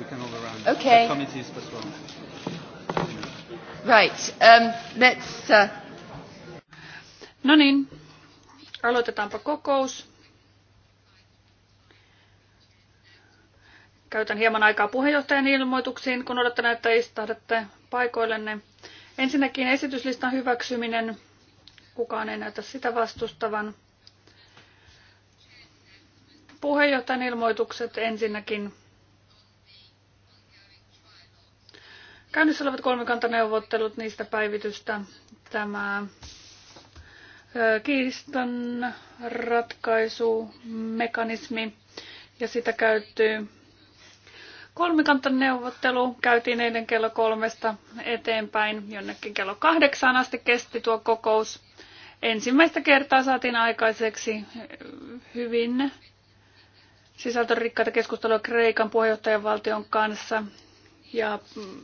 We can all around. Okay. The committees as well. Right. Um, let's, uh... No niin, aloitetaanpa kokous. Käytän hieman aikaa puheenjohtajan ilmoituksiin, kun odotan, että istahdatte paikoillenne. Ensinnäkin esityslistan hyväksyminen. Kukaan ei näytä sitä vastustavan. Puheenjohtajan ilmoitukset ensinnäkin. Käynnissä olevat kolmikantaneuvottelut, niistä päivitystä tämä kiistan ratkaisumekanismi ja sitä käyttyy kolmikantaneuvottelu käytiin eilen kello kolmesta eteenpäin, jonnekin kello kahdeksaan asti kesti tuo kokous. Ensimmäistä kertaa saatiin aikaiseksi hyvin sisältörikkaita keskustelua Kreikan valtion kanssa ja mm,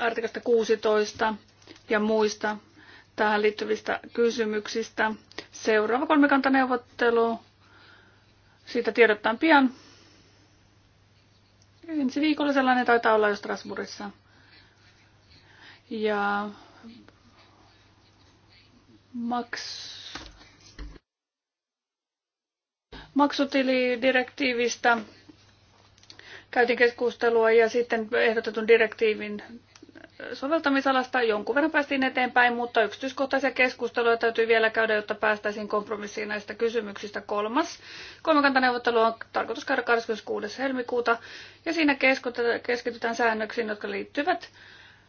artikasta 16 ja muista tähän liittyvistä kysymyksistä. Seuraava kolmikantaneuvottelu. Siitä tiedottaa pian. Ensi viikolla sellainen taitaa olla jo Strasbourgissa. Ja Max. maksutilidirektiivistä käytiin keskustelua ja sitten ehdotetun direktiivin soveltamisalasta jonkun verran päästiin eteenpäin, mutta yksityiskohtaisia keskusteluja täytyy vielä käydä, jotta päästäisiin kompromissiin näistä kysymyksistä. Kolmas kolmikantaneuvottelu on tarkoitus käydä 26. helmikuuta ja siinä keskitytään säännöksiin, jotka liittyvät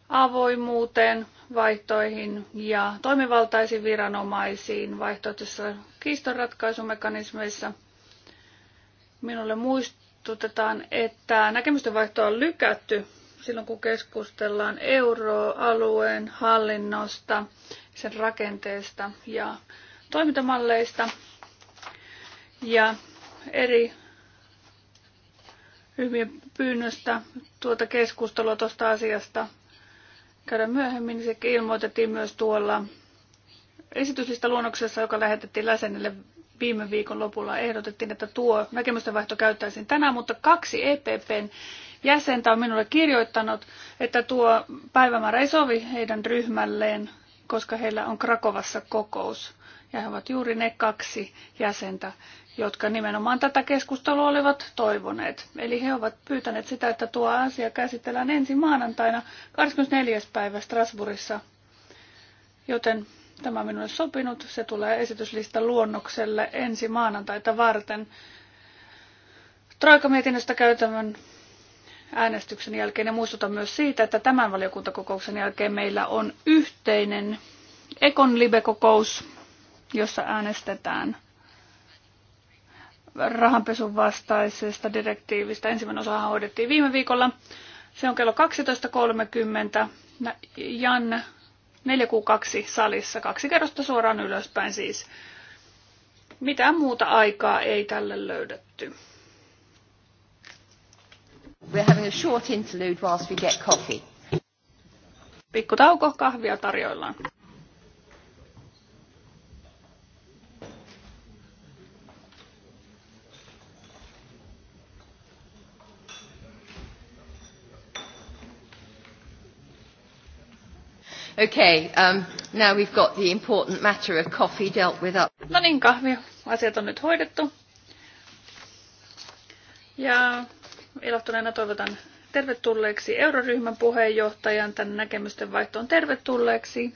avoimuuteen, vaihtoihin ja toimivaltaisiin viranomaisiin vaihtoehtoisissa kiistonratkaisumekanismeissa. Minulle muist- muistutetaan, että näkemysten vaihtoa on lykätty silloin, kun keskustellaan euroalueen hallinnosta, sen rakenteesta ja toimintamalleista ja eri ryhmien pyynnöstä tuota keskustelua tuosta asiasta käydä myöhemmin. Se ilmoitettiin myös tuolla esityslistaluonnoksessa, joka lähetettiin läsenille viime viikon lopulla ehdotettiin, että tuo näkemystenvaihto vaihto tänään, mutta kaksi EPPn jäsentä on minulle kirjoittanut, että tuo päivämäärä ei sovi heidän ryhmälleen, koska heillä on Krakovassa kokous. Ja he ovat juuri ne kaksi jäsentä, jotka nimenomaan tätä keskustelua olivat toivoneet. Eli he ovat pyytäneet sitä, että tuo asia käsitellään ensi maanantaina 24. päivä Strasbourgissa. Joten Tämä on minulle sopinut. Se tulee esityslista luonnokselle ensi maanantaita varten. Troika-mietinnöstä käytävän äänestyksen jälkeen ja muistutan myös siitä, että tämän valiokuntakokouksen jälkeen meillä on yhteinen Ekon Libe-kokous, jossa äänestetään rahanpesun vastaisesta direktiivistä. Ensimmäinen osa hoidettiin viime viikolla. Se on kello 12.30. Jan 4Q2 salissa, kaksi kerrosta suoraan ylöspäin siis. Mitään muuta aikaa ei tälle löydetty. We're having a short interlude whilst we get coffee. Pikku tauko, kahvia tarjoillaan. Okay, um, now we've got the important matter of coffee dealt with up. No niin, kahvi. Asiat on nyt hoidettu. Ja ilahtuneena toivotan tervetulleeksi euroryhmän puheenjohtajan tämän näkemysten vaihtoon tervetulleeksi.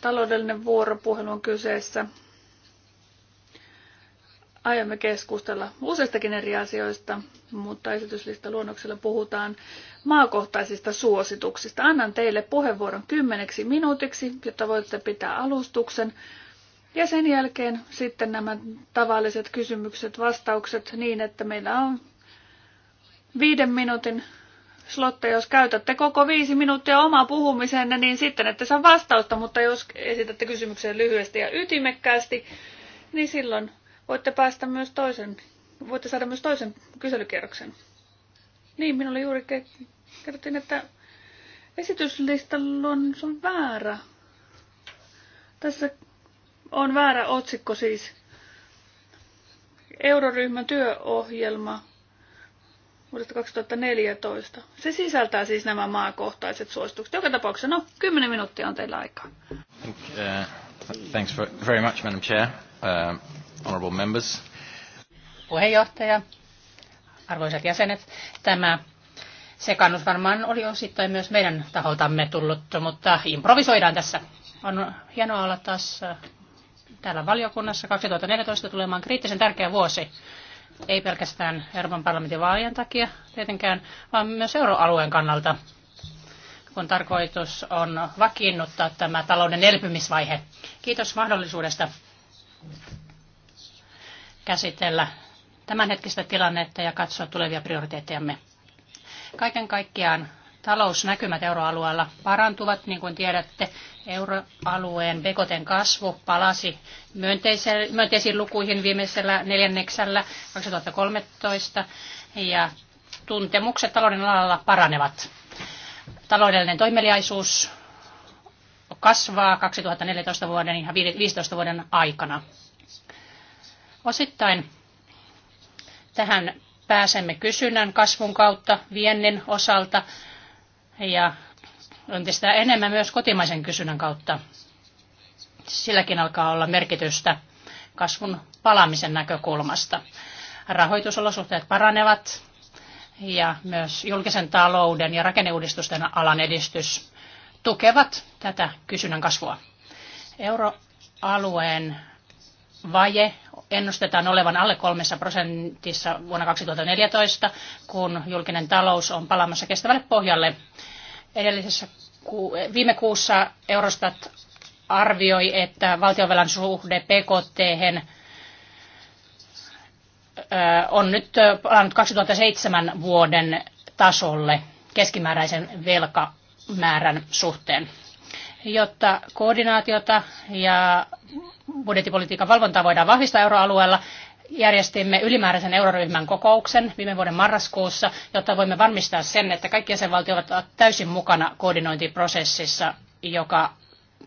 Taloudellinen vuoropuhelu on kyseessä aiomme keskustella useistakin eri asioista, mutta esityslista luonnoksella puhutaan maakohtaisista suosituksista. Annan teille puheenvuoron kymmeneksi minuutiksi, jotta voitte pitää alustuksen. Ja sen jälkeen sitten nämä tavalliset kysymykset, vastaukset niin, että meillä on viiden minuutin slotteja, jos käytätte koko viisi minuuttia omaa puhumiseenne, niin sitten ette saa vastausta, mutta jos esitätte kysymyksen lyhyesti ja ytimekkäästi, niin silloin voitte päästä myös toisen, voitte saada myös toisen kyselykierroksen. Niin, minulle juuri ke- kerrottiin, että esityslistalla on, on väärä. Tässä on väärä otsikko siis. Euroryhmän työohjelma vuodesta 2014. Se sisältää siis nämä maakohtaiset suositukset. Joka tapauksessa, no, 10 minuuttia on teillä aikaa. Okay. Thanks for, very much, Madam Chair. Uh, um, honorable members. Puheenjohtaja, arvoisat jäsenet, tämä sekannus varmaan oli osittain myös meidän taholtamme tullut, mutta improvisoidaan tässä. On hienoa olla taas äh, täällä valiokunnassa. 2014 tulemaan kriittisen tärkeä vuosi. Ei pelkästään Euroopan parlamentin vaalien takia tietenkään, vaan myös euroalueen kannalta kun tarkoitus on vakiinnuttaa tämä talouden elpymisvaihe. Kiitos mahdollisuudesta käsitellä tämänhetkistä tilannetta ja katsoa tulevia prioriteettejamme. Kaiken kaikkiaan talousnäkymät euroalueella parantuvat, niin kuin tiedätte, euroalueen bekoten kasvu palasi myönteisiin lukuihin viimeisellä neljänneksellä 2013 ja tuntemukset talouden alalla paranevat taloudellinen toimeliaisuus kasvaa 2014 vuoden ja 15 vuoden aikana. Osittain tähän pääsemme kysynnän kasvun kautta viennin osalta ja entistä enemmän myös kotimaisen kysynnän kautta. Silläkin alkaa olla merkitystä kasvun palaamisen näkökulmasta. Rahoitusolosuhteet paranevat, ja myös julkisen talouden ja rakenneuudistusten alan edistys tukevat tätä kysynnän kasvua. Euroalueen vaje ennustetaan olevan alle kolmessa prosentissa vuonna 2014, kun julkinen talous on palaamassa kestävälle pohjalle. Edellisessä viime kuussa Eurostat arvioi, että valtionvelan suhde PKT hen on nyt palannut 2007 vuoden tasolle keskimääräisen velkamäärän suhteen. Jotta koordinaatiota ja budjettipolitiikan valvontaa voidaan vahvistaa euroalueella, järjestimme ylimääräisen euroryhmän kokouksen viime vuoden marraskuussa, jotta voimme varmistaa sen, että kaikki jäsenvaltiot ovat täysin mukana koordinointiprosessissa, joka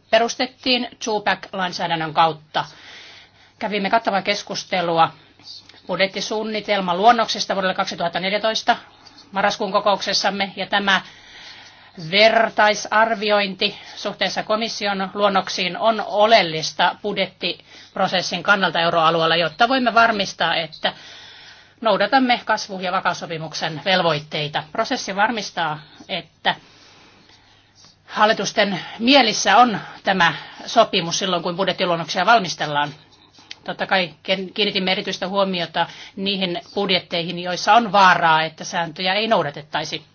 perustettiin 2 lainsäädännön kautta. Kävimme kattavaa keskustelua budjettisuunnitelma luonnoksesta vuodelle 2014 marraskuun kokouksessamme ja tämä vertaisarviointi suhteessa komission luonnoksiin on oleellista budjettiprosessin kannalta euroalueella, jotta voimme varmistaa, että noudatamme kasvu- ja vakaussopimuksen velvoitteita. Prosessi varmistaa, että hallitusten mielissä on tämä sopimus silloin, kun budjettiluonnoksia valmistellaan. Totta kai kiinnitimme erityistä huomiota niihin budjetteihin, joissa on vaaraa, että sääntöjä ei noudatettaisi.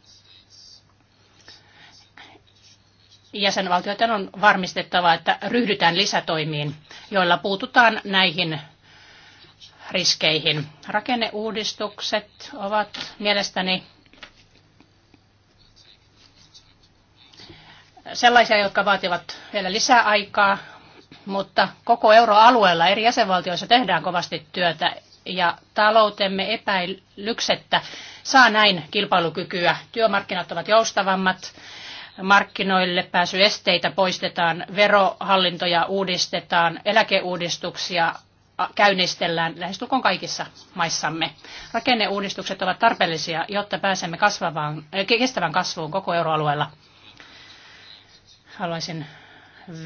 Jäsenvaltioiden on varmistettava, että ryhdytään lisätoimiin, joilla puututaan näihin riskeihin. Rakenneuudistukset ovat mielestäni sellaisia, jotka vaativat vielä lisää aikaa mutta koko euroalueella eri jäsenvaltioissa tehdään kovasti työtä ja taloutemme epäilyksettä saa näin kilpailukykyä. Työmarkkinat ovat joustavammat, markkinoille pääsyesteitä poistetaan, verohallintoja uudistetaan, eläkeuudistuksia käynnistellään lähestulkoon kaikissa maissamme. Rakenneuudistukset ovat tarpeellisia, jotta pääsemme kasvavaan, kestävän kasvuun koko euroalueella. Haluaisin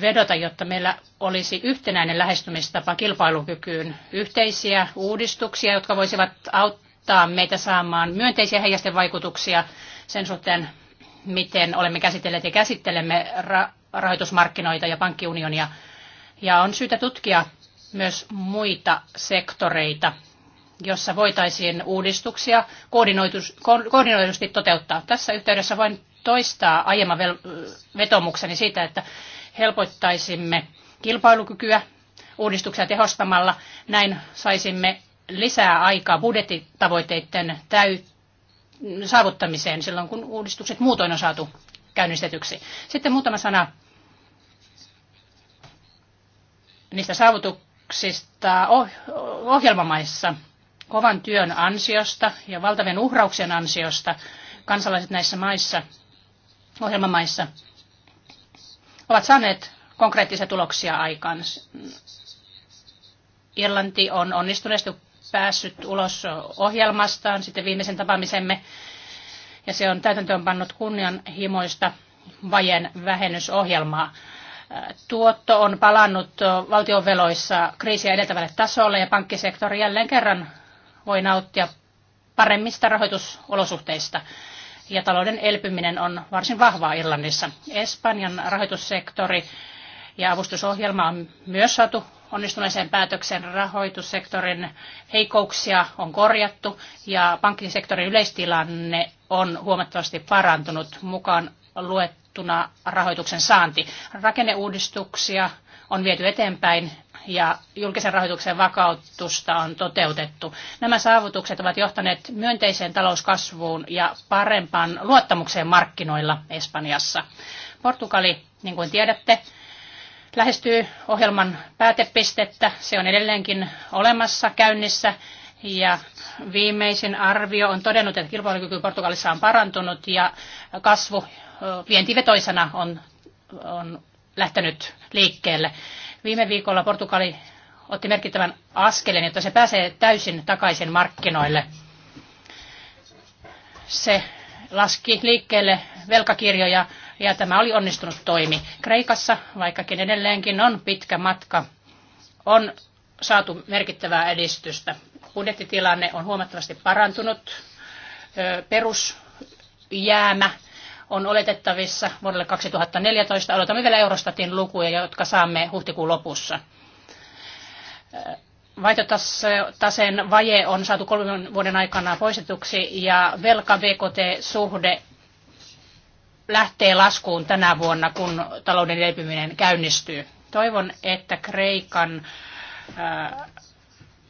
vedota, jotta meillä olisi yhtenäinen lähestymistapa kilpailukykyyn, yhteisiä uudistuksia, jotka voisivat auttaa meitä saamaan myönteisiä heijasten vaikutuksia sen suhteen, miten olemme käsitelleet ja käsittelemme ra- rahoitusmarkkinoita ja pankkiunionia. Ja on syytä tutkia myös muita sektoreita, jossa voitaisiin uudistuksia koordinoidusti toteuttaa. Tässä yhteydessä voin toistaa aiemman vetomukseni siitä, että helpottaisimme kilpailukykyä uudistuksia tehostamalla. Näin saisimme lisää aikaa budjettitavoitteiden täyt- saavuttamiseen silloin, kun uudistukset muutoin on saatu käynnistetyksi. Sitten muutama sana niistä saavutuksista oh-, ohjelmamaissa kovan työn ansiosta ja valtavien uhrauksien ansiosta kansalaiset näissä maissa, ohjelmamaissa ovat saaneet konkreettisia tuloksia aikaan. Irlanti on onnistuneesti päässyt ulos ohjelmastaan sitten viimeisen tapaamisemme, ja se on täytäntöön pannut kunnianhimoista vajen vähennysohjelmaa. Tuotto on palannut valtionveloissa kriisiä edeltävälle tasolle ja pankkisektori jälleen kerran voi nauttia paremmista rahoitusolosuhteista ja talouden elpyminen on varsin vahvaa Irlannissa. Espanjan rahoitussektori ja avustusohjelma on myös saatu onnistuneeseen päätöksen. Rahoitussektorin heikouksia on korjattu ja pankkisektorin yleistilanne on huomattavasti parantunut mukaan luettuna rahoituksen saanti. Rakenneuudistuksia on viety eteenpäin ja julkisen rahoituksen vakautusta on toteutettu. Nämä saavutukset ovat johtaneet myönteiseen talouskasvuun ja parempaan luottamukseen markkinoilla Espanjassa. Portugali, niin kuin tiedätte, lähestyy ohjelman päätepistettä. Se on edelleenkin olemassa käynnissä ja viimeisin arvio on todennut, että kilpailukyky Portugalissa on parantunut ja kasvu vientivetoisena on, on lähtenyt liikkeelle. Viime viikolla Portugali otti merkittävän askeleen, jotta se pääsee täysin takaisin markkinoille. Se laski liikkeelle velkakirjoja ja tämä oli onnistunut toimi. Kreikassa, vaikkakin edelleenkin on pitkä matka, on saatu merkittävää edistystä. Budjettitilanne on huomattavasti parantunut. Perusjäämä on oletettavissa vuodelle 2014. Odotamme vielä Eurostatin lukuja, jotka saamme huhtikuun lopussa. Vaihtotaseen vaje on saatu kolmen vuoden aikana poistetuksi ja velka vkt suhde lähtee laskuun tänä vuonna, kun talouden elpyminen käynnistyy. Toivon, että Kreikan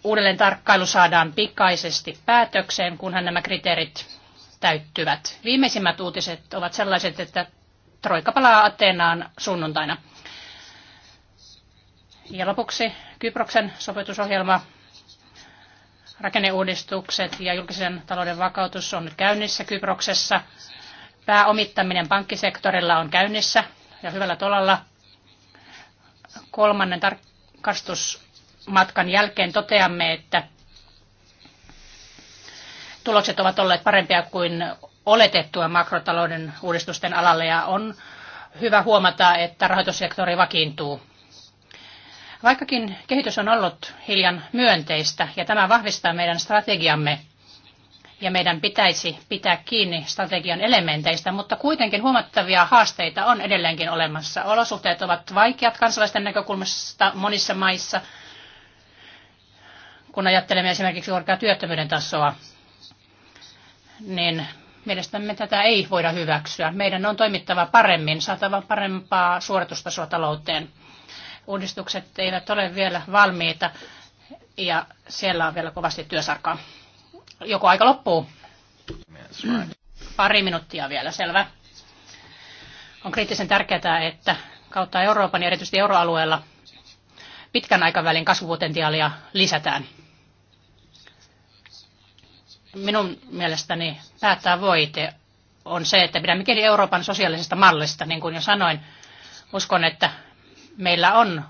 uudelleen tarkkailu saadaan pikaisesti päätökseen, kunhan nämä kriteerit täyttyvät. Viimeisimmät uutiset ovat sellaiset, että Troika palaa Ateenaan sunnuntaina. Ja lopuksi Kyproksen sopeutusohjelma, rakenneuudistukset ja julkisen talouden vakautus on nyt käynnissä Kyproksessa. Pääomittaminen pankkisektorilla on käynnissä ja hyvällä tolalla. Kolmannen tarkastusmatkan jälkeen toteamme, että tulokset ovat olleet parempia kuin oletettua makrotalouden uudistusten alalle ja on hyvä huomata, että rahoitussektori vakiintuu. Vaikkakin kehitys on ollut hiljan myönteistä ja tämä vahvistaa meidän strategiamme ja meidän pitäisi pitää kiinni strategian elementeistä, mutta kuitenkin huomattavia haasteita on edelleenkin olemassa. Olosuhteet ovat vaikeat kansalaisten näkökulmasta monissa maissa, kun ajattelemme esimerkiksi korkeaa työttömyyden tasoa niin mielestämme tätä ei voida hyväksyä. Meidän on toimittava paremmin, saatava parempaa suoritustasoa talouteen. Uudistukset eivät ole vielä valmiita ja siellä on vielä kovasti työsarkaa. Joko aika loppuu? Pari minuuttia vielä, selvä. On kriittisen tärkeää, että kautta Euroopan ja erityisesti euroalueella pitkän aikavälin kasvupotentiaalia lisätään minun mielestäni voite on se, että pidämme kiinni Euroopan sosiaalisesta mallista. Niin kuin jo sanoin, uskon, että meillä on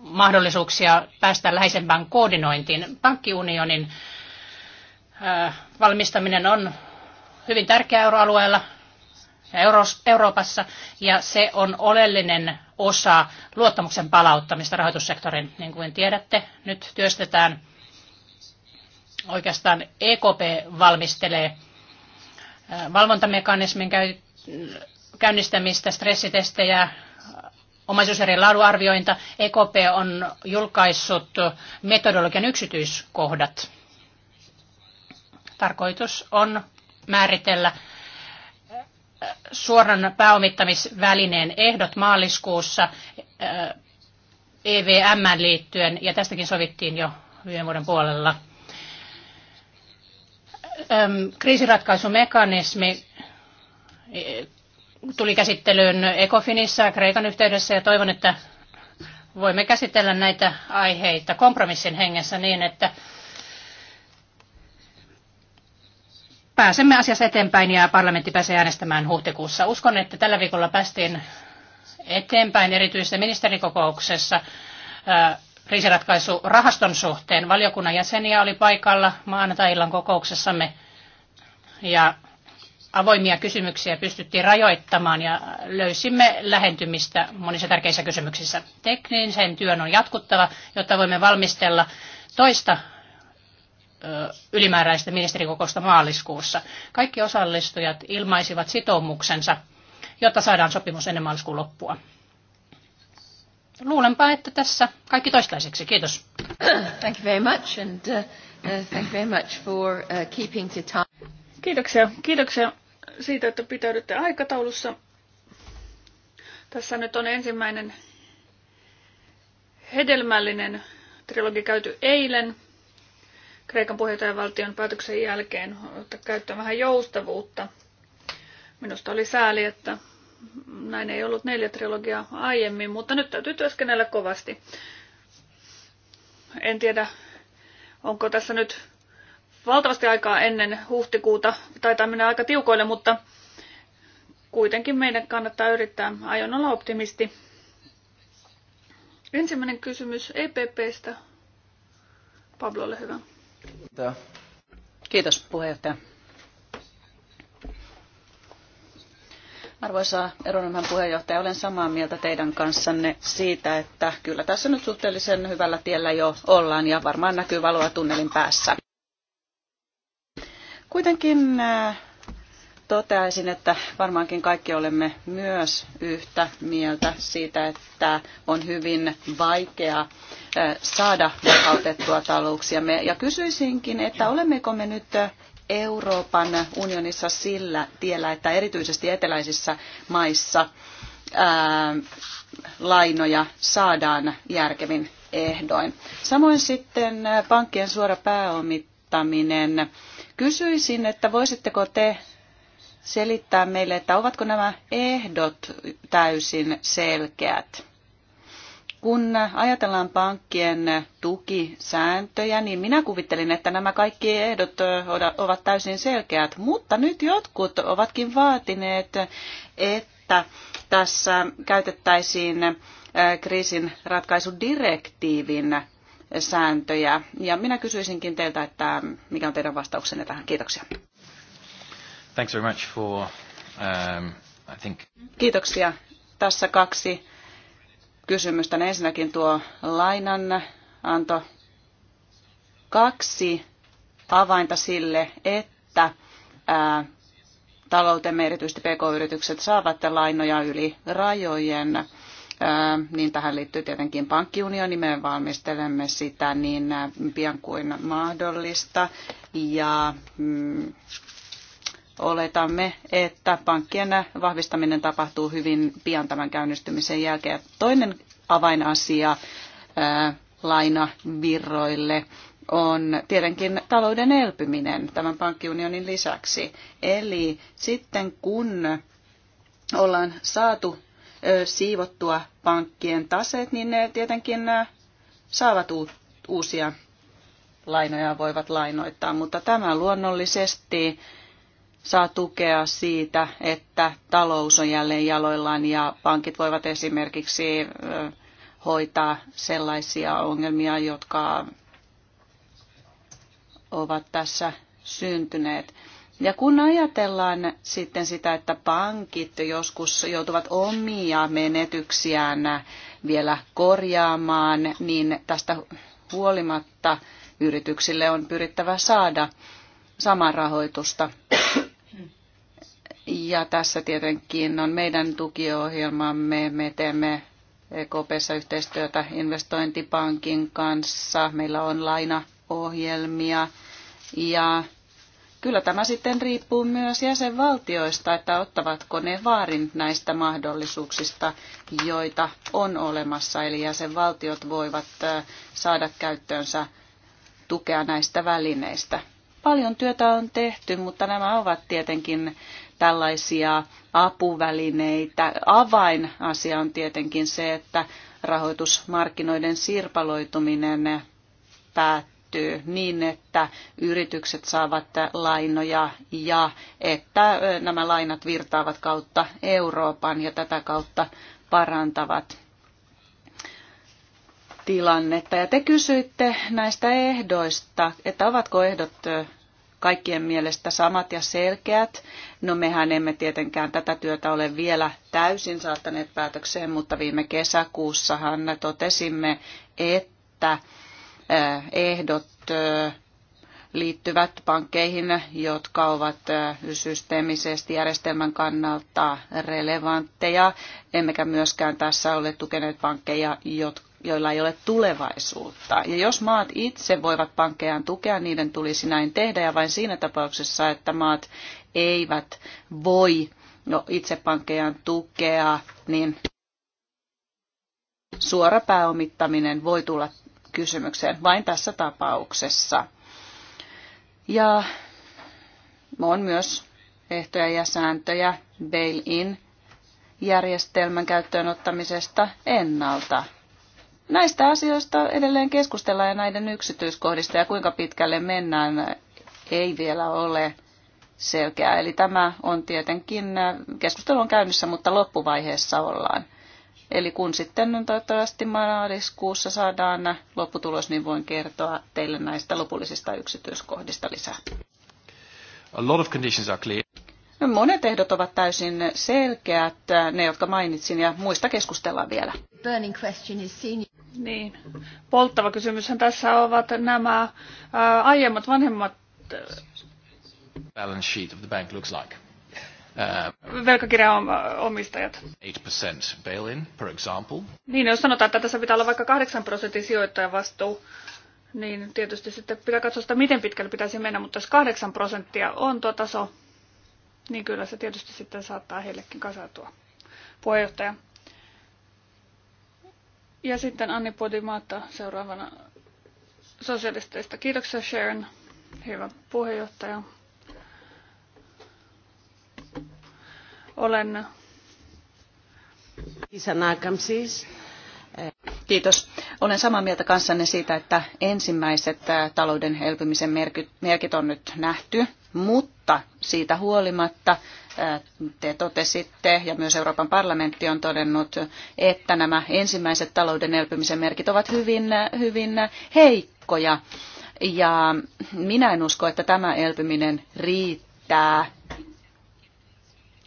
mahdollisuuksia päästä läheisempään koordinointiin. Pankkiunionin valmistaminen on hyvin tärkeä euroalueella ja Euroopassa, ja se on oleellinen osa luottamuksen palauttamista rahoitussektorin. Niin kuin tiedätte, nyt työstetään Oikeastaan EKP valmistelee valvontamekanismin käynnistämistä, stressitestejä, omaisuuserien laaduarviointa. EKP on julkaissut metodologian yksityiskohdat. Tarkoitus on määritellä suoran pääomittamisvälineen ehdot maaliskuussa EVM liittyen, ja tästäkin sovittiin jo viime vuoden puolella kriisiratkaisumekanismi e, tuli käsittelyyn Ecofinissa Kreikan yhteydessä ja toivon, että voimme käsitellä näitä aiheita kompromissin hengessä niin, että pääsemme asiassa eteenpäin ja parlamentti pääsee äänestämään huhtikuussa. Uskon, että tällä viikolla päästiin eteenpäin erityisessä ministerikokouksessa kriisiratkaisurahaston suhteen. Valiokunnan jäseniä oli paikalla maanantai-illan kokouksessamme ja avoimia kysymyksiä pystyttiin rajoittamaan ja löysimme lähentymistä monissa tärkeissä kysymyksissä. Teknisen työn on jatkuttava, jotta voimme valmistella toista ylimääräistä ministerikokousta maaliskuussa. Kaikki osallistujat ilmaisivat sitoumuksensa, jotta saadaan sopimus ennen maaliskuun loppua luulenpa, että tässä kaikki toistaiseksi. Kiitos. Thank you very much and uh, uh, thank you very much for uh, keeping to time. Kiitoksia. Kiitoksia siitä, että pitäydytte aikataulussa. Tässä nyt on ensimmäinen hedelmällinen trilogi käyty eilen. Kreikan puheenjohtajavaltion päätöksen jälkeen ottaa vähän joustavuutta. Minusta oli sääli, että näin ei ollut neljä trilogiaa aiemmin, mutta nyt täytyy työskennellä kovasti. En tiedä, onko tässä nyt valtavasti aikaa ennen huhtikuuta. Taitaa mennä aika tiukoille, mutta kuitenkin meidän kannattaa yrittää. Aion olla optimisti. Ensimmäinen kysymys EPPstä. Pablo, ole hyvä. Kiitos puheenjohtaja. Arvoisa Eronomhan puheenjohtaja, olen samaa mieltä teidän kanssanne siitä, että kyllä tässä nyt suhteellisen hyvällä tiellä jo ollaan ja varmaan näkyy valoa tunnelin päässä. Kuitenkin äh, toteaisin, että varmaankin kaikki olemme myös yhtä mieltä siitä, että on hyvin vaikea äh, saada vakautettua talouksiamme. Ja kysyisinkin, että olemmeko me nyt Euroopan unionissa sillä tiellä, että erityisesti eteläisissä maissa ää, lainoja saadaan järkevin ehdoin. Samoin sitten pankkien suora pääomittaminen. Kysyisin, että voisitteko te selittää meille, että ovatko nämä ehdot täysin selkeät? kun ajatellaan pankkien tukisääntöjä, niin minä kuvittelin, että nämä kaikki ehdot ovat täysin selkeät, mutta nyt jotkut ovatkin vaatineet, että tässä käytettäisiin kriisin ratkaisudirektiivin sääntöjä. Ja minä kysyisinkin teiltä, että mikä on teidän vastauksenne tähän. Kiitoksia. Thanks very much for, um, I think... Kiitoksia. Tässä kaksi kysymystä. No ensinnäkin tuo lainan anto kaksi avainta sille, että ää, taloutemme, erityisesti pk-yritykset, saavat lainoja yli rajojen. Ää, niin tähän liittyy tietenkin pankkiunioni, me valmistelemme sitä niin pian kuin mahdollista. Ja mm, oletamme, että pankkien vahvistaminen tapahtuu hyvin pian tämän käynnistymisen jälkeen. Toinen avainasia ää, lainavirroille on tietenkin talouden elpyminen tämän pankkiunionin lisäksi. Eli sitten kun ollaan saatu siivottua pankkien taseet, niin ne tietenkin saavat uusia lainoja voivat lainoittaa, mutta tämä luonnollisesti saa tukea siitä, että talous on jälleen jaloillaan ja pankit voivat esimerkiksi hoitaa sellaisia ongelmia, jotka ovat tässä syntyneet. Ja kun ajatellaan sitten sitä, että pankit joskus joutuvat omia menetyksiään vielä korjaamaan, niin tästä huolimatta yrityksille on pyrittävä saada samaa rahoitusta ja tässä tietenkin on meidän tukiohjelmamme. Me teemme EKPssä yhteistyötä investointipankin kanssa. Meillä on lainaohjelmia ja kyllä tämä sitten riippuu myös jäsenvaltioista, että ottavatko ne vaarin näistä mahdollisuuksista, joita on olemassa. Eli jäsenvaltiot voivat saada käyttöönsä tukea näistä välineistä. Paljon työtä on tehty, mutta nämä ovat tietenkin tällaisia apuvälineitä. Avainasia on tietenkin se, että rahoitusmarkkinoiden sirpaloituminen päättyy niin, että yritykset saavat lainoja ja että nämä lainat virtaavat kautta Euroopan ja tätä kautta parantavat tilannetta. Ja te kysyitte näistä ehdoista, että ovatko ehdot kaikkien mielestä samat ja selkeät. No mehän emme tietenkään tätä työtä ole vielä täysin saattaneet päätökseen, mutta viime kesäkuussahan totesimme, että ehdot liittyvät pankkeihin, jotka ovat systeemisesti järjestelmän kannalta relevantteja, emmekä myöskään tässä ole tukeneet pankkeja, jotka joilla ei ole tulevaisuutta. Ja jos maat itse voivat pankkejaan tukea, niiden tulisi näin tehdä ja vain siinä tapauksessa, että maat eivät voi no, itse pankkejaan tukea, niin suora pääomittaminen voi tulla kysymykseen vain tässä tapauksessa. Ja on myös ehtoja ja sääntöjä bail-in järjestelmän käyttöönottamisesta ennalta Näistä asioista edelleen keskustellaan ja näiden yksityiskohdista ja kuinka pitkälle mennään ei vielä ole selkeää. Eli tämä on tietenkin, keskustelu on käynnissä, mutta loppuvaiheessa ollaan. Eli kun sitten toivottavasti maaliskuussa saadaan lopputulos, niin voin kertoa teille näistä lopullisista yksityiskohdista lisää. A lot of conditions are clear. Monet ehdot ovat täysin selkeät, ne jotka mainitsin, ja muista keskustellaan vielä. Burning question is senior. Niin. Polttava kysymyshän tässä ovat nämä ää, äh, aiemmat vanhemmat... Äh, Balance sheet of the bank looks like. Uh, velkakirjan omistajat. 8% bail-in, per example. Niin, jos sanotaan, että tässä pitää olla vaikka 8 prosentin vastuu, niin tietysti sitten pitää katsoa sitä, miten pitkälle pitäisi mennä, mutta jos 8 prosenttia on tuo taso, niin kyllä se tietysti sitten saattaa heillekin kasautua. Puheenjohtaja. Ja sitten Anni Podimaatta seuraavana sosialisteista. Kiitoksia Sharon, hyvä puheenjohtaja. Olen... Siis. Kiitos. Olen samaa mieltä kanssanne siitä, että ensimmäiset talouden elpymisen merkit on nyt nähty, mutta mutta siitä huolimatta äh, te totesitte, ja myös Euroopan parlamentti on todennut, että nämä ensimmäiset talouden elpymisen merkit ovat hyvin, hyvin heikkoja. Ja minä en usko, että tämä elpyminen riittää,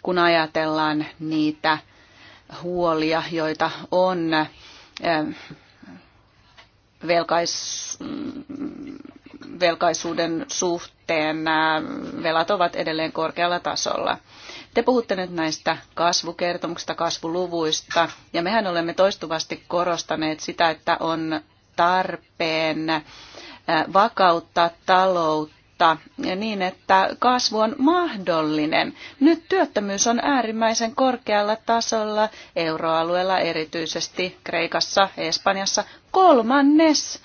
kun ajatellaan niitä huolia, joita on äh, velkais, velkaisuuden suhteen velat ovat edelleen korkealla tasolla. Te puhutte nyt näistä kasvukertomuksista, kasvuluvuista, ja mehän olemme toistuvasti korostaneet sitä, että on tarpeen vakauttaa taloutta niin, että kasvu on mahdollinen. Nyt työttömyys on äärimmäisen korkealla tasolla euroalueella, erityisesti Kreikassa, Espanjassa, kolmannes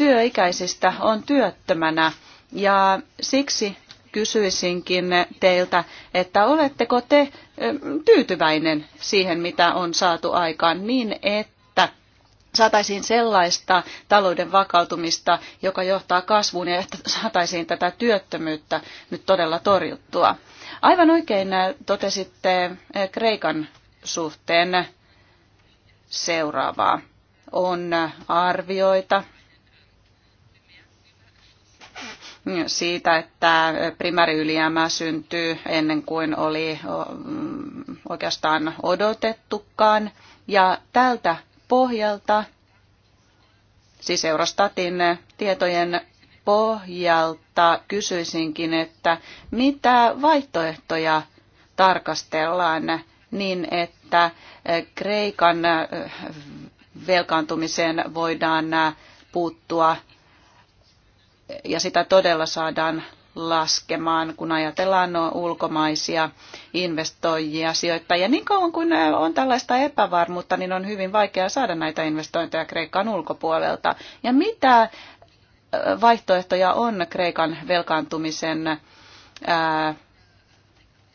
työikäisistä on työttömänä ja siksi kysyisinkin teiltä, että oletteko te tyytyväinen siihen, mitä on saatu aikaan niin, että saataisiin sellaista talouden vakautumista, joka johtaa kasvuun ja että saataisiin tätä työttömyyttä nyt todella torjuttua. Aivan oikein äh, totesitte äh, Kreikan suhteen seuraavaa. On äh, arvioita siitä, että primäriylijäämää syntyy ennen kuin oli mm, oikeastaan odotettukaan. Ja tältä pohjalta, siis Eurostatin tietojen pohjalta kysyisinkin, että mitä vaihtoehtoja tarkastellaan niin, että Kreikan velkaantumiseen voidaan puuttua ja sitä todella saadaan laskemaan, kun ajatellaan no ulkomaisia investoijia, sijoittajia. Niin kauan kuin on tällaista epävarmuutta, niin on hyvin vaikea saada näitä investointeja Kreikan ulkopuolelta. Ja mitä vaihtoehtoja on Kreikan velkaantumisen ää,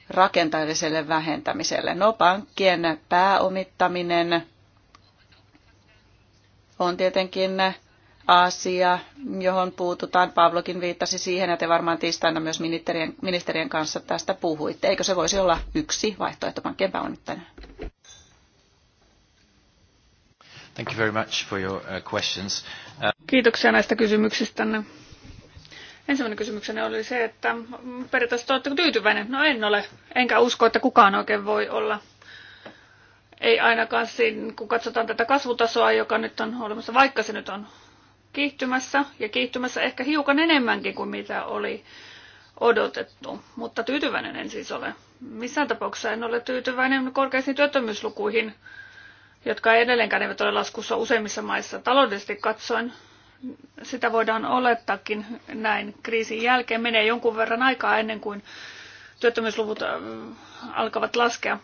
rakentamiselle vähentämiselle? No pankkien pääomittaminen on tietenkin asia, johon puututaan. Pavlokin viittasi siihen, ja te varmaan tiistaina myös ministerien, ministerien kanssa tästä puhuitte. Eikö se voisi olla yksi vaihtoehto pankkien pääomittajana? Thank you very much for your uh, questions. Uh, Kiitoksia näistä kysymyksistä. Ensimmäinen kysymykseni oli se, että periaatteessa oletteko tyytyväinen? No en ole, enkä usko, että kukaan oikein voi olla. Ei ainakaan siinä, kun katsotaan tätä kasvutasoa, joka nyt on olemassa, vaikka se nyt on kiihtymässä ja kiihtymässä ehkä hiukan enemmänkin kuin mitä oli odotettu, mutta tyytyväinen en siis ole. Missään tapauksessa en ole tyytyväinen korkeisiin työttömyyslukuihin, jotka edelleenkään eivät ole laskussa useimmissa maissa taloudellisesti katsoen. Sitä voidaan olettaakin näin kriisin jälkeen. Menee jonkun verran aikaa ennen kuin työttömyysluvut äh, alkavat laskea.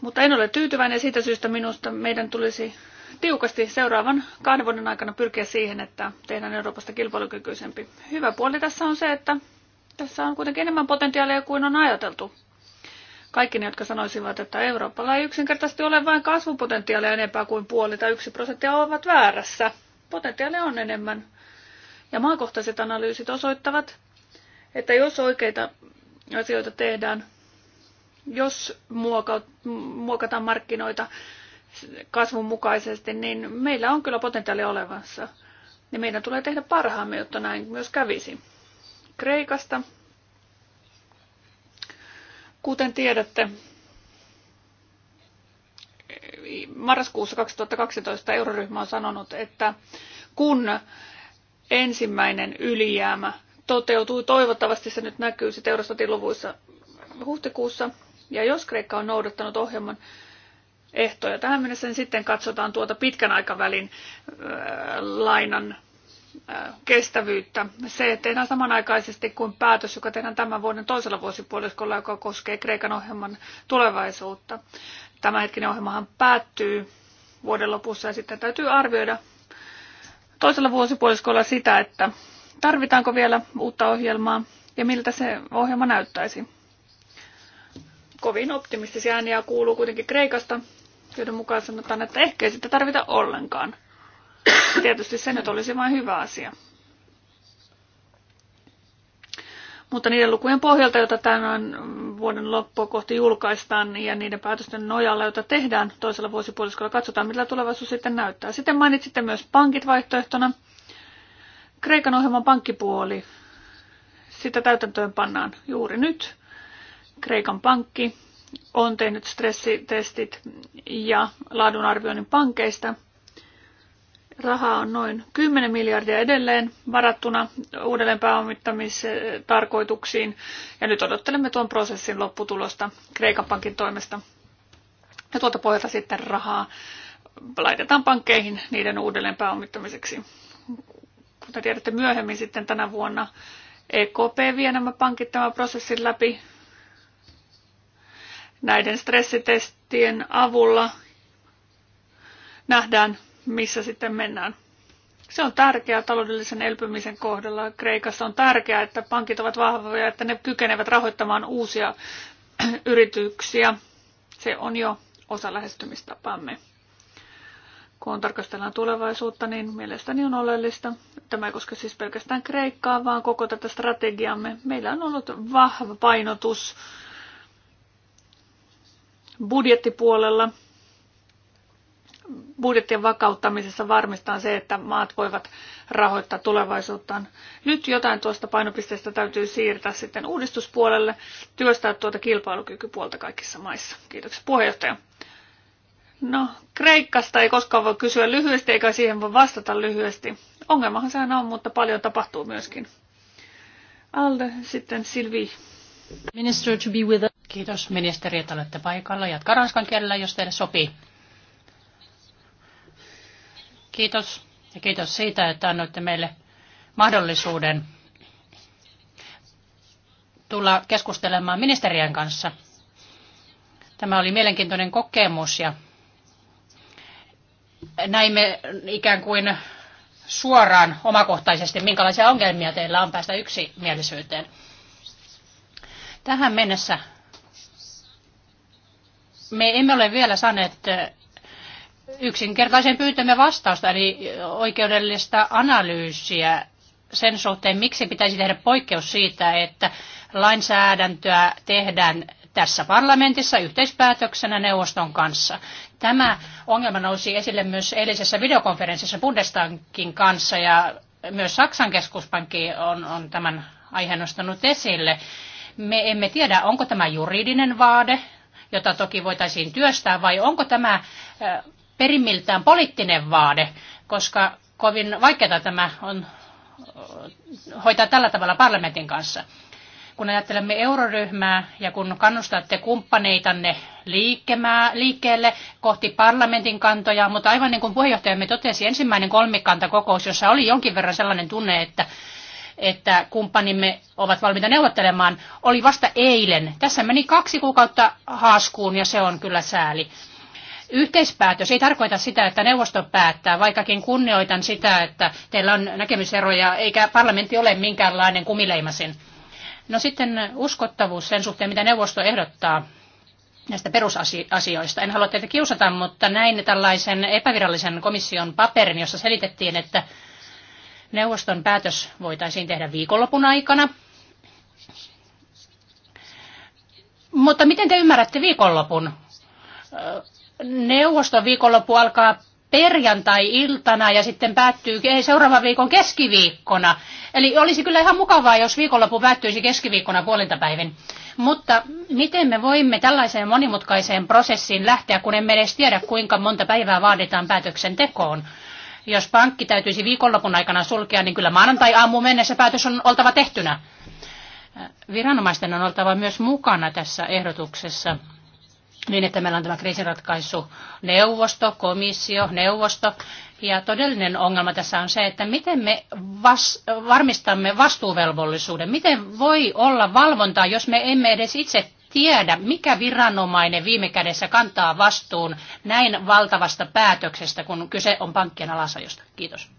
Mutta en ole tyytyväinen siitä syystä minusta meidän tulisi tiukasti seuraavan kahden vuoden aikana pyrkiä siihen, että tehdään Euroopasta kilpailukykyisempi. Hyvä puoli tässä on se, että tässä on kuitenkin enemmän potentiaalia kuin on ajateltu. Kaikki ne, jotka sanoisivat, että Euroopalla ei yksinkertaisesti ole vain kasvupotentiaalia enempää kuin puoli tai yksi prosenttia, ovat väärässä. Potentiaalia on enemmän. Ja maakohtaiset analyysit osoittavat, että jos oikeita asioita tehdään, jos muokataan markkinoita, kasvun mukaisesti, niin meillä on kyllä potentiaali olevassa. Ja meidän tulee tehdä parhaamme, jotta näin myös kävisi. Kreikasta. Kuten tiedätte, marraskuussa 2012 euroryhmä on sanonut, että kun ensimmäinen ylijäämä toteutuu, toivottavasti se nyt näkyy sitten Eurostatin luvuissa huhtikuussa, ja jos Kreikka on noudattanut ohjelman, ehtoja. Tähän mennessä niin sitten katsotaan tuota pitkän aikavälin lainan kestävyyttä. Se tehdään samanaikaisesti kuin päätös, joka tehdään tämän vuoden toisella vuosipuoliskolla, joka koskee Kreikan ohjelman tulevaisuutta. Tämänhetkinen ohjelmahan päättyy vuoden lopussa ja sitten täytyy arvioida toisella vuosipuoliskolla sitä, että tarvitaanko vielä uutta ohjelmaa ja miltä se ohjelma näyttäisi. Kovin optimistisia ääniä kuuluu kuitenkin Kreikasta, joiden mukaan sanotaan, että ehkä ei sitä tarvita ollenkaan. Tietysti se nyt olisi vain hyvä asia. Mutta niiden lukujen pohjalta, joita tämän vuoden loppua kohti julkaistaan ja niiden päätösten nojalla, joita tehdään toisella vuosipuoliskolla, katsotaan mitä tulevaisuus sitten näyttää. Sitten mainitsitte myös pankit vaihtoehtona. Kreikan ohjelman pankkipuoli, sitä täytäntöön pannaan juuri nyt. Kreikan pankki on tehnyt stressitestit ja laadunarvioinnin pankeista. Rahaa on noin 10 miljardia edelleen varattuna uudelleen pääomittamistarkoituksiin ja nyt odottelemme tuon prosessin lopputulosta Kreikan pankin toimesta. Ja tuolta pohjalta sitten rahaa laitetaan pankkeihin niiden uudelleen pääomittamiseksi. Kuten tiedätte myöhemmin sitten tänä vuonna EKP vie nämä pankit tämän prosessin läpi näiden stressitestien avulla nähdään, missä sitten mennään. Se on tärkeää taloudellisen elpymisen kohdalla. Kreikassa on tärkeää, että pankit ovat vahvoja, että ne kykenevät rahoittamaan uusia yrityksiä. Se on jo osa lähestymistapaamme. Kun tarkastellaan tulevaisuutta, niin mielestäni on oleellista. Tämä ei koske siis pelkästään Kreikkaa, vaan koko tätä strategiamme. Meillä on ollut vahva painotus budjettipuolella. Budjettien vakauttamisessa varmistaa se, että maat voivat rahoittaa tulevaisuuttaan. Nyt jotain tuosta painopisteestä täytyy siirtää sitten uudistuspuolelle, työstää tuota kilpailukykypuolta kaikissa maissa. Kiitoksia puheenjohtaja. No, Kreikasta ei koskaan voi kysyä lyhyesti eikä siihen voi vastata lyhyesti. Ongelmahan sehän on, mutta paljon tapahtuu myöskin. Alde, sitten Silvi Minister to be with us. Kiitos ministeri, että olette paikalla. Jatka ranskan kielellä, jos teille sopii. Kiitos ja kiitos siitä, että annoitte meille mahdollisuuden tulla keskustelemaan ministerien kanssa. Tämä oli mielenkiintoinen kokemus ja näimme ikään kuin suoraan omakohtaisesti, minkälaisia ongelmia teillä on päästä yksimielisyyteen. Tähän mennessä me emme ole vielä saaneet yksinkertaisen pyytämme vastausta, eli oikeudellista analyysiä sen suhteen, miksi pitäisi tehdä poikkeus siitä, että lainsäädäntöä tehdään tässä parlamentissa yhteispäätöksenä neuvoston kanssa. Tämä ongelma nousi esille myös eilisessä videokonferenssissa Bundestankin kanssa ja myös Saksan keskuspankki on, on tämän aiheen nostanut esille. Me emme tiedä, onko tämä juridinen vaade, jota toki voitaisiin työstää, vai onko tämä perimmiltään poliittinen vaade, koska kovin vaikeaa tämä on hoitaa tällä tavalla parlamentin kanssa. Kun ajattelemme euroryhmää ja kun kannustatte kumppaneitanne liikkeelle kohti parlamentin kantoja, mutta aivan niin kuin puheenjohtajamme totesi, ensimmäinen kolmikanta jossa oli jonkin verran sellainen tunne, että että kumppanimme ovat valmiita neuvottelemaan, oli vasta eilen. Tässä meni kaksi kuukautta haaskuun ja se on kyllä sääli. Yhteispäätös ei tarkoita sitä, että neuvosto päättää, vaikkakin kunnioitan sitä, että teillä on näkemyseroja, eikä parlamentti ole minkäänlainen kumileimasin. No sitten uskottavuus sen suhteen, mitä neuvosto ehdottaa näistä perusasioista. En halua teitä kiusata, mutta näin tällaisen epävirallisen komission paperin, jossa selitettiin, että Neuvoston päätös voitaisiin tehdä viikonlopun aikana. Mutta miten te ymmärrätte viikonlopun? Neuvoston viikonloppu alkaa perjantai-iltana ja sitten päättyy seuraavan viikon keskiviikkona. Eli olisi kyllä ihan mukavaa, jos viikonloppu päättyisi keskiviikkona puolintapäivin. Mutta miten me voimme tällaiseen monimutkaiseen prosessiin lähteä, kun emme edes tiedä, kuinka monta päivää vaaditaan päätöksentekoon? Jos pankki täytyisi viikonlopun aikana sulkea, niin kyllä maanantai-aamu mennessä päätös on oltava tehtynä. Viranomaisten on oltava myös mukana tässä ehdotuksessa niin, että meillä on tämä kriisinratkaisu neuvosto, komissio, neuvosto. Ja todellinen ongelma tässä on se, että miten me vas- varmistamme vastuuvelvollisuuden. Miten voi olla valvontaa, jos me emme edes itse tiedä, mikä viranomainen viime kädessä kantaa vastuun näin valtavasta päätöksestä, kun kyse on pankkien alasajosta. Kiitos.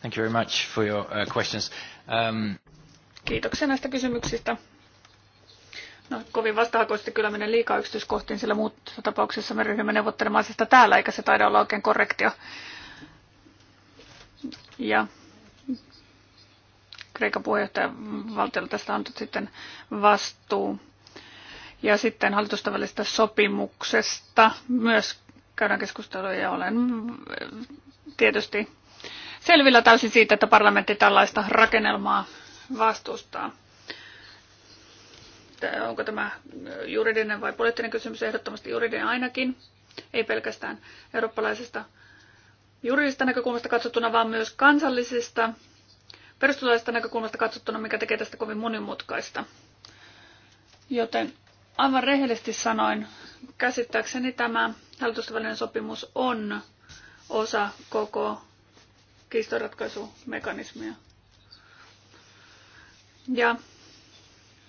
Thank you very much for your uh, questions. Um... Kiitoksia näistä kysymyksistä. No, kovin vastahakoisesti kyllä menen liikaa yksityiskohtiin, sillä muussa tapauksessa me ryhdymme neuvottelemaan täällä, eikä se taida olla oikein korrektia. Ja Kreikan puheenjohtajavaltiolla tästä on sitten vastuu. Ja sitten hallitusten välistä sopimuksesta myös käydään keskustelua ja olen tietysti selvillä täysin siitä, että parlamentti tällaista rakennelmaa vastustaa. Onko tämä juridinen vai poliittinen kysymys? Ehdottomasti juridinen ainakin, ei pelkästään eurooppalaisesta juridisesta näkökulmasta katsottuna, vaan myös kansallisista perustuslaista näkökulmasta katsottuna, mikä tekee tästä kovin monimutkaista. Joten aivan rehellisesti sanoin, käsittääkseni tämä hallitustavallinen sopimus on osa koko kiistoratkaisumekanismia. Ja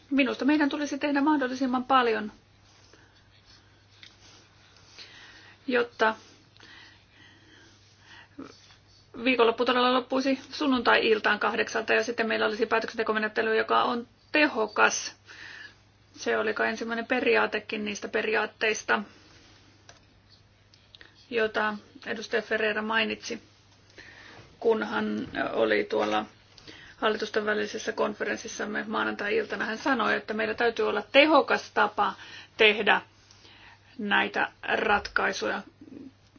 minusta meidän tulisi tehdä mahdollisimman paljon, jotta viikonloppu todella loppuisi sunnuntai-iltaan kahdeksalta ja sitten meillä olisi päätöksentekomenettely, joka on tehokas. Se oli kai ensimmäinen periaatekin niistä periaatteista, jota edustaja Ferreira mainitsi, kun hän oli tuolla hallitusten välisessä konferenssissamme maanantai-iltana. Hän sanoi, että meillä täytyy olla tehokas tapa tehdä näitä ratkaisuja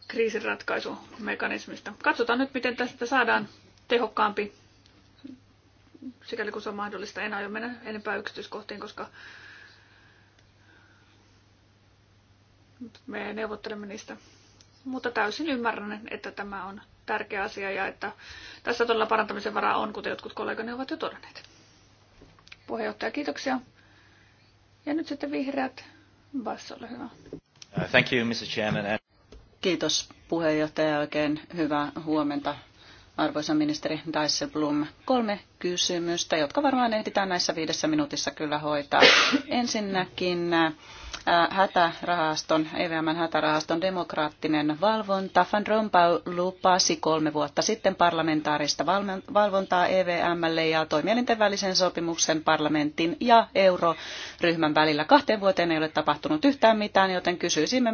kriisinratkaisumekanismista. Katsotaan nyt, miten tästä saadaan tehokkaampi, sikäli kun se on mahdollista. En aio mennä enempää yksityiskohtiin, koska me neuvottelemme niistä. Mutta täysin ymmärrän, että tämä on tärkeä asia ja että tässä todella parantamisen varaa on, kuten jotkut kollegani ovat jo todenneet. Puheenjohtaja, kiitoksia. Ja nyt sitten vihreät. Bass, ole hyvä. Uh, thank you, Mr. Chairman. Kiitos puheenjohtaja oikein hyvää huomenta. Arvoisa ministeri Dijsselbloem. kolme kysymystä, jotka varmaan ehditään näissä viidessä minuutissa kyllä hoitaa. Ensinnäkin Äh, hätärahaston, EVMn hätärahaston demokraattinen valvonta. Van Rompuy lupasi kolme vuotta sitten parlamentaarista valvontaa EVMlle ja toimielinten välisen sopimuksen parlamentin ja euroryhmän välillä. Kahteen vuoteen ei ole tapahtunut yhtään mitään, joten kysyisimme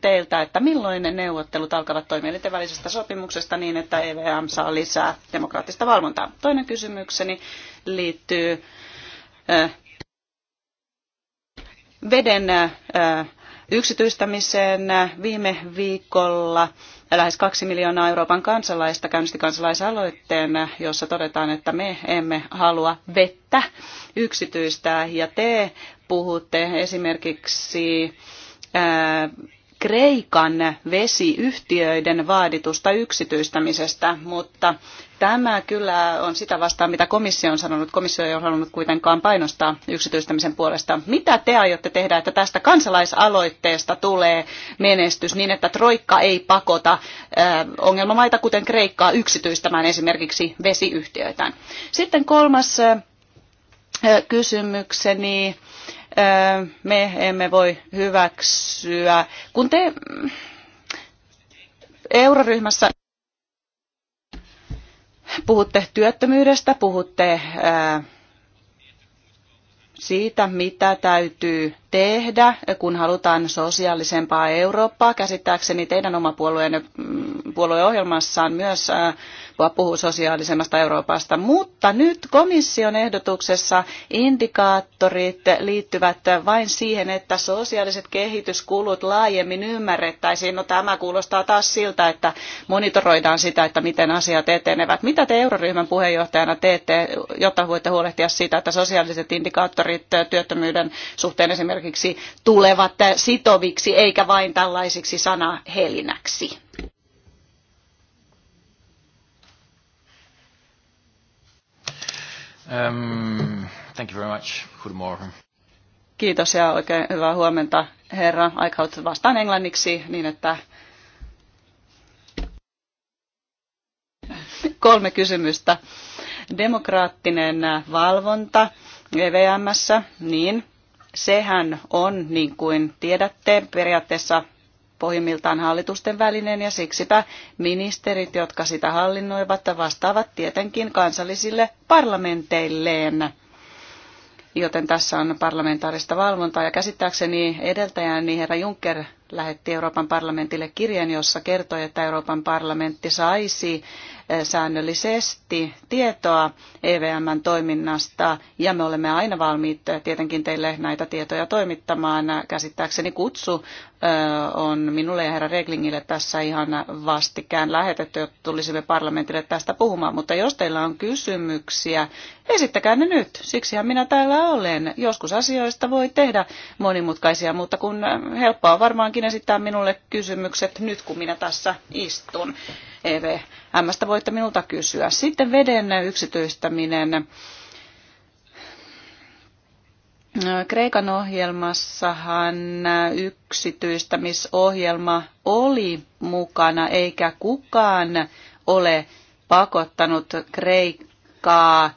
teiltä, että milloin ne neuvottelut alkavat toimielinten välisestä sopimuksesta niin, että EVM saa lisää demokraattista valvontaa. Toinen kysymykseni liittyy äh, veden yksityistämiseen viime viikolla lähes kaksi miljoonaa Euroopan kansalaista käynnisti kansalaisaloitteen, jossa todetaan, että me emme halua vettä yksityistää. Ja te puhutte esimerkiksi Kreikan vesiyhtiöiden vaaditusta yksityistämisestä, mutta Tämä kyllä on sitä vastaan, mitä komissio on sanonut. Komissio ei ole halunnut kuitenkaan painostaa yksityistämisen puolesta. Mitä te aiotte tehdä, että tästä kansalaisaloitteesta tulee menestys niin, että Troikka ei pakota äh, ongelmamaita, kuten Kreikkaa, yksityistämään esimerkiksi vesiyhtiöitään? Sitten kolmas äh, kysymykseni. Äh, me emme voi hyväksyä. Kun te mm, euroryhmässä Puhutte työttömyydestä, puhutte siitä, mitä täytyy tehdä, kun halutaan sosiaalisempaa Eurooppaa. Käsittääkseni teidän oma puolueenne mm, puolueohjelmassaan myös äh, puhuu sosiaalisemmasta Euroopasta, mutta nyt komission ehdotuksessa indikaattorit liittyvät vain siihen, että sosiaaliset kehityskulut laajemmin ymmärrettäisiin. No tämä kuulostaa taas siltä, että monitoroidaan sitä, että miten asiat etenevät. Mitä te euroryhmän puheenjohtajana teette, jotta voitte huolehtia siitä, että sosiaaliset indikaattorit työttömyyden suhteen esimerkiksi esimerkiksi tulevat sitoviksi eikä vain tällaisiksi sanahelinäksi. Um, thank you very much. Good morning. Kiitos ja oikein hyvää huomenta, herra. Aikaut vastaan englanniksi niin, että kolme kysymystä. Demokraattinen valvonta EVMssä, niin sehän on, niin kuin tiedätte, periaatteessa pohjimmiltaan hallitusten välinen ja siksipä ministerit, jotka sitä hallinnoivat, vastaavat tietenkin kansallisille parlamenteilleen. Joten tässä on parlamentaarista valvontaa ja käsittääkseni edeltäjään niin herra Juncker lähetti Euroopan parlamentille kirjeen, jossa kertoi, että Euroopan parlamentti saisi Eh, säännöllisesti tietoa EVMn toiminnasta ja me olemme aina valmiit eh, tietenkin teille näitä tietoja toimittamaan. Käsittääkseni kutsu eh, on minulle ja herra Reglingille tässä ihan vastikään lähetetty, jotta tulisimme parlamentille tästä puhumaan, mutta jos teillä on kysymyksiä, esittäkää ne nyt. Siksihän minä täällä olen. Joskus asioista voi tehdä monimutkaisia, mutta kun helppoa varmaankin esittää minulle kysymykset nyt, kun minä tässä istun. EVMstä voitte minulta kysyä. Sitten veden yksityistäminen. Kreikan ohjelmassahan yksityistämisohjelma oli mukana, eikä kukaan ole pakottanut Kreikkaa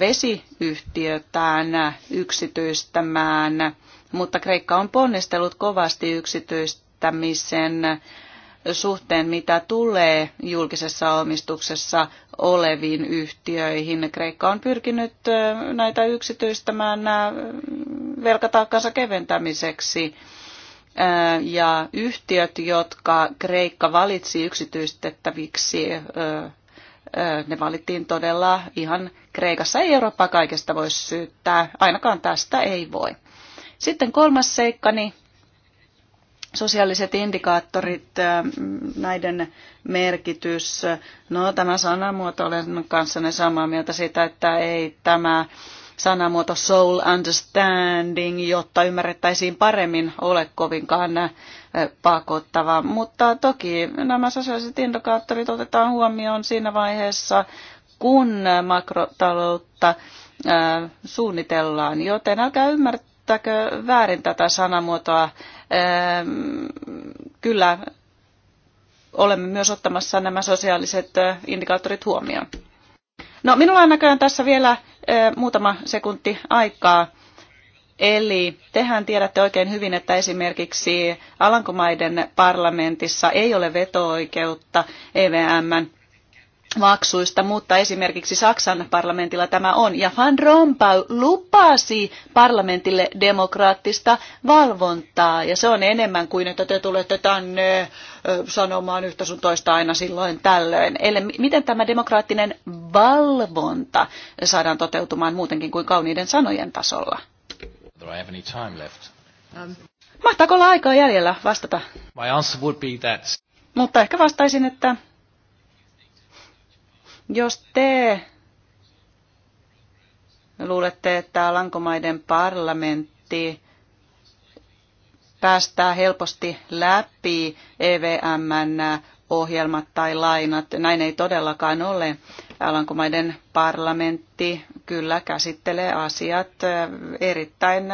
vesiyhtiötään yksityistämään, mutta Kreikka on ponnistellut kovasti yksityistämisen suhteen, mitä tulee julkisessa omistuksessa oleviin yhtiöihin. Kreikka on pyrkinyt näitä yksityistämään velkataakkansa keventämiseksi. Ja yhtiöt, jotka Kreikka valitsi yksityistettäviksi, ne valittiin todella ihan Kreikassa. Ei Eurooppa kaikesta voi syyttää, ainakaan tästä ei voi. Sitten kolmas seikkani, sosiaaliset indikaattorit, näiden merkitys. No tämä sanamuoto, olen kanssanne samaa mieltä siitä, että ei tämä sanamuoto soul understanding, jotta ymmärrettäisiin paremmin, ole kovinkaan pakottava. Mutta toki nämä sosiaaliset indikaattorit otetaan huomioon siinä vaiheessa, kun makrotaloutta suunnitellaan, joten älkää ymmärtää käyttääkö väärin tätä sanamuotoa. Ehm, kyllä olemme myös ottamassa nämä sosiaaliset indikaattorit huomioon. No, minulla on näköjään tässä vielä muutama sekunti aikaa. Eli tehän tiedätte oikein hyvin, että esimerkiksi Alankomaiden parlamentissa ei ole veto-oikeutta EVMn maksuista, mutta esimerkiksi Saksan parlamentilla tämä on. Ja Van Rompuy lupasi parlamentille demokraattista valvontaa, ja se on enemmän kuin, että te tulette tänne sanomaan yhtä sun toista aina silloin tällöin. Eli miten tämä demokraattinen valvonta saadaan toteutumaan muutenkin kuin kauniiden sanojen tasolla? Um. Mahtaako olla aikaa jäljellä vastata? My answer would be that. Mutta ehkä vastaisin, että jos te luulette, että Alankomaiden parlamentti päästää helposti läpi EVMn ohjelmat tai lainat. Näin ei todellakaan ole. Alankomaiden parlamentti kyllä käsittelee asiat erittäin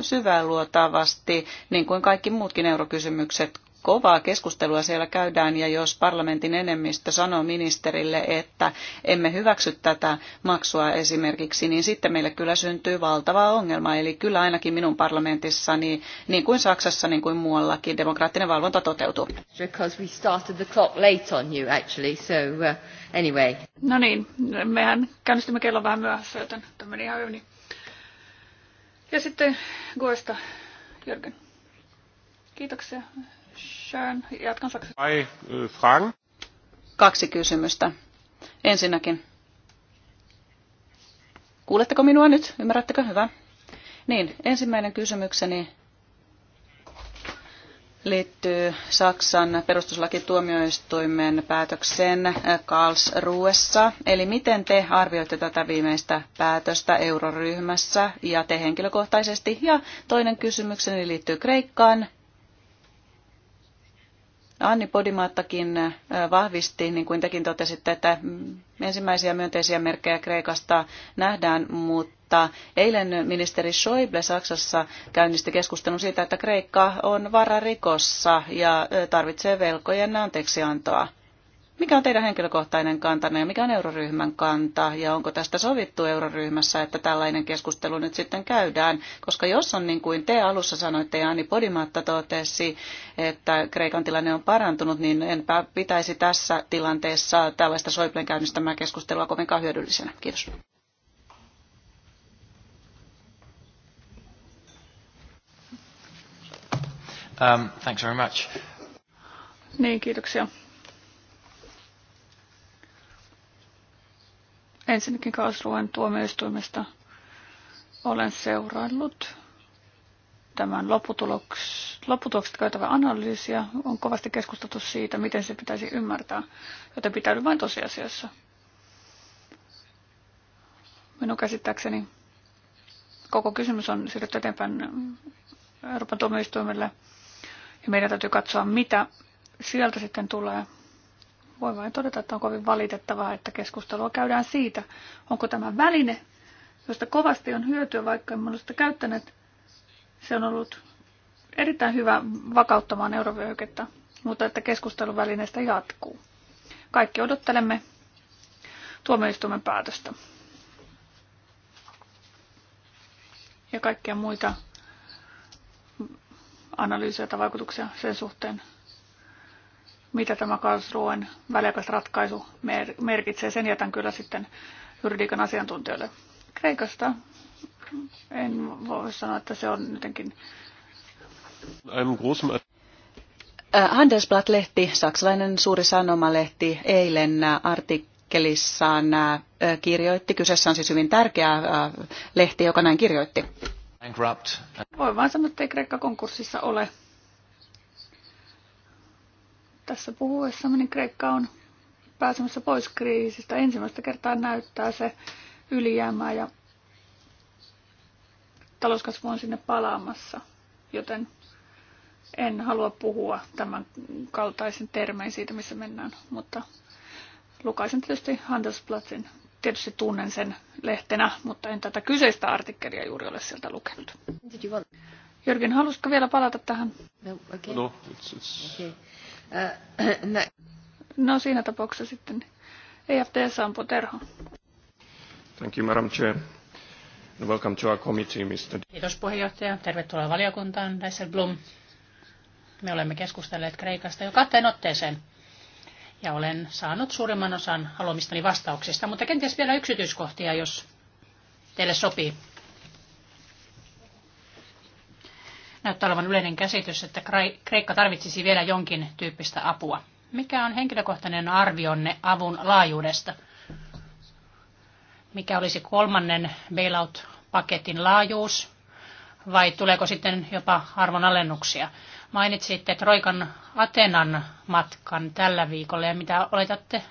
syväluotaavasti, niin kuin kaikki muutkin eurokysymykset kovaa keskustelua siellä käydään ja jos parlamentin enemmistö sanoo ministerille, että emme hyväksy tätä maksua esimerkiksi, niin sitten meille kyllä syntyy valtava ongelma. Eli kyllä ainakin minun parlamentissani, niin kuin Saksassa, niin kuin muuallakin, demokraattinen valvonta toteutuu. Anyway. No niin, mehän käynnistimme kello vähän myöhässä, joten tämä meni ihan hyvin. Niin. Ja sitten Goesta, Jörgen. Kiitoksia, Jatkan Ai, Kaksi kysymystä. Ensinnäkin. Kuuletteko minua nyt? Ymmärrättekö? Hyvä. Niin, ensimmäinen kysymykseni liittyy Saksan perustuslakituomioistuimen päätöksen Karlsruessa. Eli miten te arvioitte tätä viimeistä päätöstä euroryhmässä ja te henkilökohtaisesti? Ja toinen kysymykseni liittyy Kreikkaan. Anni Podimaattakin vahvisti, niin kuin tekin totesitte, että mm, ensimmäisiä myönteisiä merkkejä Kreikasta nähdään, mutta eilen ministeri Schäuble Saksassa käynnisti keskustelun siitä, että Kreikka on vararikossa ja tarvitsee velkojen anteeksiantoa. Mikä on teidän henkilökohtainen kantanne ja mikä on euroryhmän kanta ja onko tästä sovittu euroryhmässä, että tällainen keskustelu nyt sitten käydään? Koska jos on niin kuin te alussa sanoitte ja Ani Podimatta totesi, että Kreikan tilanne on parantunut, niin enpä pitäisi tässä tilanteessa tällaista Soiplen käynnistämää keskustelua kovinkaan hyödyllisenä. Kiitos. Um, thanks very much. Niin, kiitoksia. Ensinnäkin Kaasruhen tuomioistuimesta olen seuraillut tämän lopputulokset käytävä analyysiä. On kovasti keskusteltu siitä, miten se pitäisi ymmärtää, joten pitäydy vain tosiasiassa. Minun käsittääkseni koko kysymys on siirretty eteenpäin Euroopan tuomioistuimelle ja meidän täytyy katsoa, mitä sieltä sitten tulee. Voi vain todeta, että on kovin valitettavaa, että keskustelua käydään siitä, onko tämä väline, josta kovasti on hyötyä, vaikka en ole sitä käyttänyt, Se on ollut erittäin hyvä vakauttamaan eurovyöhykettä, mutta että keskustelu välineestä jatkuu. Kaikki odottelemme tuomioistuimen päätöstä. Ja kaikkia muita analyysejä tai vaikutuksia sen suhteen, mitä tämä Karlsruen väliaikaisratkaisu ratkaisu merkitsee. Sen jätän kyllä sitten juridiikan asiantuntijoille. Kreikasta en voi sanoa, että se on jotenkin... Äh, Handelsblatt-lehti, saksalainen suuri sanomalehti, eilen äh, artikkelissaan äh, kirjoitti, kyseessä on siis hyvin tärkeä lehti, joka näin kirjoitti. Voi vaan sanoa, että ei Kreikka konkurssissa ole tässä puhuessa niin Kreikka on pääsemässä pois kriisistä. Ensimmäistä kertaa näyttää se ylijäämää ja talouskasvu on sinne palaamassa, joten en halua puhua tämän kaltaisen termein siitä, missä mennään, mutta lukaisen tietysti Handelsblatin. Tietysti tunnen sen lehtenä, mutta en tätä kyseistä artikkelia juuri ole sieltä lukenut. Jörgen, halusitko vielä palata tähän? No, okay. no it's, it's... Okay. No siinä tapauksessa sitten EFT Sampo Terho. Thank you, Madam Chair. And welcome to our committee, Mr. Kiitos puheenjohtaja. Tervetuloa valiokuntaan, Blum. Me olemme keskustelleet Kreikasta jo kahteen otteeseen ja olen saanut suurimman osan haluamistani vastauksista, mutta kenties vielä yksityiskohtia, jos teille sopii. Näyttää olevan yleinen käsitys, että Kreikka tarvitsisi vielä jonkin tyyppistä apua. Mikä on henkilökohtainen arvionne avun laajuudesta? Mikä olisi kolmannen bailout-paketin laajuus? Vai tuleeko sitten jopa arvon alennuksia? Mainitsitte Troikan Atenan matkan tällä viikolla ja mitä oletatte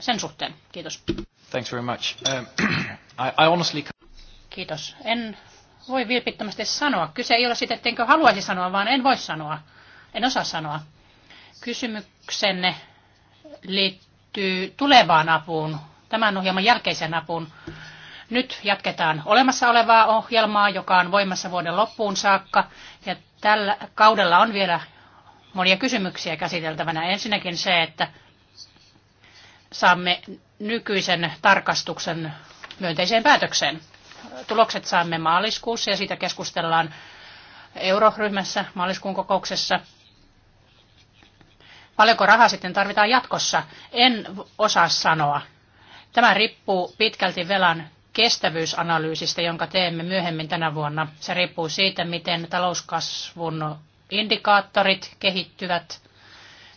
sen suhteen? Kiitos. Thanks very much. Um, I, I honestly... Kiitos. En voi vilpittömästi sanoa. Kyse ei ole siitä, ettenkö haluaisi sanoa, vaan en voi sanoa. En osaa sanoa. Kysymyksenne liittyy tulevaan apuun, tämän ohjelman jälkeisen apuun. Nyt jatketaan olemassa olevaa ohjelmaa, joka on voimassa vuoden loppuun saakka. Ja tällä kaudella on vielä monia kysymyksiä käsiteltävänä. Ensinnäkin se, että saamme nykyisen tarkastuksen myönteiseen päätökseen tulokset saamme maaliskuussa ja siitä keskustellaan euroryhmässä maaliskuun kokouksessa. Paljonko rahaa sitten tarvitaan jatkossa? En osaa sanoa. Tämä riippuu pitkälti velan kestävyysanalyysistä, jonka teemme myöhemmin tänä vuonna. Se riippuu siitä, miten talouskasvun indikaattorit kehittyvät.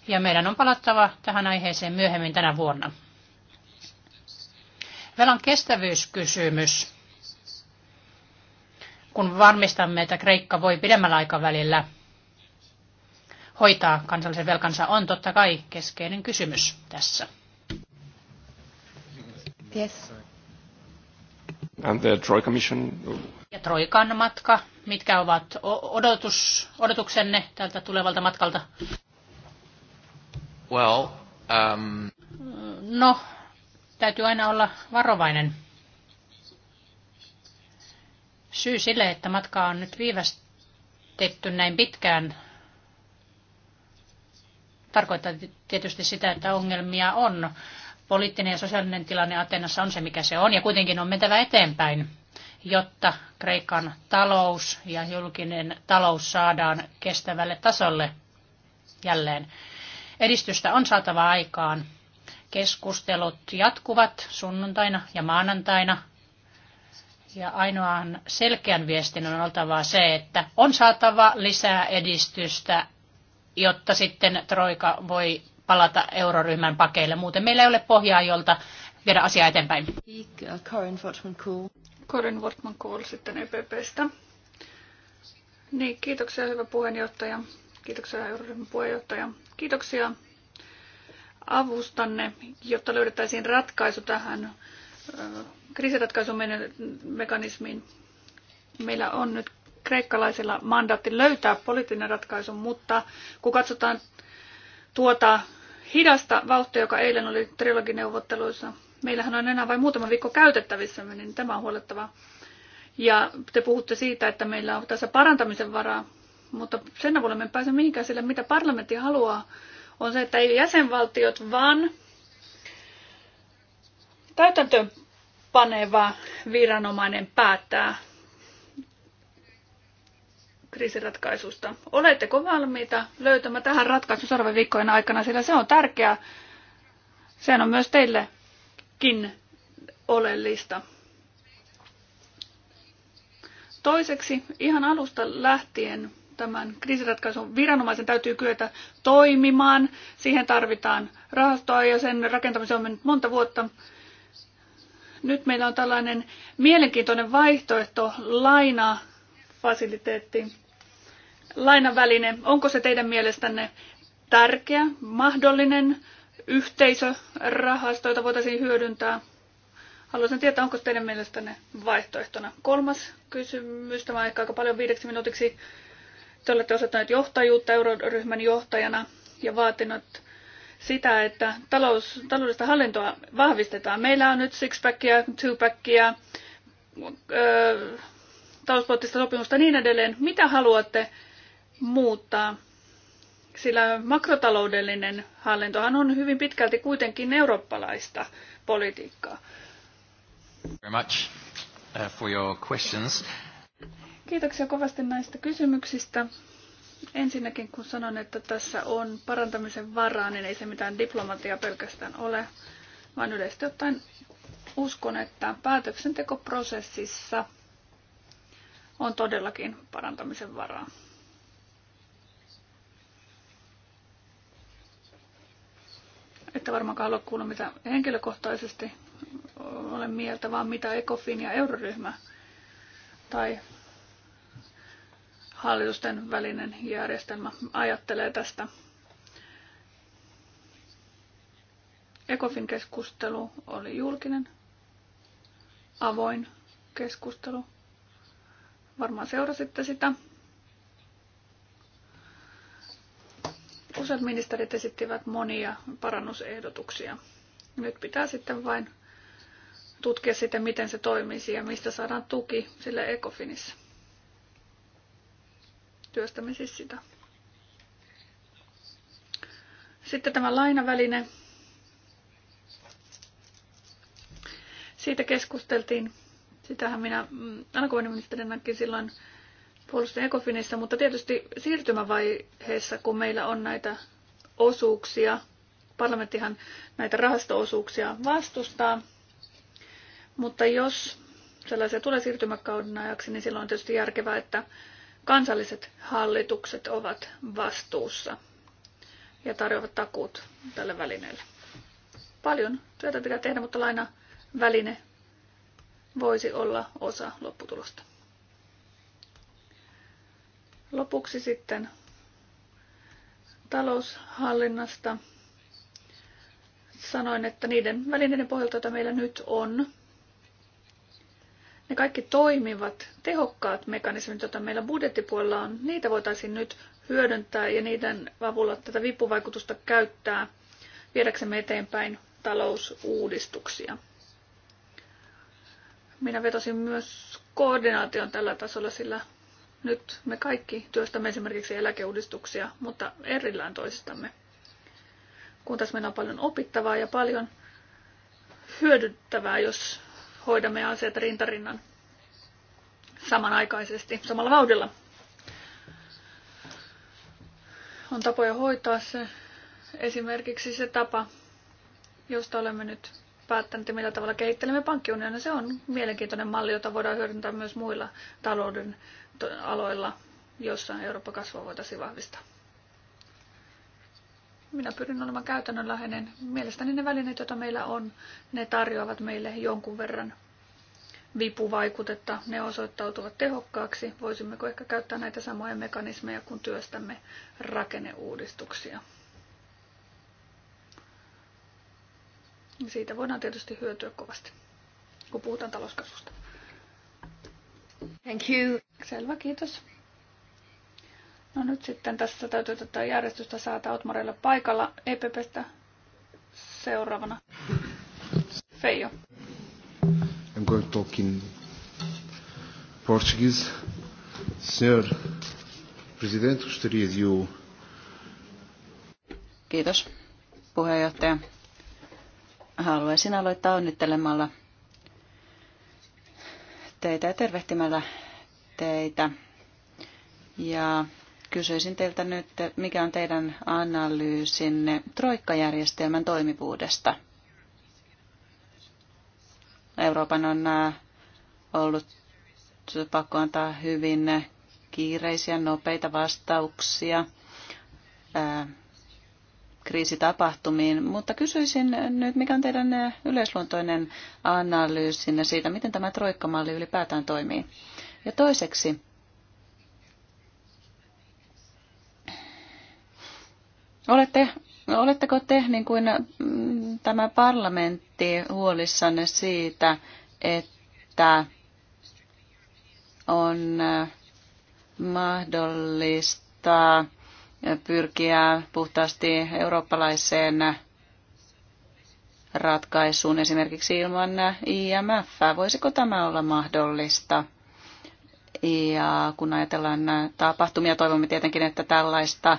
Ja meidän on palattava tähän aiheeseen myöhemmin tänä vuonna. Velan kestävyyskysymys kun varmistamme, että Kreikka voi pidemmällä aikavälillä hoitaa kansallisen velkansa, on totta kai keskeinen kysymys tässä. Yes. And the Troika mission. Ja Troikan matka. Mitkä ovat odotus, odotuksenne tältä tulevalta matkalta? Well, um... No, täytyy aina olla varovainen. Syy sille, että matka on nyt viivästetty näin pitkään, tarkoittaa tietysti sitä, että ongelmia on. Poliittinen ja sosiaalinen tilanne Atenassa on se, mikä se on, ja kuitenkin on mentävä eteenpäin, jotta Kreikan talous ja julkinen talous saadaan kestävälle tasolle jälleen. Edistystä on saatava aikaan. Keskustelut jatkuvat sunnuntaina ja maanantaina ja ainoan selkeän viestin on oltava se, että on saatava lisää edistystä, jotta sitten Troika voi palata euroryhmän pakeille. Muuten meillä ei ole pohjaa, jolta viedä asiaa eteenpäin. Corin Wortman Kool. Corin Wortman Kool sitten EPPstä. Niin, kiitoksia hyvä puheenjohtaja. Kiitoksia euroryhmän puheenjohtaja. Kiitoksia avustanne, jotta löydettäisiin ratkaisu tähän kriisiratkaisumekanismiin. Meillä on nyt kreikkalaisilla mandaatti löytää poliittinen ratkaisu, mutta kun katsotaan tuota hidasta vauhtia, joka eilen oli trilogineuvotteluissa, meillähän on enää vain muutama viikko käytettävissä, niin tämä on huolettava. Ja te puhutte siitä, että meillä on tässä parantamisen varaa, mutta sen avulla me pääse mihinkään, sillä mitä parlamentti haluaa, on se, että ei jäsenvaltiot, vaan täytäntöön paneva viranomainen päättää kriisiratkaisusta. Oletteko valmiita löytämään tähän ratkaisun seuraavien viikkojen aikana, sillä se on tärkeää. se on myös teillekin oleellista. Toiseksi, ihan alusta lähtien tämän kriisiratkaisun viranomaisen täytyy kyetä toimimaan. Siihen tarvitaan rahastoa ja sen rakentamiseen on mennyt monta vuotta. Nyt meillä on tällainen mielenkiintoinen vaihtoehto, lainafasiliteetti, lainaväline. Onko se teidän mielestänne tärkeä, mahdollinen yhteisörahasto, jota voitaisiin hyödyntää? Haluaisin tietää, onko teidän mielestänne vaihtoehtona. Kolmas kysymys, tämä on ehkä aika paljon viideksi minuutiksi. Te olette osoittaneet johtajuutta euroryhmän johtajana ja vaatineet sitä, että talous, taloudellista hallintoa vahvistetaan. Meillä on nyt sixpackia, twopackia, öö, talouspoliittista sopimusta ja niin edelleen. Mitä haluatte muuttaa? Sillä makrotaloudellinen hallintohan on hyvin pitkälti kuitenkin eurooppalaista politiikkaa. Very much uh, for your questions. Kiitoksia kovasti näistä kysymyksistä. Ensinnäkin kun sanon, että tässä on parantamisen varaa, niin ei se mitään diplomatia pelkästään ole, vaan yleisesti ottaen uskon, että päätöksentekoprosessissa on todellakin parantamisen varaa. että varmaan halua kuulla, mitä henkilökohtaisesti olen mieltä, vaan mitä ECOFIN ja euroryhmä tai hallitusten välinen järjestelmä ajattelee tästä. Ekofin keskustelu oli julkinen, avoin keskustelu. Varmaan seurasitte sitä. Useat ministerit esittivät monia parannusehdotuksia. Nyt pitää sitten vain tutkia sitä, miten se toimisi ja mistä saadaan tuki sille Ekofinissä. Työstämme siis sitä. Sitten tämä lainaväline. Siitä keskusteltiin. Sitähän minä mm, alkuvainiministerinäkin silloin puolustin Ecofinissa, mutta tietysti siirtymävaiheessa, kun meillä on näitä osuuksia, parlamenttihan näitä rahastoosuuksia vastustaa, mutta jos sellaisia tulee siirtymäkauden ajaksi, niin silloin on tietysti järkevää, että kansalliset hallitukset ovat vastuussa ja tarjoavat takuut tälle välineelle. Paljon työtä pitää tehdä, mutta laina väline voisi olla osa lopputulosta. Lopuksi sitten taloushallinnasta sanoin, että niiden välineiden pohjalta, joita meillä nyt on, ne kaikki toimivat, tehokkaat mekanismit, joita meillä budjettipuolella on, niitä voitaisiin nyt hyödyntää ja niiden avulla tätä vipuvaikutusta käyttää viedäksemme eteenpäin talousuudistuksia. Minä vetosin myös koordinaation tällä tasolla, sillä nyt me kaikki työstämme esimerkiksi eläkeuudistuksia, mutta erillään toisistamme. Kun tässä meillä on paljon opittavaa ja paljon hyödyttävää, jos hoidamme asiat rintarinnan samanaikaisesti, samalla vauhdilla. On tapoja hoitaa se. Esimerkiksi se tapa, josta olemme nyt päättäneet, millä tavalla kehittelemme pankkiunionia. Se on mielenkiintoinen malli, jota voidaan hyödyntää myös muilla talouden aloilla, jossa Eurooppa kasvua voitaisiin vahvistaa. Minä pyrin olemaan käytännönläheinen. Mielestäni ne välineet, joita meillä on, ne tarjoavat meille jonkun verran vipuvaikutetta. Ne osoittautuvat tehokkaaksi. Voisimmeko ehkä käyttää näitä samoja mekanismeja, kun työstämme rakenneuudistuksia? Siitä voidaan tietysti hyötyä kovasti, kun puhutaan talouskasvusta. Thank you. Selvä, kiitos. No nyt sitten tässä täytyy tätä järjestystä saada Otmarille paikalla EPPstä seuraavana. Feijo. I'm going to talk in Portuguese. Sir President, gostaria de you... Kiitos, puheenjohtaja. Haluaisin aloittaa onnittelemalla teitä ja tervehtimällä teitä. Ja Kysyisin teiltä nyt, mikä on teidän analyysinne troikkajärjestelmän toimivuudesta? Euroopan on äh, ollut pakko antaa hyvin kiireisiä, nopeita vastauksia äh, kriisitapahtumiin, mutta kysyisin nyt, mikä on teidän äh, yleisluontoinen analyysinne siitä, miten tämä troikkamalli ylipäätään toimii. Ja toiseksi, Olette, oletteko te, niin kuin mm, tämä parlamentti, huolissanne siitä, että on äh, mahdollista pyrkiä puhtaasti eurooppalaiseen ratkaisuun esimerkiksi ilman äh, IMF. Voisiko tämä olla mahdollista? Ja kun ajatellaan äh, tapahtumia, toivomme tietenkin, että tällaista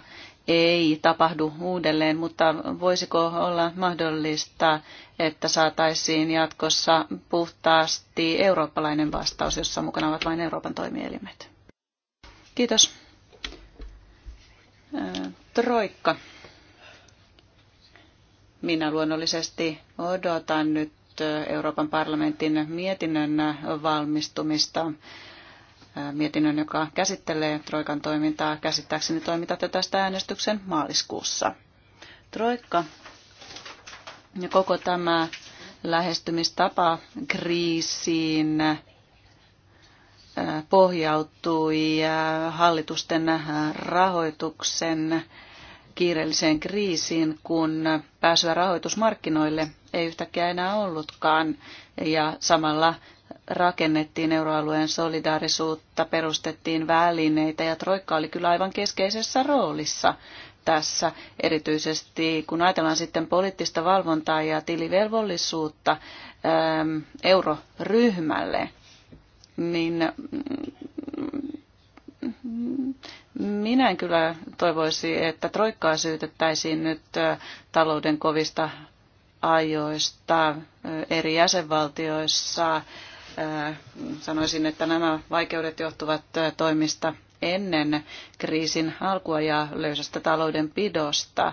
ei tapahdu uudelleen, mutta voisiko olla mahdollista, että saataisiin jatkossa puhtaasti eurooppalainen vastaus, jossa mukana ovat vain Euroopan toimielimet? Kiitos. Troikka. Minä luonnollisesti odotan nyt Euroopan parlamentin mietinnön valmistumista mietinnön, joka käsittelee Troikan toimintaa. Käsittääkseni toimitatte tästä äänestyksen maaliskuussa. Troikka ja koko tämä lähestymistapa kriisiin äh, pohjautui äh, hallitusten äh, rahoituksen kiireelliseen kriisiin, kun pääsyä rahoitusmarkkinoille ei yhtäkkiä enää ollutkaan. Ja samalla rakennettiin euroalueen solidaarisuutta, perustettiin välineitä ja Troikka oli kyllä aivan keskeisessä roolissa tässä, erityisesti kun ajatellaan sitten poliittista valvontaa ja tilivelvollisuutta ähm, euroryhmälle, niin mm, minä en kyllä toivoisi, että Troikkaa syytettäisiin nyt äh, talouden kovista ajoista äh, eri jäsenvaltioissa Äh, sanoisin, että nämä vaikeudet johtuvat äh, toimista ennen kriisin alkua ja löysästä taloudenpidosta.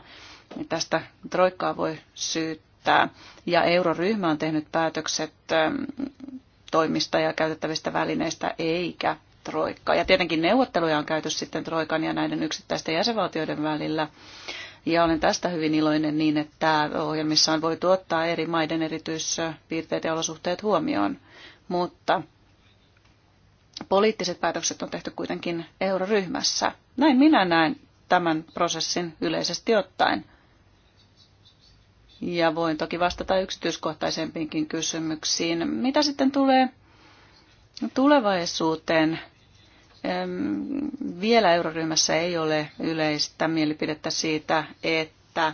Tästä troikkaa voi syyttää. Ja euroryhmä on tehnyt päätökset ähm, toimista ja käytettävistä välineistä eikä troikka. Ja tietenkin neuvotteluja on käyty sitten troikan ja näiden yksittäisten jäsenvaltioiden välillä. Ja olen tästä hyvin iloinen niin, että ohjelmissa on voi tuottaa eri maiden erityispiirteet ja olosuhteet huomioon mutta poliittiset päätökset on tehty kuitenkin euroryhmässä. Näin minä näen tämän prosessin yleisesti ottaen. Ja voin toki vastata yksityiskohtaisempiinkin kysymyksiin. Mitä sitten tulee tulevaisuuteen? Vielä euroryhmässä ei ole yleistä mielipidettä siitä, että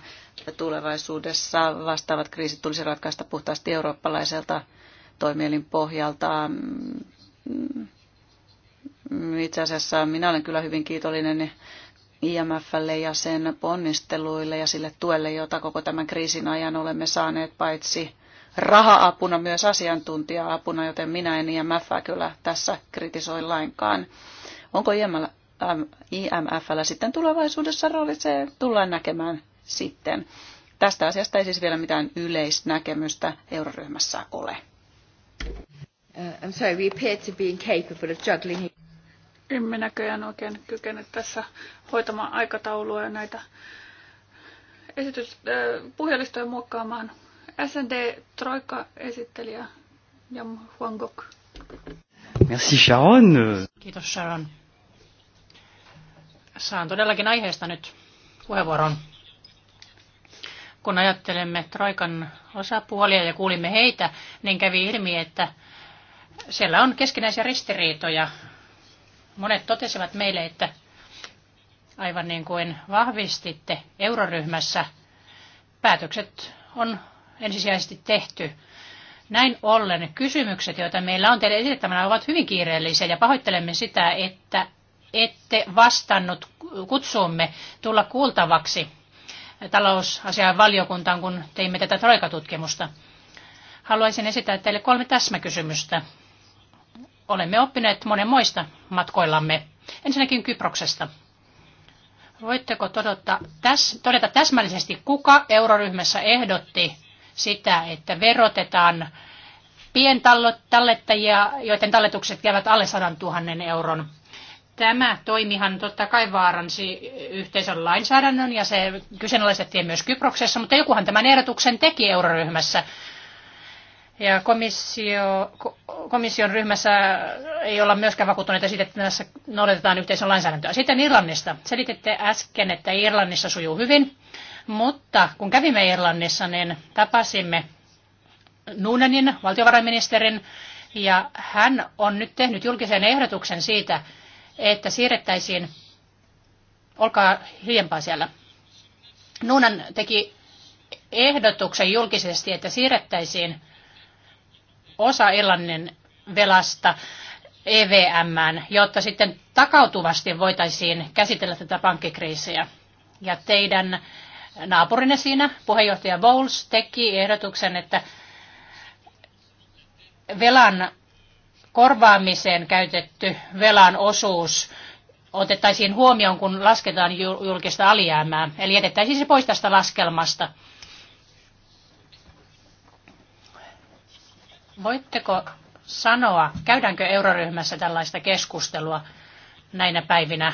tulevaisuudessa vastaavat kriisit tulisi ratkaista puhtaasti eurooppalaiselta toimielin pohjalta. Mm, mm, itse asiassa minä olen kyllä hyvin kiitollinen IMFlle ja sen ponnisteluille ja sille tuelle, jota koko tämän kriisin ajan olemme saaneet paitsi raha-apuna myös asiantuntija-apuna, joten minä en IMF kyllä tässä kritisoi lainkaan. Onko IMFllä äh, sitten tulevaisuudessa rooli, se tullaan näkemään sitten. Tästä asiasta ei siis vielä mitään yleisnäkemystä euroryhmässä ole. Uh, I'm sorry, we appear to be incapable of juggling. Emme näköjään oikein kykene tässä hoitamaan aikataulua ja näitä esitys, äh, muokkaamaan. SND Troika esittelijä Jam Huangok. Merci Sharon. Kiitos Sharon. Saan todellakin aiheesta nyt puheenvuoron. Kun ajattelemme Troikan osapuolia ja kuulimme heitä, niin kävi ilmi, että siellä on keskinäisiä ristiriitoja. Monet totesivat meille, että aivan niin kuin vahvistitte euroryhmässä, päätökset on ensisijaisesti tehty. Näin ollen kysymykset, joita meillä on teille esitettävänä, ovat hyvin kiireellisiä ja pahoittelemme sitä, että ette vastannut kutsuumme tulla kuultavaksi talousasian valiokuntaan, kun teimme tätä troikatutkimusta. Haluaisin esittää teille kolme täsmäkysymystä. Olemme oppineet monenmoista matkoillamme. Ensinnäkin Kyproksesta. Voitteko todota, täs, todeta täsmällisesti, kuka euroryhmässä ehdotti sitä, että verotetaan pientallettajia, joiden talletukset jäävät alle 100 000 euron Tämä toimihan totta kai vaaransi yhteisön lainsäädännön ja se kyseenalaistettiin myös Kyproksessa, mutta jokuhan tämän ehdotuksen teki euroryhmässä. Ja komissio, komission ryhmässä ei olla myöskään vakuuttuneita siitä, että tässä noudatetaan yhteisön lainsäädäntöä. Sitten Irlannista. Selititte äsken, että Irlannissa sujuu hyvin, mutta kun kävimme Irlannissa, niin tapasimme Nuunenin, valtiovarainministerin, ja hän on nyt tehnyt julkisen ehdotuksen siitä, että siirrettäisiin, olkaa hiljempaa siellä, Nuunan teki ehdotuksen julkisesti, että siirrettäisiin osa Irlannin velasta EVMään, jotta sitten takautuvasti voitaisiin käsitellä tätä pankkikriisiä. Ja teidän naapurinne siinä, puheenjohtaja Bowles, teki ehdotuksen, että velan korvaamiseen käytetty velan osuus otettaisiin huomioon, kun lasketaan julkista alijäämää. Eli jätettäisiin se pois tästä laskelmasta. Voitteko sanoa, käydäänkö euroryhmässä tällaista keskustelua näinä päivinä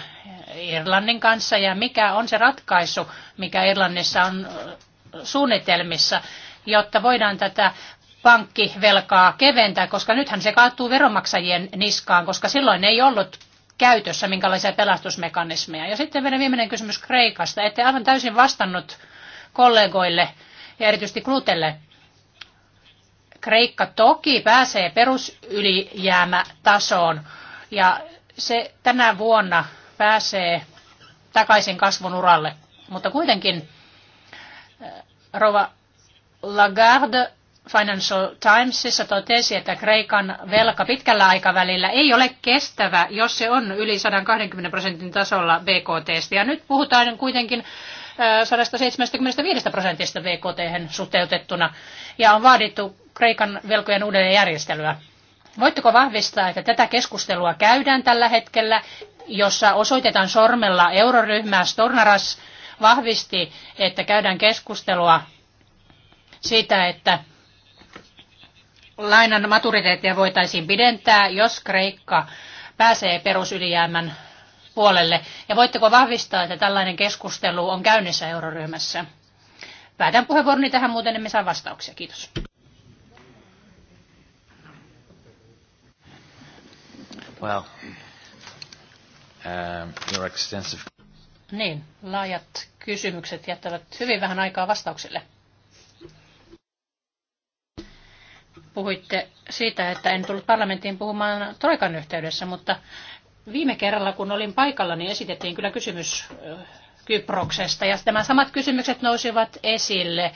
Irlannin kanssa ja mikä on se ratkaisu, mikä Irlannissa on suunnitelmissa, jotta voidaan tätä pankkivelkaa keventää, koska nythän se kaatuu veronmaksajien niskaan, koska silloin ei ollut käytössä minkälaisia pelastusmekanismeja. Ja sitten vielä viimeinen kysymys Kreikasta. Ette aivan täysin vastannut kollegoille ja erityisesti Klutelle. Kreikka toki pääsee perusylijäämätasoon ja se tänä vuonna pääsee takaisin kasvun uralle. Mutta kuitenkin eh, Rova Lagarde Financial Timesissa totesi, että Kreikan velka pitkällä aikavälillä ei ole kestävä, jos se on yli 120 prosentin tasolla BKT. Ja nyt puhutaan kuitenkin 175 prosentista BKT suhteutettuna ja on vaadittu Kreikan velkojen uudelleenjärjestelyä. Voitteko vahvistaa, että tätä keskustelua käydään tällä hetkellä, jossa osoitetaan sormella euroryhmää Stornaras vahvisti, että käydään keskustelua siitä, että lainan maturiteettia voitaisiin pidentää, jos Kreikka pääsee perusylijäämän puolelle? Ja voitteko vahvistaa, että tällainen keskustelu on käynnissä euroryhmässä? Päätän puheenvuoroni tähän, muuten emme saa vastauksia. Kiitos. Well, um, your extensive... Niin, laajat kysymykset jättävät hyvin vähän aikaa vastauksille. puhuitte siitä, että en tullut parlamenttiin puhumaan Troikan yhteydessä, mutta viime kerralla, kun olin paikalla, niin esitettiin kyllä kysymys Kyproksesta, ja nämä samat kysymykset nousivat esille.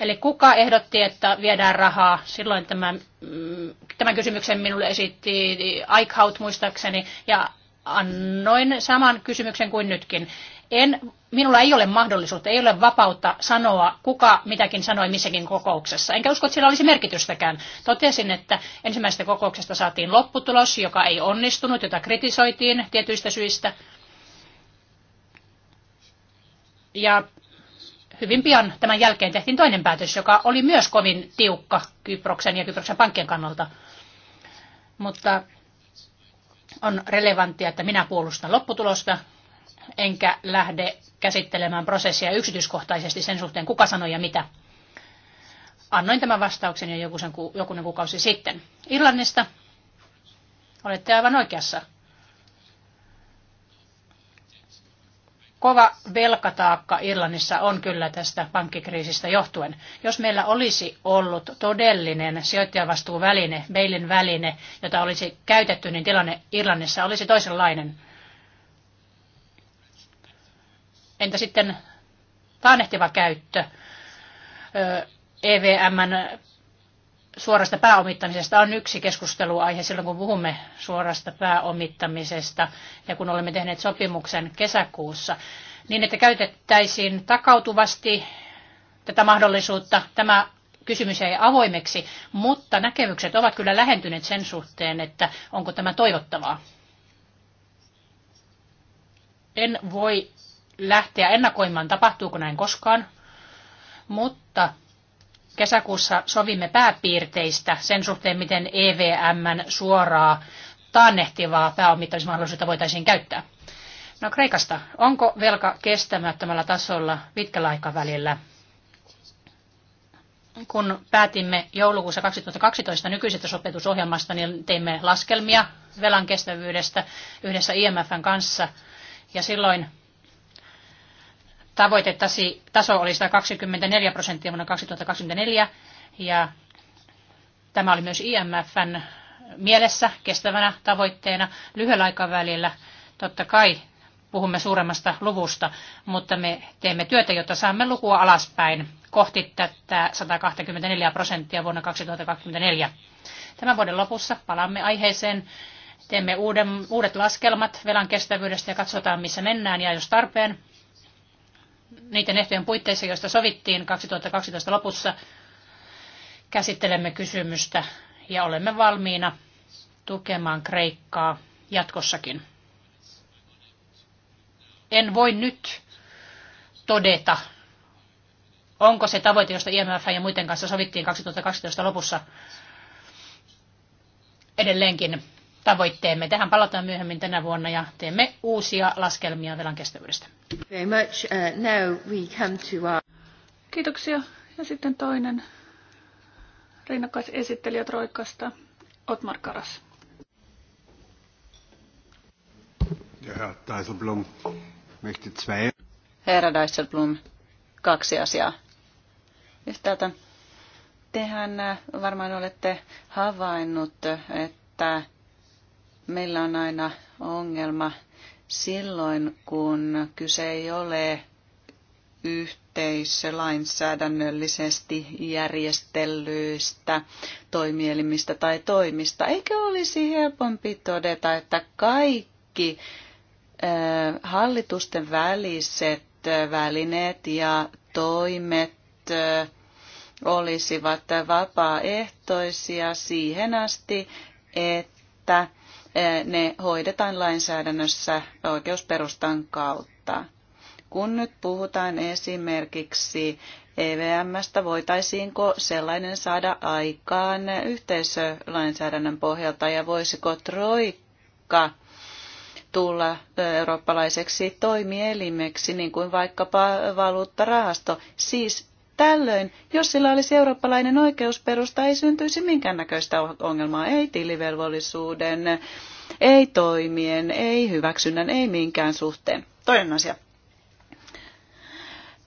Eli kuka ehdotti, että viedään rahaa? Silloin tämän, mm, tämän kysymyksen minulle esitti Aikhaut muistaakseni, ja annoin saman kysymyksen kuin nytkin. En, minulla ei ole mahdollisuutta, ei ole vapautta sanoa, kuka mitäkin sanoi missäkin kokouksessa. Enkä usko, että sillä olisi merkitystäkään. Totesin, että ensimmäisestä kokouksesta saatiin lopputulos, joka ei onnistunut, jota kritisoitiin tietyistä syistä. Ja hyvin pian tämän jälkeen tehtiin toinen päätös, joka oli myös kovin tiukka Kyproksen ja Kyproksen pankkien kannalta. Mutta on relevanttia, että minä puolustan lopputulosta enkä lähde käsittelemään prosessia yksityiskohtaisesti sen suhteen, kuka sanoi ja mitä. Annoin tämän vastauksen jo jokunen, ku, jokunen kuukausi sitten. Irlannista olette aivan oikeassa. Kova velkataakka Irlannissa on kyllä tästä pankkikriisistä johtuen. Jos meillä olisi ollut todellinen sijoittajavastuuväline, Beilin väline, jota olisi käytetty, niin tilanne Irlannissa olisi toisenlainen. Entä sitten taannehtiva käyttö EVMn suorasta pääomittamisesta on yksi keskusteluaihe silloin, kun puhumme suorasta pääomittamisesta ja kun olemme tehneet sopimuksen kesäkuussa, niin että käytettäisiin takautuvasti tätä mahdollisuutta. Tämä kysymys ei avoimeksi, mutta näkemykset ovat kyllä lähentyneet sen suhteen, että onko tämä toivottavaa. En voi lähteä ennakoimaan, tapahtuuko näin koskaan, mutta kesäkuussa sovimme pääpiirteistä sen suhteen, miten EVMn suoraa taannehtivaa pääomittamismahdollisuutta voitaisiin käyttää. No Kreikasta. Onko velka kestämättömällä tasolla pitkällä aikavälillä? Kun päätimme joulukuussa 2012 nykyisestä sopetusohjelmasta, niin teimme laskelmia velan kestävyydestä yhdessä IMFn kanssa. Ja silloin tavoitetasi taso oli 124 prosenttia vuonna 2024 ja tämä oli myös IMFn mielessä kestävänä tavoitteena lyhyellä aikavälillä. Totta kai puhumme suuremmasta luvusta, mutta me teemme työtä, jotta saamme lukua alaspäin kohti tätä 124 prosenttia vuonna 2024. Tämän vuoden lopussa palaamme aiheeseen, teemme uuden, uudet laskelmat velan kestävyydestä ja katsotaan, missä mennään ja jos tarpeen, niiden ehtojen puitteissa, joista sovittiin 2012 lopussa, käsittelemme kysymystä ja olemme valmiina tukemaan Kreikkaa jatkossakin. En voi nyt todeta, onko se tavoite, josta IMF ja muiden kanssa sovittiin 2012 lopussa edelleenkin tavoitteemme. Tähän palataan myöhemmin tänä vuonna ja teemme uusia laskelmia velan kestävyydestä. Very much. Uh, now we come to our... Kiitoksia. Ja sitten toinen rinnakkaisesittelijä Troikasta, Otmar Karas. Herra Dijsselblom, kaksi asiaa. Yhtäältä tehän äh, varmaan olette havainnut, että meillä on aina ongelma silloin, kun kyse ei ole yhteislainsäädännöllisesti järjestellyistä toimielimistä tai toimista. Eikö olisi helpompi todeta, että kaikki hallitusten väliset välineet ja toimet olisivat vapaaehtoisia siihen asti, että Eh, ne hoidetaan lainsäädännössä oikeusperustan kautta. Kun nyt puhutaan esimerkiksi EVMstä, voitaisiinko sellainen saada aikaan yhteisölainsäädännön pohjalta ja voisiko Troikka tulla eh, eurooppalaiseksi toimielimeksi, niin kuin vaikkapa valuuttarahasto, siis Tällöin, jos sillä olisi eurooppalainen oikeusperusta, ei syntyisi minkäännäköistä ongelmaa, ei tilivelvollisuuden, ei toimien, ei hyväksynnän, ei minkään suhteen. Toinen asia.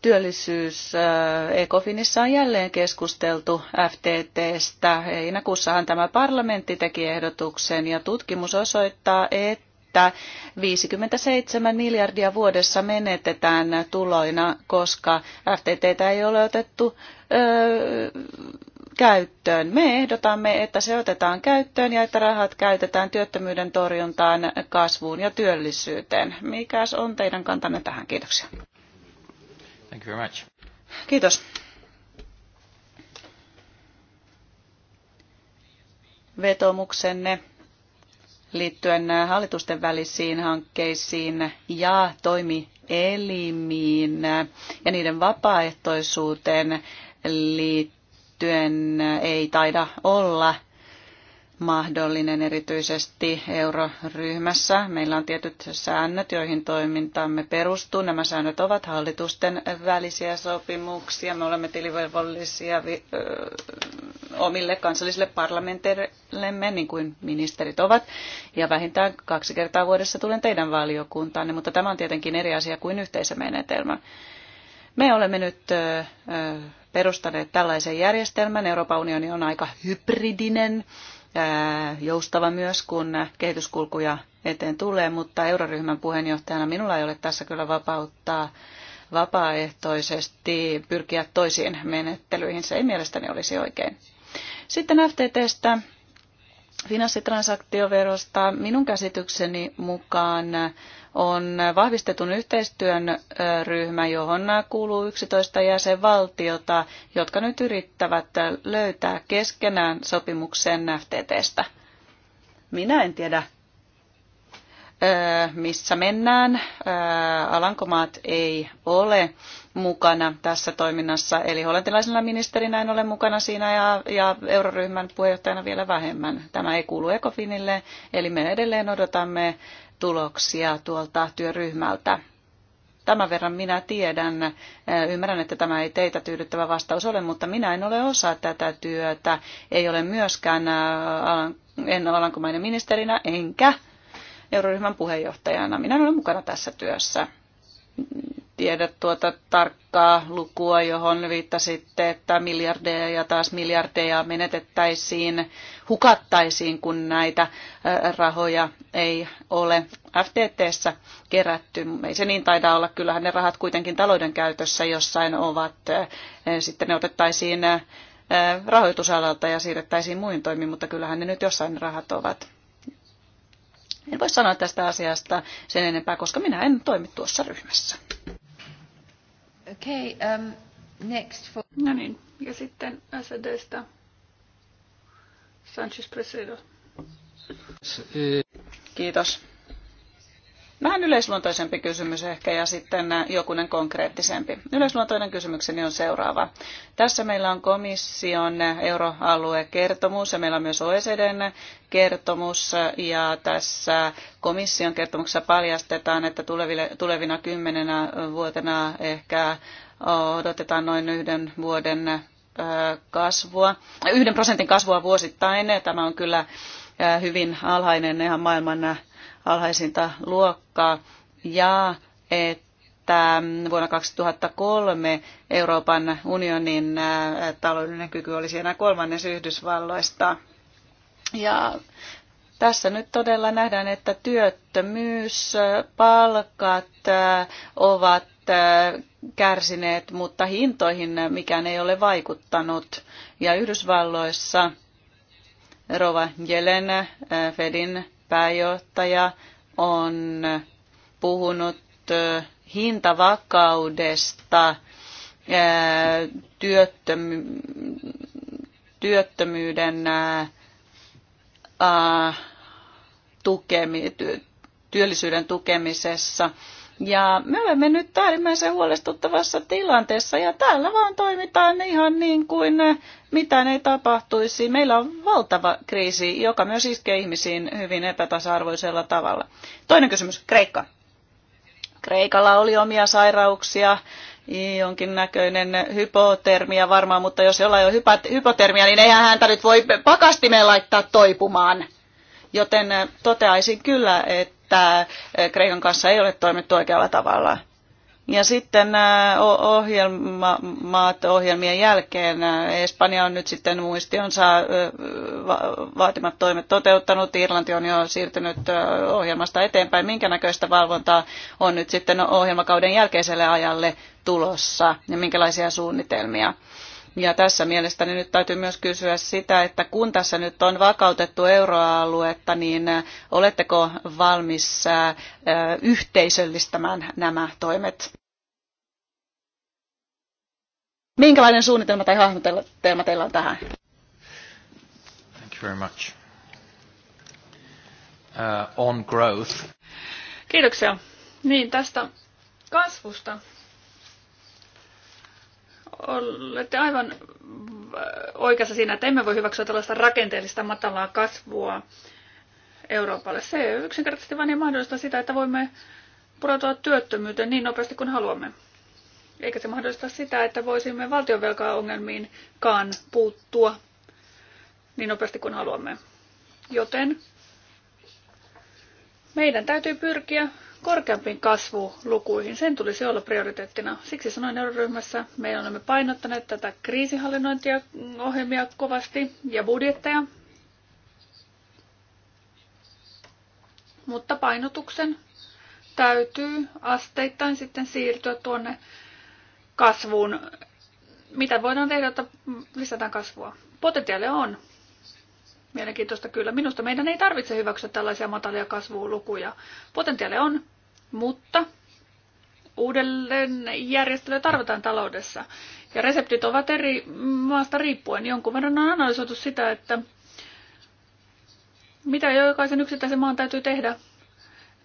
Työllisyys äh, Ecofinissa on jälleen keskusteltu FTTstä. Heinäkuussahan tämä parlamentti teki ehdotuksen ja tutkimus osoittaa, että että 57 miljardia vuodessa menetetään tuloina, koska FTT ei ole otettu öö, käyttöön. Me ehdotamme, että se otetaan käyttöön ja että rahat käytetään työttömyyden torjuntaan, kasvuun ja työllisyyteen. Mikäs on teidän kantanne tähän? Kiitoksia. Thank you very much. Kiitos. Vetomuksenne liittyen äh, hallitusten välisiin hankkeisiin ja toimielimiin äh, ja niiden vapaaehtoisuuteen liittyen äh, ei taida olla mahdollinen erityisesti euroryhmässä. Meillä on tietyt säännöt, joihin toimintaamme perustuu. Nämä säännöt ovat hallitusten välisiä sopimuksia. Me olemme tilivelvollisia omille kansallisille parlamenteillemme, niin kuin ministerit ovat. Ja vähintään kaksi kertaa vuodessa tulen teidän valiokuntaanne, mutta tämä on tietenkin eri asia kuin yhteisömenetelmä. Me olemme nyt perustaneet tällaisen järjestelmän. Euroopan unioni on aika hybridinen joustava myös, kun kehityskulkuja eteen tulee, mutta euroryhmän puheenjohtajana minulla ei ole tässä kyllä vapauttaa vapaaehtoisesti pyrkiä toisiin menettelyihin. Se ei mielestäni olisi oikein. Sitten FTTstä finanssitransaktioverosta minun käsitykseni mukaan on vahvistetun yhteistyön ryhmä, johon kuuluu 11 jäsenvaltiota, jotka nyt yrittävät löytää keskenään sopimuksen FTTstä. Minä en tiedä, missä mennään. Alankomaat ei ole mukana tässä toiminnassa. Eli hollantilaisena ministerinä en ole mukana siinä ja, ja euroryhmän puheenjohtajana vielä vähemmän. Tämä ei kuulu Ecofinille, eli me edelleen odotamme tuloksia tuolta työryhmältä. Tämän verran minä tiedän. Ymmärrän, että tämä ei teitä tyydyttävä vastaus ole, mutta minä en ole osa tätä työtä. Ei ole myöskään, en ole ministerinä, enkä euroryhmän puheenjohtajana. Minä en ole mukana tässä työssä tiedä tuota tarkkaa lukua, johon viittasitte, että miljardeja ja taas miljardeja menetettäisiin, hukattaisiin, kun näitä rahoja ei ole FTTssä kerätty. Ei se niin taida olla, kyllähän ne rahat kuitenkin talouden käytössä jossain ovat. Sitten ne otettaisiin rahoitusalalta ja siirrettäisiin muihin toimiin, mutta kyllähän ne nyt jossain rahat ovat. En voi sanoa tästä asiasta sen enempää, koska minä en toimi tuossa ryhmässä. Okay, um, next for... No niin, ja sitten SDstä Sanchez Presedo. Eh. Kiitos. Vähän yleisluontoisempi kysymys ehkä ja sitten äh, jokunen konkreettisempi. Yleisluontoinen kysymykseni on seuraava. Tässä meillä on komission euroaluekertomus ja meillä on myös OECDn kertomus ja tässä komission kertomuksessa paljastetaan, että tulevina kymmenenä vuotena ehkä odotetaan noin yhden vuoden äh, kasvua, yhden prosentin kasvua vuosittain. Tämä on kyllä äh, hyvin alhainen ihan maailman alhaisinta luokkaa ja että vuonna 2003 Euroopan unionin äh, taloudellinen kyky olisi enää kolmannes Yhdysvalloista. Ja tässä nyt todella nähdään, että työttömyys, äh, palkat äh, ovat kärsineet, mutta hintoihin mikään ei ole vaikuttanut. Ja Yhdysvalloissa Rova Jelen, Fedin pääjohtaja on puhunut hintavakaudesta työttömyyden tukemi, työllisyyden tukemisessa ja me olemme nyt äärimmäisen huolestuttavassa tilanteessa ja täällä vaan toimitaan ihan niin kuin eh, mitään ei tapahtuisi. Meillä on valtava kriisi, joka myös iskee ihmisiin hyvin epätasa-arvoisella tavalla. Toinen kysymys, Kreikka. Kreikalla oli omia sairauksia, jonkin näköinen hypotermia varmaan, mutta jos jollain on hypotermia, niin eihän häntä nyt voi pakastimeen laittaa toipumaan. Joten eh, toteaisin kyllä, että että äh, Kreikan kanssa ei ole toimittu oikealla tavalla. Ja sitten äh, ohjelmaat ohjelmien jälkeen äh, Espanja on nyt sitten muistionsa vaatimat toimet toteuttanut, Irlanti on jo siirtynyt ohjelmasta eteenpäin. Minkä näköistä valvontaa on nyt sitten ohjelmakauden jälkeiselle ajalle tulossa ja minkälaisia suunnitelmia? Ja tässä mielestäni nyt täytyy myös kysyä sitä, että kun tässä nyt on vakautettu euroaluetta, niin oletteko valmis yhteisöllistämään nämä toimet? Minkälainen suunnitelma tai hahmotelma teillä on tähän? Thank you very much. Uh, on growth. Kiitoksia. Niin, tästä kasvusta olette aivan oikeassa siinä, että emme voi hyväksyä tällaista rakenteellista matalaa kasvua Euroopalle. Se yksinkertaisesti vain ei mahdollista sitä, että voimme pureutua työttömyyteen niin nopeasti kuin haluamme. Eikä se mahdollista sitä, että voisimme ongelmiinkaan puuttua niin nopeasti kuin haluamme. Joten meidän täytyy pyrkiä korkeampiin kasvulukuihin. Sen tulisi olla prioriteettina. Siksi sanoin euroryhmässä, me olemme painottaneet tätä kriisihallinnointia mm, ohjelmia kovasti ja budjetteja. Mutta painotuksen täytyy asteittain sitten siirtyä tuonne kasvuun. Mitä voidaan tehdä, että lisätään kasvua? Potentiaalia on, Mielenkiintoista kyllä. Minusta meidän ei tarvitse hyväksyä tällaisia matalia kasvulukuja. Potentiaalia on, mutta uudelleen järjestelyä tarvitaan taloudessa. Ja reseptit ovat eri maasta riippuen. Jonkun verran on analysoitu sitä, että mitä jokaisen yksittäisen maan täytyy tehdä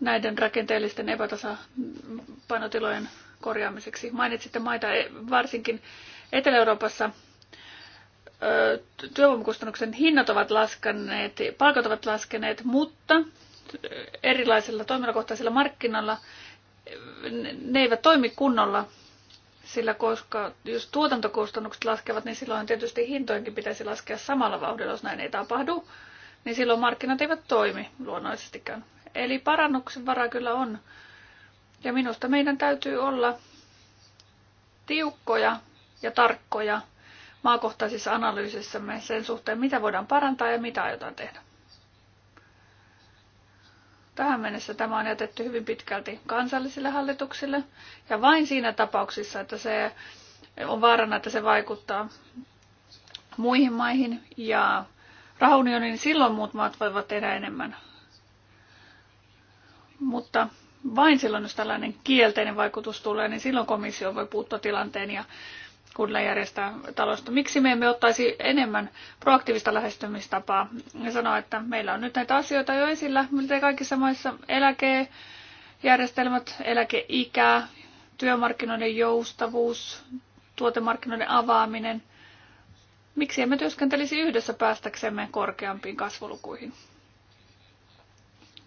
näiden rakenteellisten epätasapainotilojen korjaamiseksi. Mainitsitte maita e, varsinkin Etelä-Euroopassa työvoimakustannuksen hinnat ovat laskeneet, palkat ovat laskeneet, mutta erilaisilla toimialakohtaisilla markkinoilla ne eivät toimi kunnolla, sillä koska jos tuotantokustannukset laskevat, niin silloin tietysti hintojenkin pitäisi laskea samalla vauhdilla, jos näin ei tapahdu, niin silloin markkinat eivät toimi luonnollisestikään. Eli parannuksen varaa kyllä on. Ja minusta meidän täytyy olla tiukkoja ja tarkkoja maakohtaisissa analyysissämme sen suhteen, mitä voidaan parantaa ja mitä aiotaan tehdä. Tähän mennessä tämä on jätetty hyvin pitkälti kansallisille hallituksille ja vain siinä tapauksissa, että se on vaarana, että se vaikuttaa muihin maihin ja rahaunioniin, niin silloin muut maat voivat tehdä enemmän. Mutta vain silloin, jos tällainen kielteinen vaikutus tulee, niin silloin komissio voi puuttua tilanteen ja kunnilla järjestää talosta. Miksi me emme ottaisi enemmän proaktiivista lähestymistapaa ja sanoa, että meillä on nyt näitä asioita jo esillä, miltei kaikissa maissa eläkejärjestelmät, eläkeikä, työmarkkinoiden joustavuus, tuotemarkkinoiden avaaminen. Miksi emme työskentelisi yhdessä päästäksemme korkeampiin kasvulukuihin?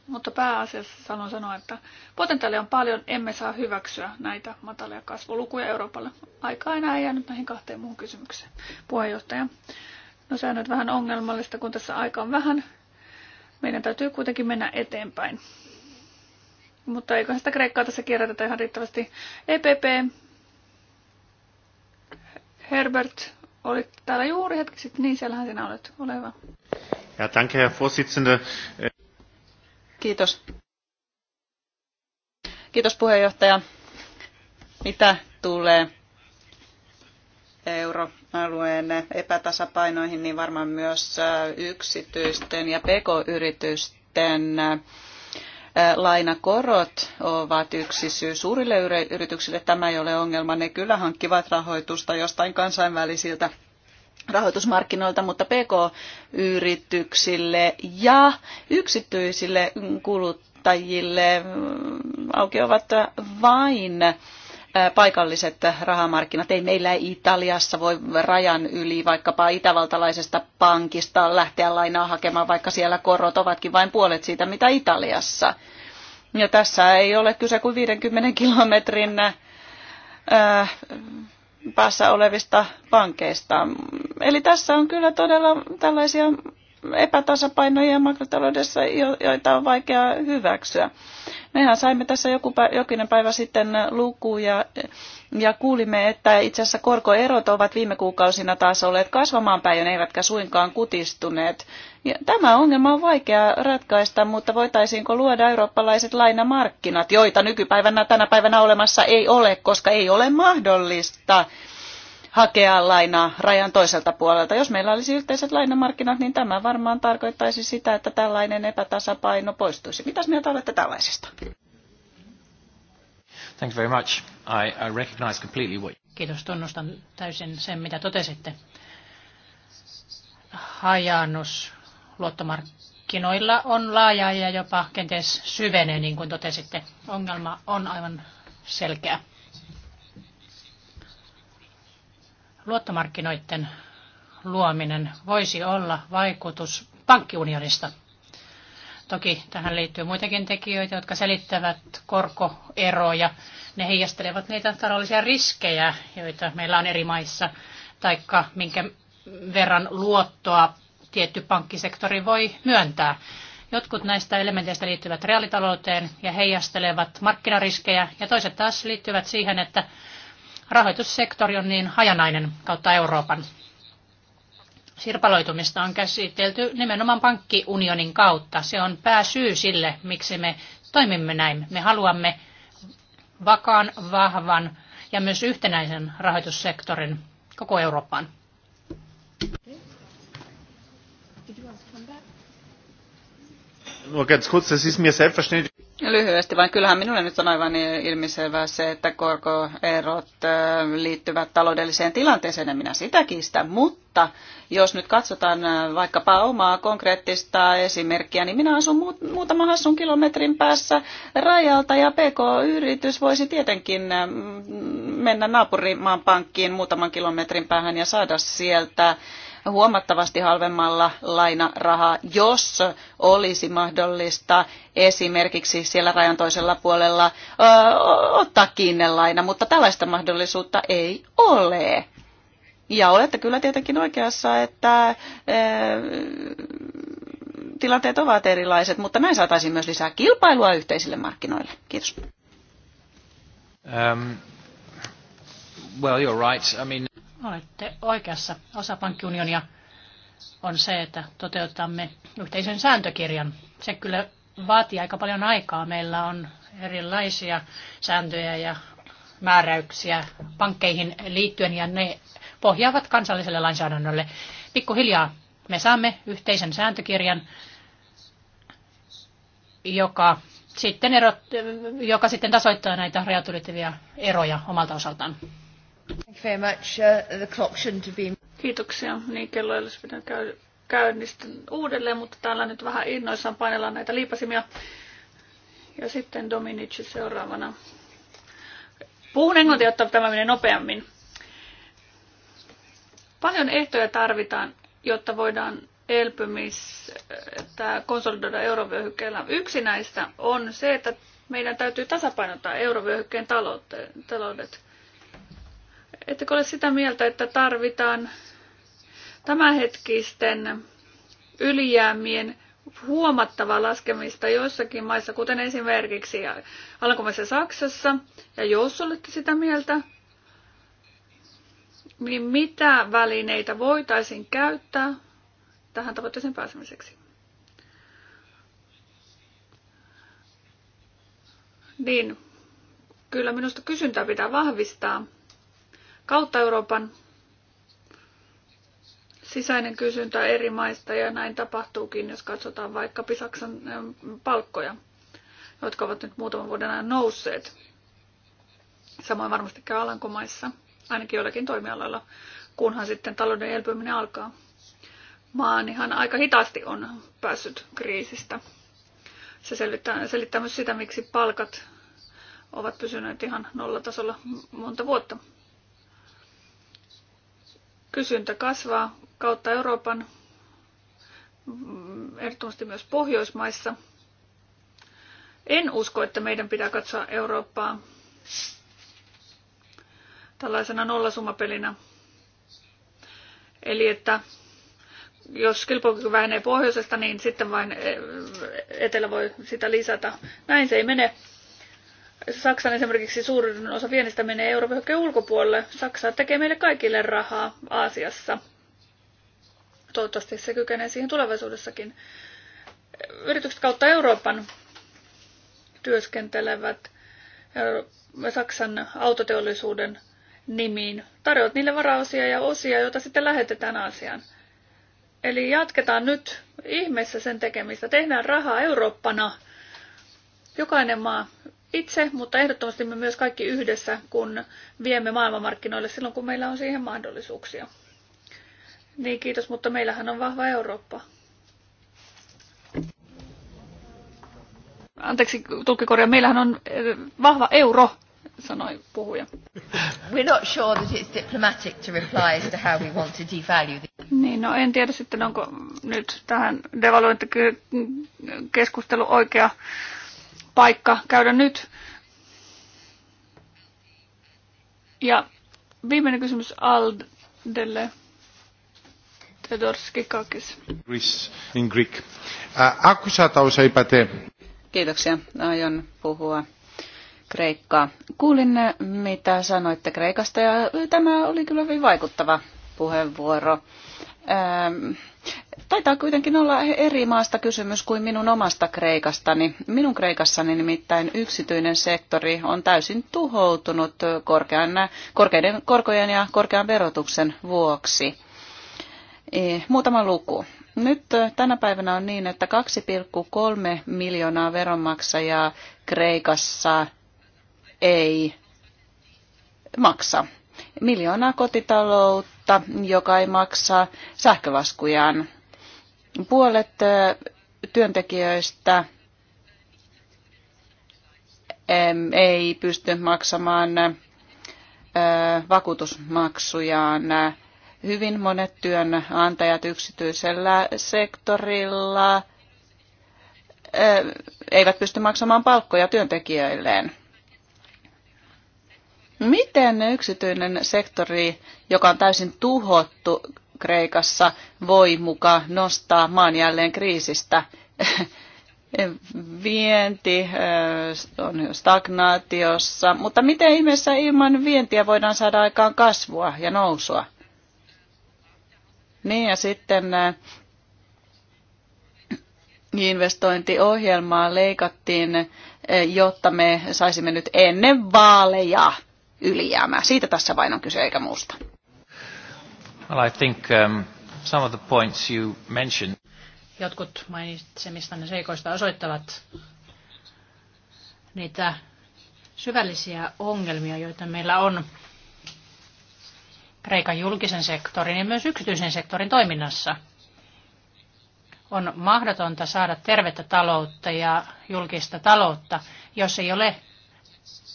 Mutta pääasiassa sanon sanoa, että potentiaalia on paljon, emme saa hyväksyä näitä matalia kasvulukuja Euroopalle. Aika enää ei jäänyt näihin kahteen muun kysymykseen, puheenjohtaja. No se on nyt vähän ongelmallista, kun tässä aika on vähän. Meidän täytyy kuitenkin mennä eteenpäin. Mutta eiköhän sitä Kreikkaa tässä kierrätetä ihan riittävästi. EPP, Herbert, olit täällä juuri hetki sitten, niin siellähän sinä olet. Ole hyvä. Ja, danke, Herr Vorsitzende. Kiitos. Kiitos puheenjohtaja. Mitä tulee euroalueen epätasapainoihin, niin varmaan myös äh, yksityisten ja pk-yritysten äh, lainakorot ovat yksi syy suurille yrityksille. Tämä ei ole ongelma. Ne kyllä hankkivat rahoitusta jostain kansainvälisiltä rahoitusmarkkinoilta, mutta pk-yrityksille ja yksityisille kuluttajille mm, auki ovat vain paikalliset rahamarkkinat. Ei meillä Italiassa voi rajan yli vaikkapa itävaltalaisesta pankista lähteä lainaa hakemaan, vaikka siellä korot ovatkin vain puolet siitä, mitä Italiassa. Ja tässä ei ole kyse kuin 50 kilometrin äh, päässä olevista pankeista. Eli tässä on kyllä todella tällaisia epätasapainoja makrotaloudessa, joita on vaikea hyväksyä. Mehän saimme tässä joku, jokinen päivä sitten lukuja ja kuulimme, että itse asiassa korkoerot ovat viime kuukausina taas olleet kasvamaan päin, eivätkä suinkaan kutistuneet. Ja tämä ongelma on vaikea ratkaista, mutta voitaisiinko luoda eurooppalaiset lainamarkkinat, joita nykypäivänä tänä päivänä olemassa ei ole, koska ei ole mahdollista hakea lainaa rajan toiselta puolelta. Jos meillä olisi yhteiset lainamarkkinat, niin tämä varmaan tarkoittaisi sitä, että tällainen epätasapaino poistuisi. Mitäs mieltä olette tällaisesta? Thank you very much. I, I recognize completely what... Kiitos, tunnustan täysin sen, mitä totesitte. Hajannus luottomarkkinoilla on laaja ja jopa kenties syvenee, niin kuin totesitte. Ongelma on aivan selkeä. Luottomarkkinoiden luominen voisi olla vaikutus pankkiunionista. Toki tähän liittyy muitakin tekijöitä, jotka selittävät korkoeroja. Ne heijastelevat niitä taloudellisia riskejä, joita meillä on eri maissa, taikka minkä verran luottoa tietty pankkisektori voi myöntää. Jotkut näistä elementeistä liittyvät reaalitalouteen ja heijastelevat markkinariskejä, ja toiset taas liittyvät siihen, että rahoitussektori on niin hajanainen kautta Euroopan. Sirpaloitumista on käsitelty nimenomaan pankkiunionin kautta. Se on pääsyy sille, miksi me toimimme näin. Me haluamme vakaan, vahvan ja myös yhtenäisen rahoitussektorin koko Eurooppaan. No, ganz kurz, das Lyhyesti, vaan kyllähän minulle nyt on aivan ilmiselvää se, että korkoerot liittyvät taloudelliseen tilanteeseen, ja minä sitä kiistän. Mutta jos nyt katsotaan vaikkapa omaa konkreettista esimerkkiä, niin minä asun muutama hassun kilometrin päässä rajalta, ja PK-yritys voisi tietenkin mennä naapurimaan pankkiin muutaman kilometrin päähän ja saada sieltä huomattavasti halvemmalla lainarahaa, jos olisi mahdollista esimerkiksi siellä rajan toisella puolella ottaa kiinne laina, mutta tällaista mahdollisuutta ei ole. Ja olette kyllä tietenkin oikeassa, että tilanteet ovat erilaiset, mutta näin saataisiin myös lisää kilpailua yhteisille markkinoille. Kiitos. Um, well, you're right. I mean... Olette oikeassa. Osa pankkiunionia on se, että toteutamme yhteisen sääntökirjan. Se kyllä vaatii aika paljon aikaa. Meillä on erilaisia sääntöjä ja määräyksiä pankkeihin liittyen ja ne pohjaavat kansalliselle lainsäädännölle. Pikkuhiljaa me saamme yhteisen sääntökirjan, joka sitten, erot, joka sitten tasoittaa näitä rajat ylittäviä eroja omalta osaltaan. Kiitoksia. Niin kello ei olisi pitänyt käy, käynnistää uudelleen, mutta täällä nyt vähän innoissaan painellaan näitä liipasimia. Ja sitten Dominici seuraavana. Puhun englantia, jotta tämä menee nopeammin. Paljon ehtoja tarvitaan, jotta voidaan elpymis, tämä konsolidoida eurovyöhykkeellä. Yksi näistä on se, että meidän täytyy tasapainottaa eurovyöhykkeen taloudet ettekö ole sitä mieltä, että tarvitaan tämänhetkisten ylijäämien huomattavaa laskemista joissakin maissa, kuten esimerkiksi Alankomaissa Saksassa. Ja jos olette sitä mieltä, niin mitä välineitä voitaisiin käyttää tähän tavoitteeseen pääsemiseksi? Niin, kyllä minusta kysyntää pitää vahvistaa kautta Euroopan sisäinen kysyntä eri maista ja näin tapahtuukin, jos katsotaan vaikka Pisaksan ähm, palkkoja, jotka ovat nyt muutaman vuoden ajan nousseet. Samoin varmasti käy Alankomaissa, ainakin joillakin toimialoilla, kunhan sitten talouden elpyminen alkaa. Maan ihan aika hitaasti on päässyt kriisistä. Se selittää, selittää myös sitä, miksi palkat ovat pysyneet ihan nollatasolla monta vuotta. Kysyntä kasvaa kautta Euroopan, mm, ehdottomasti myös Pohjoismaissa. En usko, että meidän pitää katsoa Eurooppaa tällaisena nollasummapelinä. Eli että jos kilpailukyky vähenee pohjoisesta, niin sitten vain eh, etelä voi sitä lisätä. Näin se ei mene. Saksan esimerkiksi suurin osa viennistä menee eurovyöhykkeen ulkopuolelle. Saksa tekee meille kaikille rahaa Aasiassa. Toivottavasti se kykenee siihen tulevaisuudessakin. Yritykset kautta Euroopan työskentelevät Saksan autoteollisuuden nimiin. Tarjoat niille varaosia ja osia, joita sitten lähetetään Aasiaan. Eli jatketaan nyt ihmeessä sen tekemistä. Tehdään rahaa Eurooppana. Jokainen maa itse, mutta ehdottomasti me myös kaikki yhdessä, kun viemme maailmanmarkkinoille silloin, kun meillä on siihen mahdollisuuksia. Niin kiitos, mutta meillähän on vahva Eurooppa. Anteeksi, tulkikorja, meillähän on eh, vahva euro, sanoi puhuja. We're not sure that it's diplomatic to reply as to how we want to devalue the... Niin, no en tiedä sitten, onko nyt tähän devaluointikeskustelu oikea paikka käydä nyt. Ja viimeinen kysymys Aldelle. Tedorski Kakis. In Greek. Άκουσα τα όσα Kiitoksia. Aion puhua Kreikkaa. Kuulin, mitä sanoitte Kreikasta ja tämä oli kyllä hyvin vaikuttava puheenvuoro. Taitaa kuitenkin olla eri maasta kysymys kuin minun omasta Kreikastani. Minun Kreikassani nimittäin yksityinen sektori on täysin tuhoutunut korkean, korkeiden korkojen ja korkean verotuksen vuoksi. E, muutama luku. Nyt tänä päivänä on niin, että 2,3 miljoonaa veronmaksajaa Kreikassa ei maksa. Miljoonaa kotitaloutta, joka ei maksa sähkölaskujaan. Puolet työntekijöistä ei pysty maksamaan vakuutusmaksujaan. Hyvin monet työnantajat yksityisellä sektorilla eivät pysty maksamaan palkkoja työntekijöilleen. Miten yksityinen sektori, joka on täysin tuhottu, Kreikassa voi muka nostaa maan jälleen kriisistä. Vienti on stagnaatiossa, mutta miten ihmeessä ilman vientiä voidaan saada aikaan kasvua ja nousua? Niin ja sitten investointiohjelmaa leikattiin, jotta me saisimme nyt ennen vaaleja ylijäämää. Siitä tässä vain on kyse eikä muusta. Well, I think um, some of the points you mentioned. Jotkut mainitsemistanne seikoista osoittavat niitä syvällisiä ongelmia, joita meillä on Kreikan julkisen sektorin ja myös yksityisen sektorin toiminnassa. On mahdotonta saada tervettä taloutta ja julkista taloutta, jos ei ole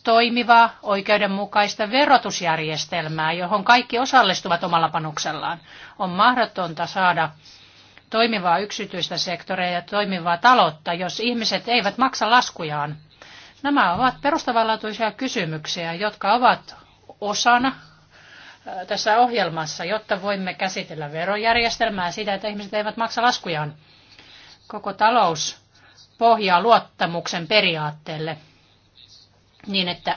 toimivaa, oikeudenmukaista verotusjärjestelmää, johon kaikki osallistuvat omalla panoksellaan. On mahdotonta saada toimivaa yksityistä sektoria ja toimivaa taloutta, jos ihmiset eivät maksa laskujaan. Nämä ovat perustavanlaatuisia kysymyksiä, jotka ovat osana äh, tässä ohjelmassa, jotta voimme käsitellä verojärjestelmää sitä, että ihmiset eivät maksa laskujaan. Koko talous pohjaa luottamuksen periaatteelle – niin, että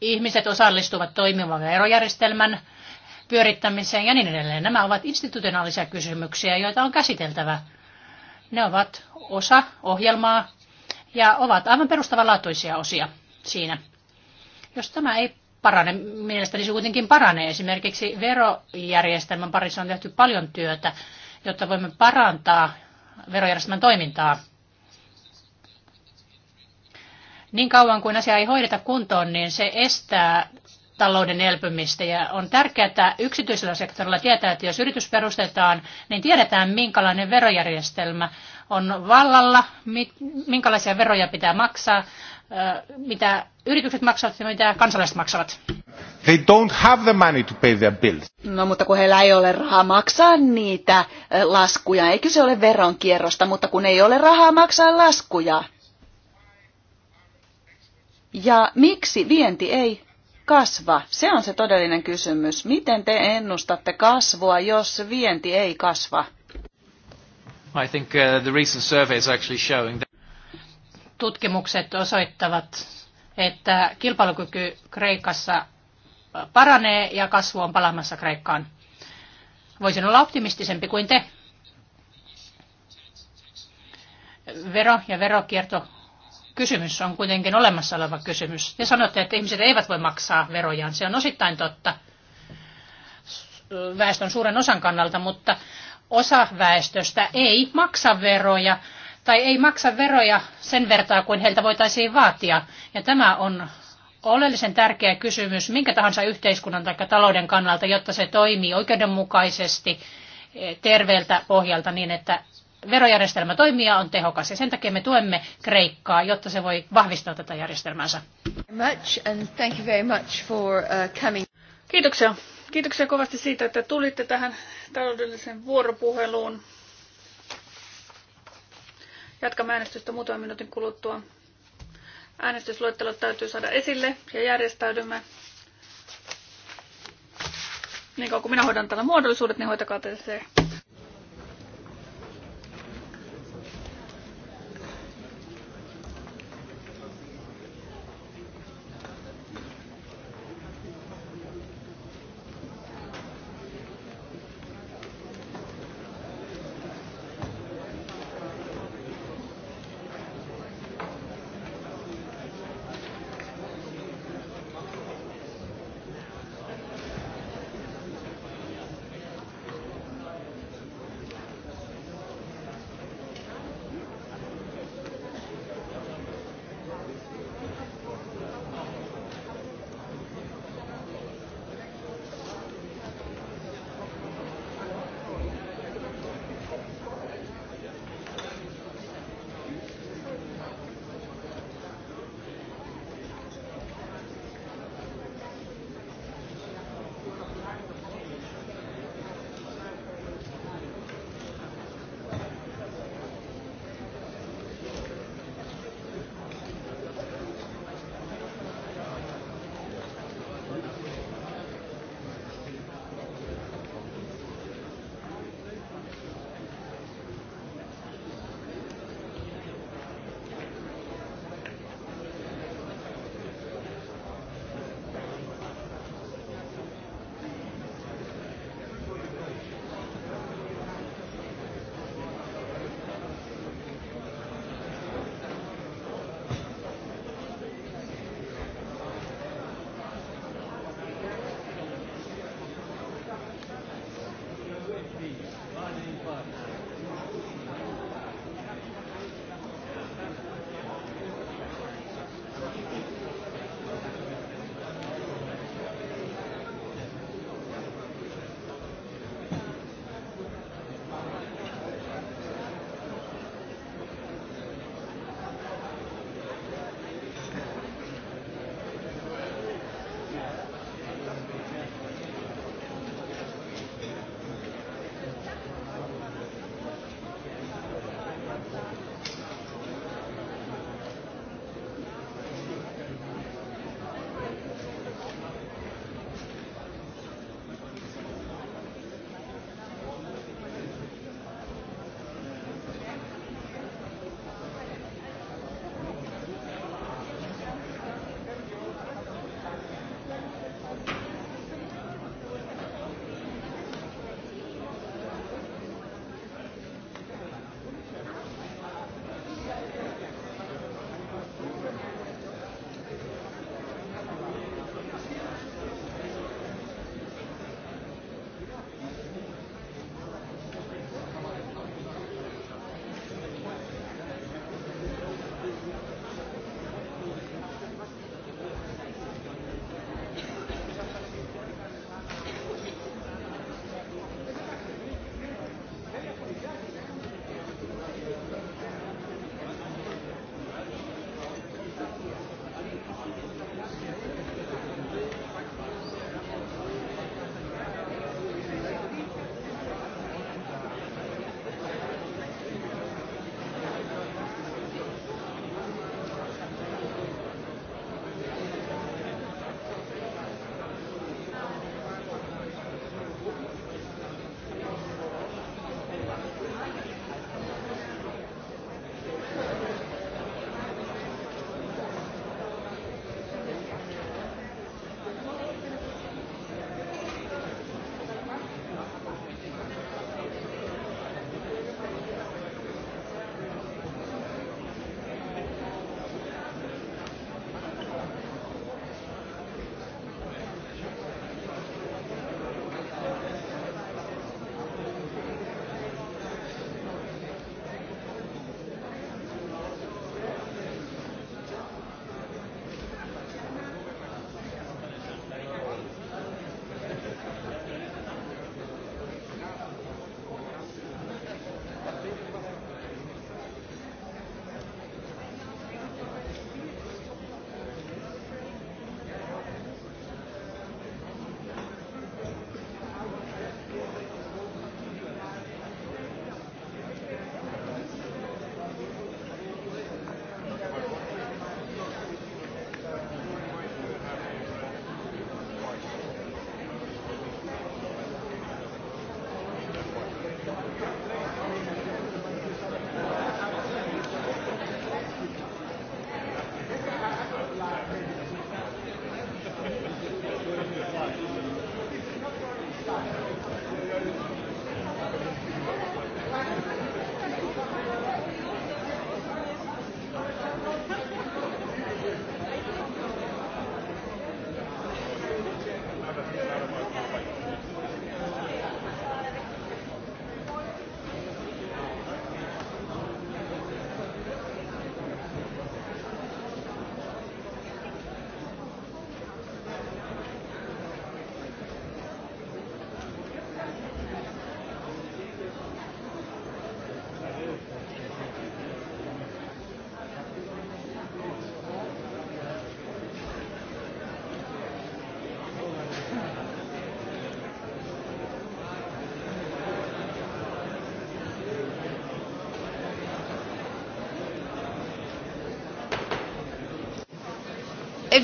ihmiset osallistuvat toimivan verojärjestelmän pyörittämiseen ja niin edelleen. Nämä ovat institutionaalisia kysymyksiä, joita on käsiteltävä. Ne ovat osa ohjelmaa ja ovat aivan perustavanlaatuisia osia siinä. Jos tämä ei parane, mielestäni se kuitenkin paranee. Esimerkiksi verojärjestelmän parissa on tehty paljon työtä, jotta voimme parantaa verojärjestelmän toimintaa niin kauan kuin asia ei hoideta kuntoon, niin se estää talouden elpymistä. Ja on tärkeää, että yksityisellä sektorilla tietää, että jos yritys perustetaan, niin tiedetään, minkälainen verojärjestelmä on vallalla, minkälaisia veroja pitää maksaa, mitä yritykset maksavat ja mitä kansalaiset maksavat. They don't have the money to pay their bills. No mutta kun heillä ei ole rahaa maksaa niitä laskuja, eikö se ole veronkierrosta, mutta kun ei ole rahaa maksaa laskuja, ja miksi vienti ei kasva? Se on se todellinen kysymys. Miten te ennustatte kasvua, jos vienti ei kasva? I think uh, the recent survey is actually showing that... Tutkimukset osoittavat, että kilpailukyky Kreikassa paranee ja kasvu on palaamassa Kreikkaan. Voisin olla optimistisempi kuin te. Vero ja verokierto kysymys on kuitenkin olemassa oleva kysymys. Te sanotte, että ihmiset eivät voi maksaa verojaan. Se on osittain totta väestön suuren osan kannalta, mutta osa väestöstä ei maksa veroja tai ei maksa veroja sen vertaa kuin heiltä voitaisiin vaatia. Ja tämä on oleellisen tärkeä kysymys minkä tahansa yhteiskunnan tai talouden kannalta, jotta se toimii oikeudenmukaisesti terveeltä pohjalta niin, että verojärjestelmä toimii ja on tehokas. Ja sen takia me tuemme Kreikkaa, jotta se voi vahvistaa tätä järjestelmäänsä. Uh, Kiitoksia. Kiitoksia kovasti siitä, että tulitte tähän taloudelliseen vuoropuheluun. Jatkamme äänestystä muutaman minuutin kuluttua. Äänestysluettelot täytyy saada esille ja järjestäydymme. Niin kauan kuin minä hoidan tällä muodollisuudet, niin hoitakaa te se.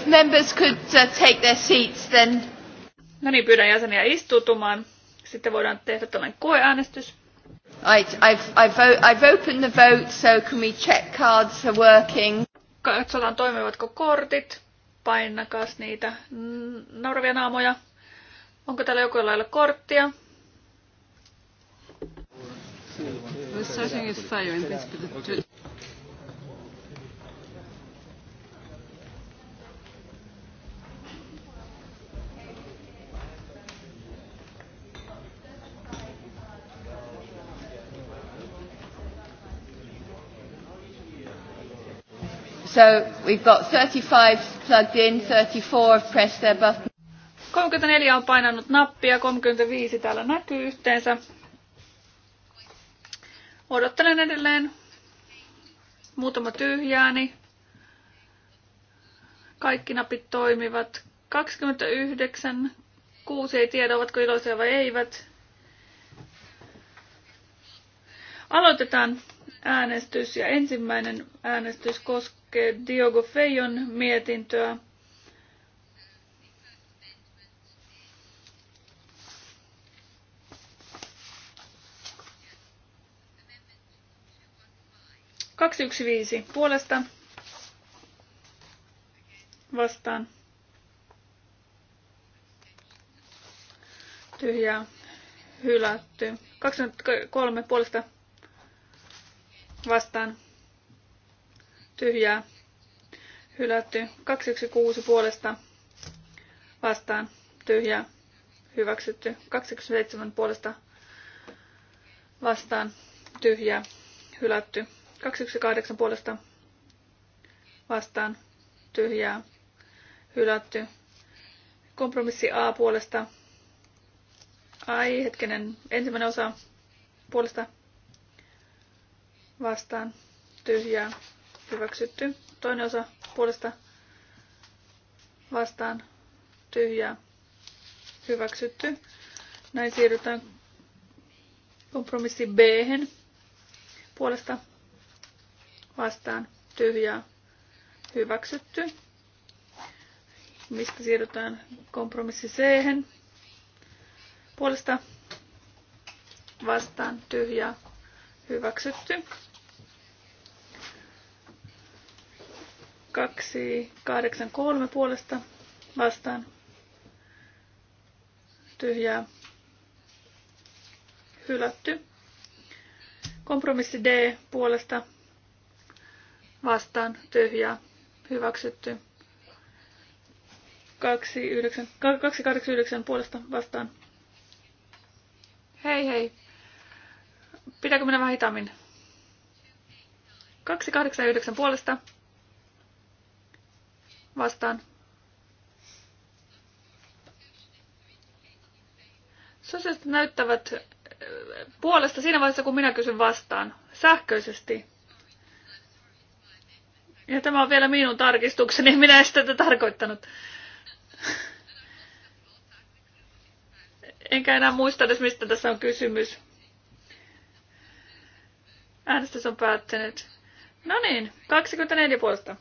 members could uh, take their seats then. No niin, pyydän jäseniä istutumaan. Sitten voidaan tehdä tällainen koeäänestys. Right, I've, I've, I've opened the vote, so can we check cards are working? Katsotaan toimivatko kortit. Painakas niitä nauravia naamoja. Onko täällä joku lailla korttia? The starting is fire in So we've got 35 plugged in, 34 have pressed their button. 34 on painanut nappia, 35 täällä näkyy yhteensä. Odottelen edelleen muutama tyhjääni. Kaikki napit toimivat. 29, 6 ei tiedä ovatko iloisia vai eivät. Aloitetaan äänestys ja ensimmäinen äänestys koskee Diogo Feijon mietintöä. Kaksi yksi viisi puolesta vastaan. Tyhjää hylätty. 23 puolesta vastaan tyhjää, hylätty. 216 puolesta vastaan, tyhjää, hyväksytty. 27 puolesta vastaan, tyhjää, hylätty. 218 puolesta vastaan, tyhjää, hylätty. Kompromissi A puolesta. Ai, hetkinen, ensimmäinen osa puolesta vastaan, tyhjää, Hyväksytty. Toinen osa puolesta vastaan tyhjää. Hyväksytty. Näin siirrytään kompromissi b -hen. Puolesta vastaan tyhjää. Hyväksytty. Mistä siirrytään kompromissi c -hen. Puolesta vastaan tyhjää. Hyväksytty. kaksi kahdeksan kolme puolesta vastaan. Tyhjää. Hylätty. Kompromissi D puolesta vastaan. Tyhjää. Hyväksytty. 289 puolesta vastaan. Hei hei. Pitääkö mennä vähän hitaammin? 289 puolesta vastaan. Sosiaaliset näyttävät äh, puolesta siinä vaiheessa, kun minä kysyn vastaan sähköisesti. Ja tämä on vielä minun tarkistukseni, minä en sitä tarkoittanut. Enkä enää muista edes, mistä tässä on kysymys. Äänestys on päättynyt. No niin, 24 puolesta.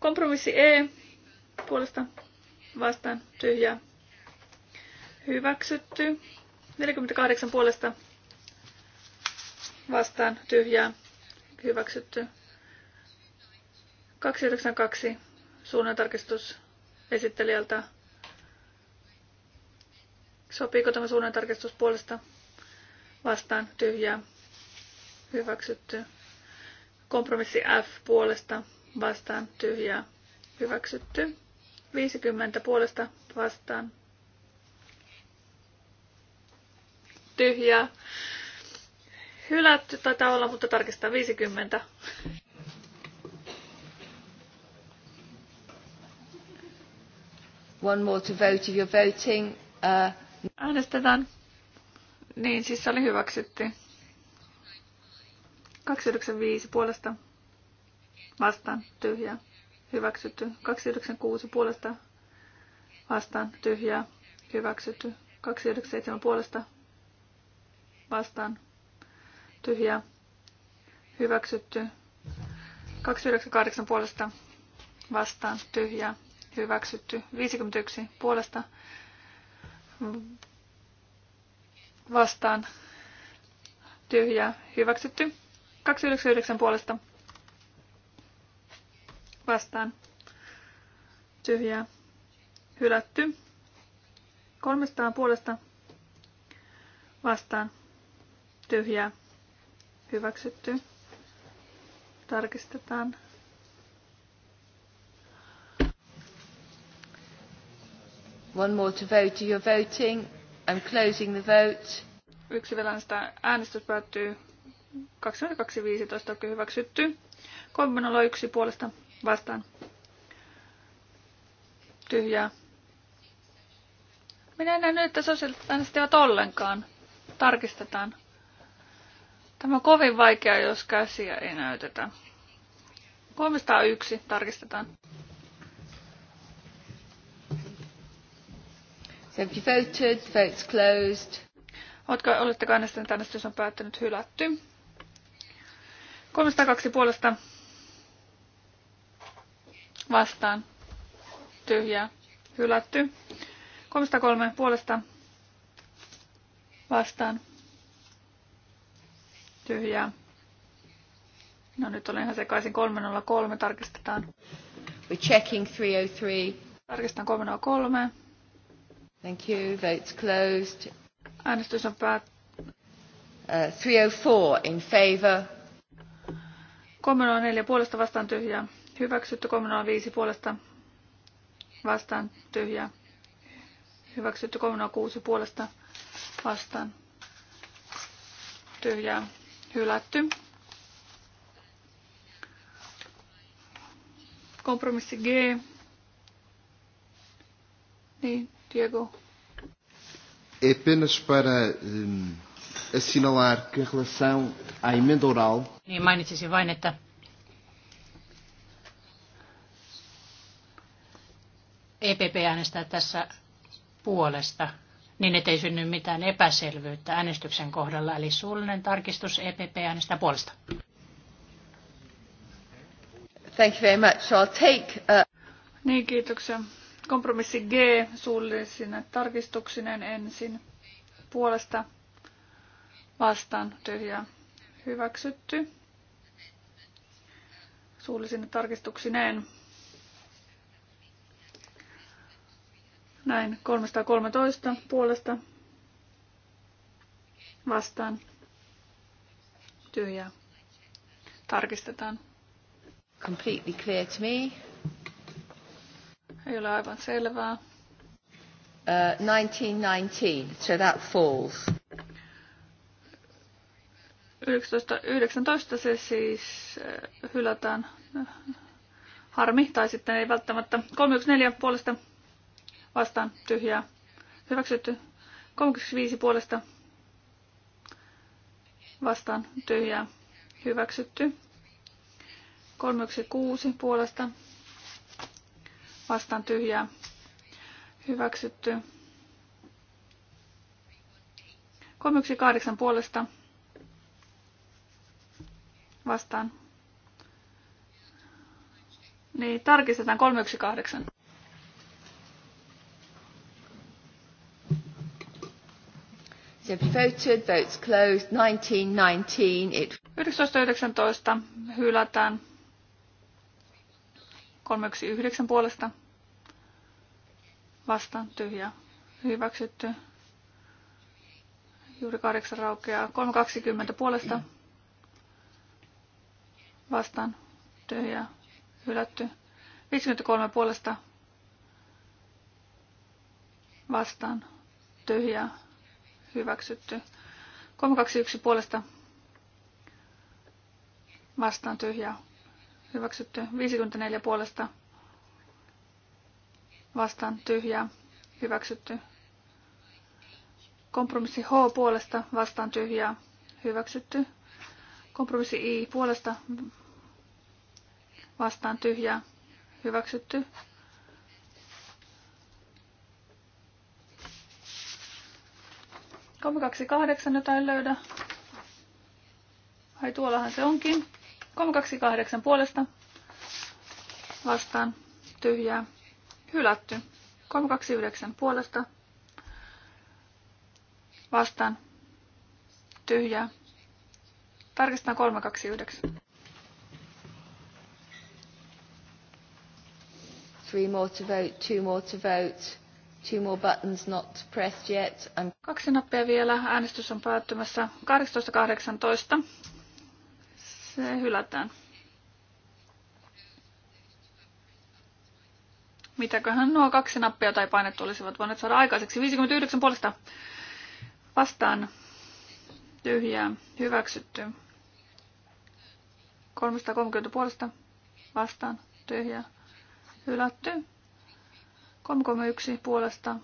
Kompromissi E puolesta vastaan tyhjää hyväksytty. 48 puolesta vastaan tyhjää hyväksytty. 292 suunnantarkistus esittelijältä. Sopiiko tämä suunnantarkistus puolesta vastaan tyhjää hyväksytty. Kompromissi F puolesta vastaan tyhjää hyväksytty. 50 puolesta vastaan tyhjää hylätty taitaa olla, mutta tarkistaa 50. One more to vote if you're voting. Uh... Äänestetään. Niin, siis se oli hyväksytty. 295 puolesta vastaan tyhjää hyväksytty. 296 puolesta vastaan tyhjää hyväksytty. 297 puolesta vastaan tyhjää hyväksytty. 298 puolesta vastaan tyhjää hyväksytty. 51 puolesta vastaan tyhjää hyväksytty. 299 puolesta vastaan tyhjää hylätty. Kolmestaan puolesta vastaan tyhjää hyväksytty. Tarkistetaan. One more to vote. You're voting. I'm closing the vote. Yksi vielä sitä äänestys päättyy 22.15 hyväksytty. yksi puolesta Vastaan. Tyhjää. Minä en näe nyt, että sosiaaliset äänestivät ollenkaan. Tarkistetaan. Tämä on kovin vaikea, jos käsiä ei näytetä. 301 tarkistetaan. So if you voted, votes closed. Oletko, oletteko äänestäneet, äänestys on päättynyt hylätty. 302 puolesta vastaan, tyhjää, hylätty. 303 puolesta vastaan, tyhjää. No nyt olen ihan sekaisin 303, tarkistetaan. We're checking 303. Tarkistan 303. Thank you. Votes closed. Äänestys on päät Uh, 304 in favor. 304 puolesta vastaan tyhjää. Hyväksytty 305 puolesta vastaan tyhjä. Hyväksytty 306 puolesta vastaan tyhjä. Hylätty. Kompromissi G. Niin, Diego. É apenas para um, assinalar que em relação à emenda oral. Niin mainitsisin vain, että EPP äänestää tässä puolesta, niin ettei synny mitään epäselvyyttä äänestyksen kohdalla. Eli suullinen tarkistus EPP äänestää puolesta. Thank you very much. I'll take, uh... Niin, kiitoksia. Kompromissi G suullisine tarkistuksinen ensin puolesta vastaan tyhjää hyväksytty suullisine tarkistuksineen Näin 313 puolesta vastaan. Tyhjää. Tarkistetaan. Completely clear to me. Ei ole aivan selvää. Uh, 1919, so that falls. 1919, se siis eh, hylätään. Harmi, tai sitten ei välttämättä. 314 puolesta vastaan tyhjää hyväksytty. 35 puolesta vastaan tyhjää hyväksytty. 36 puolesta vastaan tyhjää hyväksytty. 318 puolesta vastaan. Niin, tarkistetaan 318. 19.19 hylätään. 319 puolesta. Vastaan tyhjä. Hyväksytty. Juuri kahdeksan raukeaa. 320 puolesta. Vastaan tyhjä. Hylätty. 53 puolesta. Vastaan tyhjä hyväksytty. 321 puolesta vastaan tyhjä. hyväksytty. 54 puolesta vastaan tyhjä. hyväksytty. Kompromissi H puolesta vastaan tyhjä. hyväksytty. Kompromissi I puolesta vastaan tyhjä. hyväksytty. 328 jotain löydä. Ai tuollahan se onkin. 328 puolesta. Vastaan. Tyhjää. Hylätty. 329 puolesta. Vastaan. Tyhjää. Tarkistetaan 329. Three more to vote, two more to vote. Two more buttons not pressed yet. I'm... Kaksi nappia vielä. Äänestys on päättymässä 18.18. Se hylätään. Mitäköhän nuo kaksi nappia tai painettu olisivat voineet saada aikaiseksi? 59 puolesta vastaan tyhjää hyväksytty. 330 puolesta vastaan tyhjää hylätty. 331 puolesta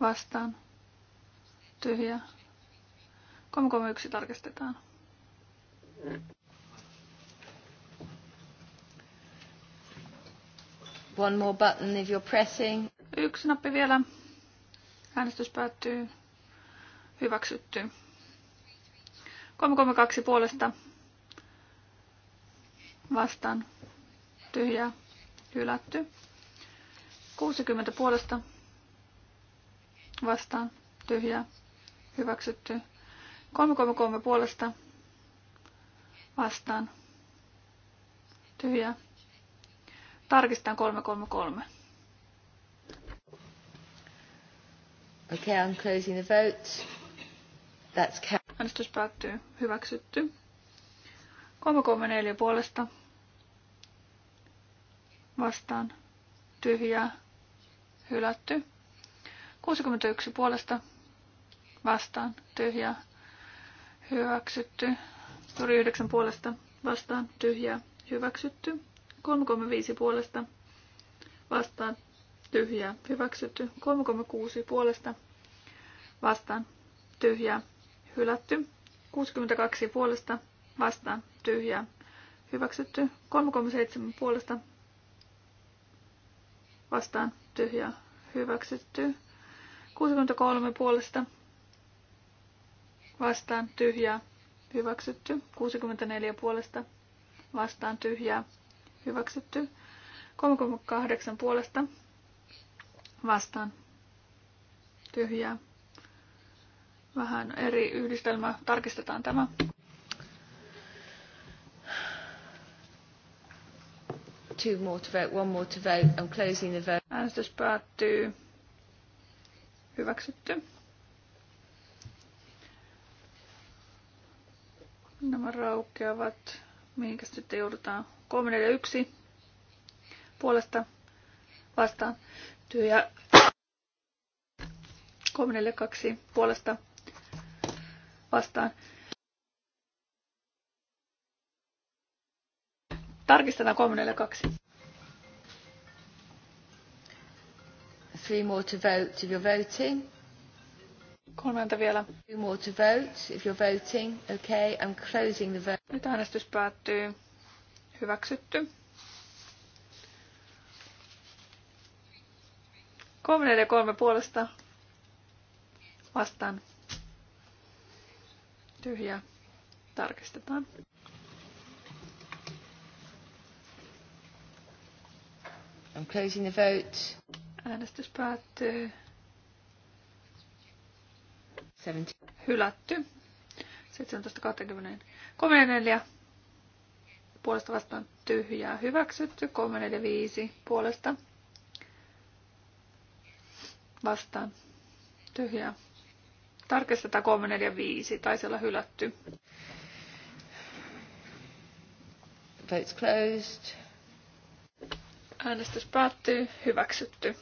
vastaan. Tyhjä. 331 tarkistetaan. One more button if you're pressing. Yksi nappi vielä. Äänestys päättyy. Hyväksytty. 332 puolesta. Vastaan. tyhjä Hylätty. 60 puolesta vastaan tyhjää hyväksytty. 333 puolesta vastaan tyhjää. Tarkistetaan 333. Okay, I'm closing the vote. That's ca- Äänestys päättyy. Hyväksytty. 334 puolesta. Vastaan. Tyhjää hylätty. 61 puolesta vastaan tyhjää hyväksytty. Sori 9 puolesta vastaan tyhjää hyväksytty. 335 puolesta vastaan tyhjää hyväksytty. 336 puolesta vastaan tyhjää hylätty. 62 puolesta vastaan tyhjää hyväksytty. 337 puolesta vastaan ja hyväksytty. 63 puolesta vastaan tyhjä hyväksytty. 64 puolesta vastaan tyhjä hyväksytty. 38 puolesta vastaan tyhjä Vähän eri yhdistelmä. Tarkistetaan tämä. Two more to vote, one more to vote. I'm closing the vote. Äänestys päättyy. Hyväksytty. Nämä raukeavat. Mihinkä sitten joudutaan? 341 puolesta vastaan. Työ ja 342 puolesta vastaan. Tarkistetaan 342. Three more to vote if you're voting. Kolmelta vielä. Two more to vote if you're voting. Okay, I'm closing the vote. Nyt äänestys päättyy. Hyväksytty. Kolme ja kolme puolesta. Vastaan. Tyhjä. Tarkistetaan. I'm closing the vote. Äänestys päättyy. Hylätty. 17.20. 34. Puolesta vastaan tyhjää. Hyväksytty. 345. Puolesta vastaan tyhjää. Tarkistetaan 345. Taisi olla hylätty. Votes closed. Äänestys päättyy. Hyväksytty.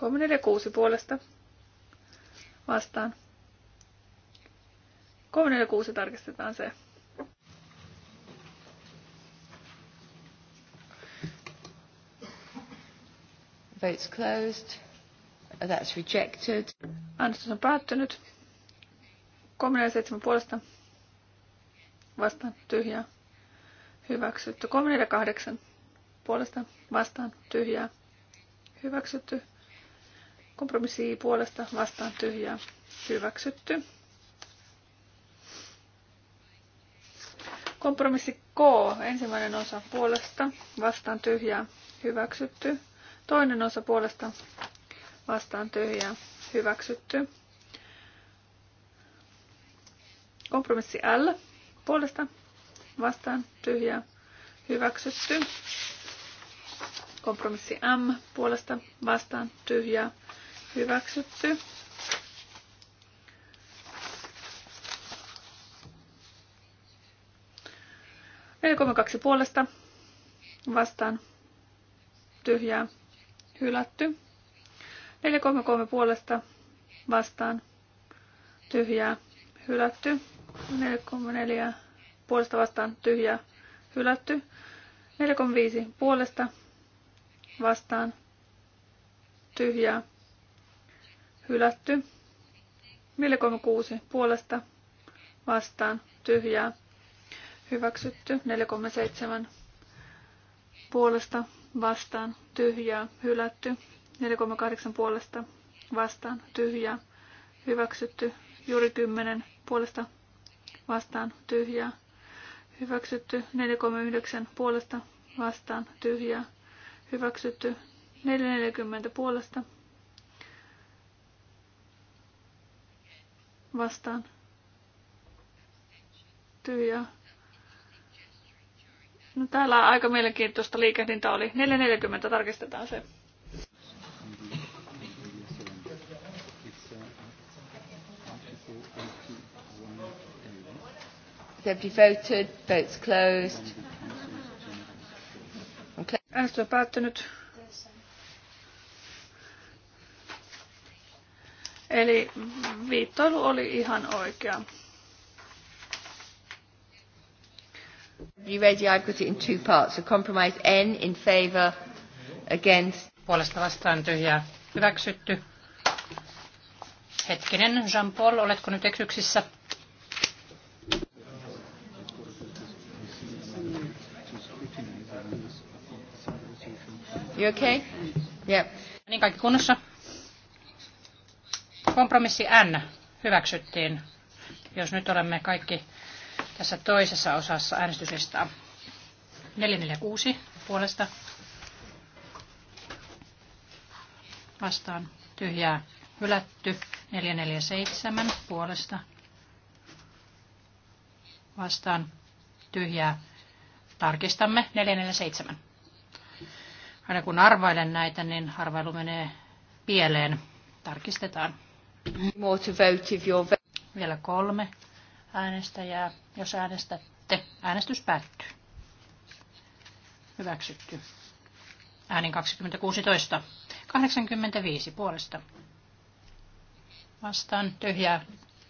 346 puolesta vastaan. 346 tarkistetaan se. Votes closed. That's rejected. Äänestys on päättynyt. 347 puolesta. Vastaan tyhjää. Hyväksytty. 348 puolesta. Vastaan tyhjää. Hyväksytty. Kompromissi puolesta vastaan tyhjää hyväksytty. Kompromissi K, ensimmäinen osa puolesta, vastaan tyhjää, hyväksytty. Toinen osa puolesta, vastaan tyhjää, hyväksytty. Kompromissi L, puolesta, vastaan tyhjää, hyväksytty. Kompromissi M, puolesta, vastaan tyhjää, Hyväksytty. Neljä kaksi puolesta vastaan tyhjää hylätty. 433 puolesta vastaan tyhjää hylätty. 434 puolesta vastaan tyhjää hylätty. 435 puolesta vastaan tyhjää Hylätty. 4,6 puolesta vastaan tyhjää. Hyväksytty. 4,7 puolesta vastaan tyhjää. Hylätty. 4,8 puolesta vastaan tyhjää. Hyväksytty. Juuri 10 puolesta vastaan tyhjää. Hyväksytty 439 puolesta vastaan tyhjää. Hyväksytty 440 puolesta vastaan tyyjä. No täällä aika mielenkiintoista liikehdintä oli. 4.40 tarkistetaan se. Deputy voted, votes closed. Äänestys on päättynyt. Eli viittoilu oli ihan oikea. You read I've got it in two parts. A compromise N in favour against. Puolesta vastaan tyhjää. Hyväksytty. Hetkinen, Jean-Paul, oletko nyt eksyksissä? You okay? Yep. Niin kaikki kunnossa? Kompromissi N hyväksyttiin, jos nyt olemme kaikki tässä toisessa osassa äänestyslistaa. 446 puolesta vastaan tyhjää hylätty. 447 puolesta vastaan tyhjää. Tarkistamme 447. Aina kun arvailen näitä, niin arvailu menee pieleen. Tarkistetaan. Vielä kolme äänestäjää. Jos äänestätte, äänestys päättyy. Hyväksytty. Äänin 2016. 85 puolesta. Vastaan tyhjää.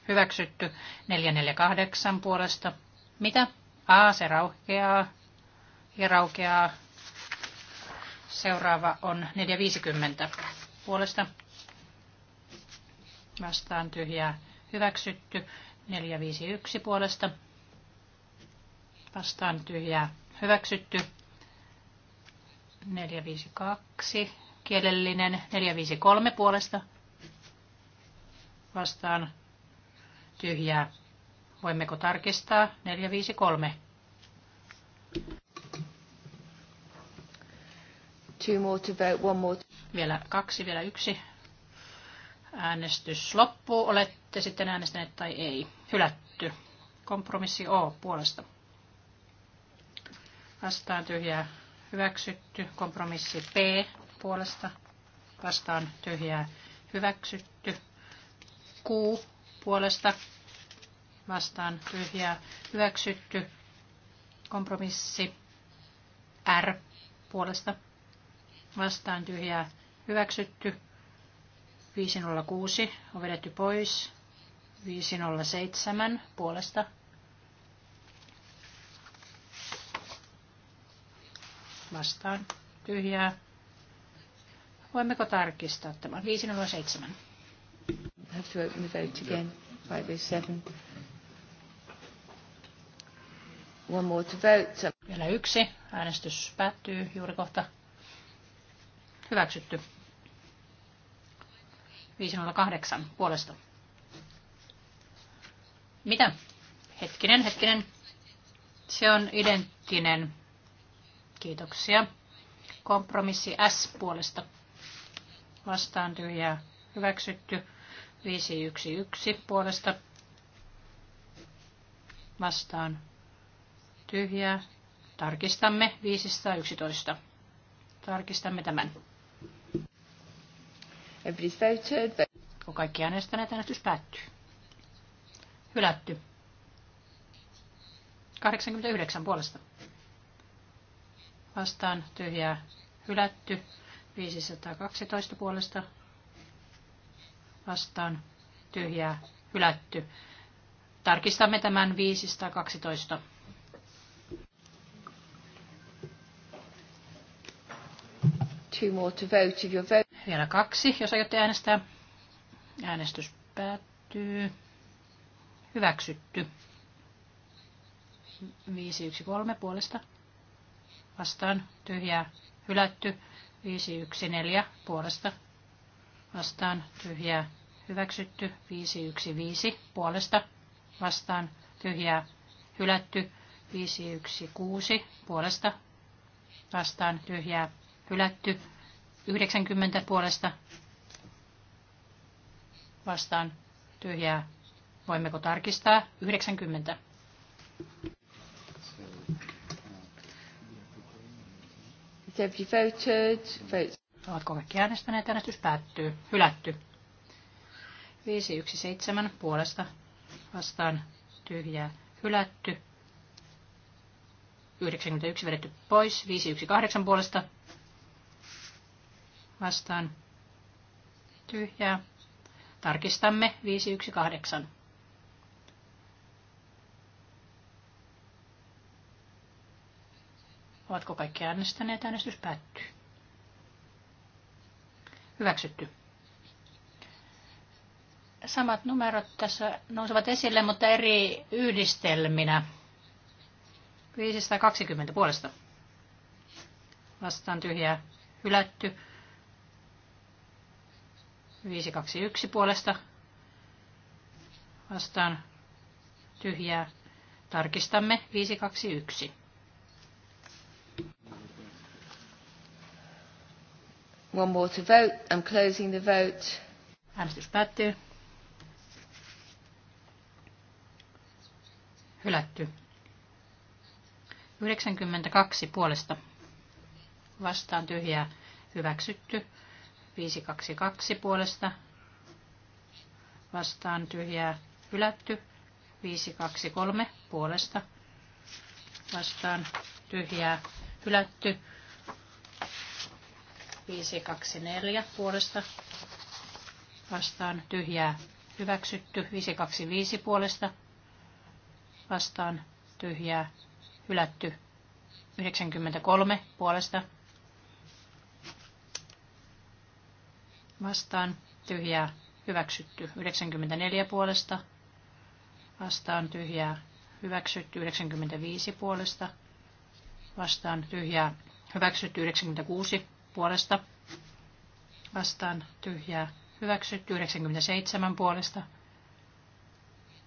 Hyväksytty. 448 puolesta. Mitä? A, se raukeaa. Ja raukeaa. Seuraava on 450 puolesta vastaan tyhjää hyväksytty. 451 puolesta vastaan tyhjää hyväksytty. 452 kielellinen. 453 puolesta vastaan tyhjää. Voimmeko tarkistaa? 453. Two more to vote, one more. Vielä kaksi, vielä yksi. Äänestys loppuu. Olette sitten äänestäneet tai ei. Hylätty. Kompromissi O puolesta. Vastaan tyhjää. Hyväksytty. Kompromissi P puolesta. Vastaan tyhjää. Hyväksytty. Q puolesta. Vastaan tyhjää. Hyväksytty. Kompromissi R puolesta. Vastaan tyhjää. Hyväksytty 506 on vedetty pois. 507 puolesta. Vastaan. Tyhjää. Voimmeko tarkistaa tämän? 507. Have to open the vote again. 507. One more to vote. Vielä yksi. Äänestys päättyy juuri kohta. Hyväksytty. 508 puolesta. Mitä? Hetkinen, hetkinen. Se on identtinen. Kiitoksia. Kompromissi S puolesta. Vastaan tyhjää. Hyväksytty. 511 puolesta. Vastaan tyhjää. Tarkistamme 511. Tarkistamme tämän. Kun kaikki äänestäneet, äänestys päättyy. Hylätty. 89 puolesta. Vastaan tyhjää hylätty. 512 puolesta. Vastaan tyhjää hylätty. Tarkistamme tämän 512. Two more to vote if you're voting. Vielä kaksi, jos aiotte äänestää. Äänestys päättyy. Hyväksytty. 513 puolesta. Vastaan. Tyhjää. Hylätty. 514 puolesta. Vastaan. Tyhjää. Hyväksytty. 515 puolesta. Vastaan. Tyhjää. Hylätty. 516 puolesta. Vastaan. Tyhjää. Hylätty. 90 puolesta vastaan tyhjää. Voimmeko tarkistaa? 90. Ovatko kaikki äänestäneet? Äänestys päättyy. Hylätty. 517 puolesta vastaan tyhjää. Hylätty. 91 vedetty pois. 518 puolesta vastaan tyhjää. Tarkistamme 518. Ovatko kaikki äänestäneet? Äänestys päättyy. Hyväksytty. Samat numerot tässä nousevat esille, mutta eri yhdistelminä. 520 puolesta. Vastaan tyhjää. Hylätty. 521 puolesta vastaan tyhjää. Tarkistamme 521. One more to vote. I'm closing the vote. Äänestys päättyy. Hylätty. 92 puolesta. Vastaan tyhjää. Hyväksytty. 522 puolesta vastaan tyhjää hylätty. 523 puolesta vastaan tyhjää hylätty. 524 puolesta vastaan tyhjää hyväksytty. 525 puolesta vastaan tyhjää hylätty. 93 puolesta vastaan tyhjää hyväksytty 94 puolesta, vastaan tyhjää hyväksytty 95 puolesta, vastaan tyhjää hyväksytty 96 puolesta, vastaan tyhjää hyväksytty 97 puolesta,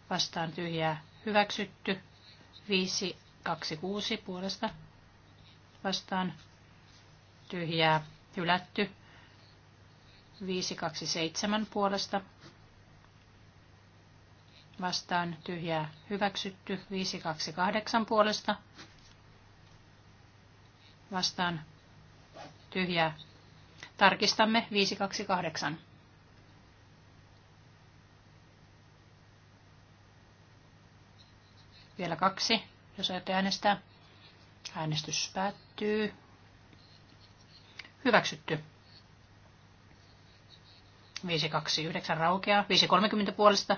vastaan tyhjää hyväksytty 526 puolesta, vastaan tyhjää hylätty 527 puolesta vastaan tyhjää hyväksytty 528 puolesta vastaan tyhjää. Tarkistamme 528. Vielä kaksi, jos ajatte äänestää. Äänestys päättyy. Hyväksytty. 529 raukeaa. 530 puolesta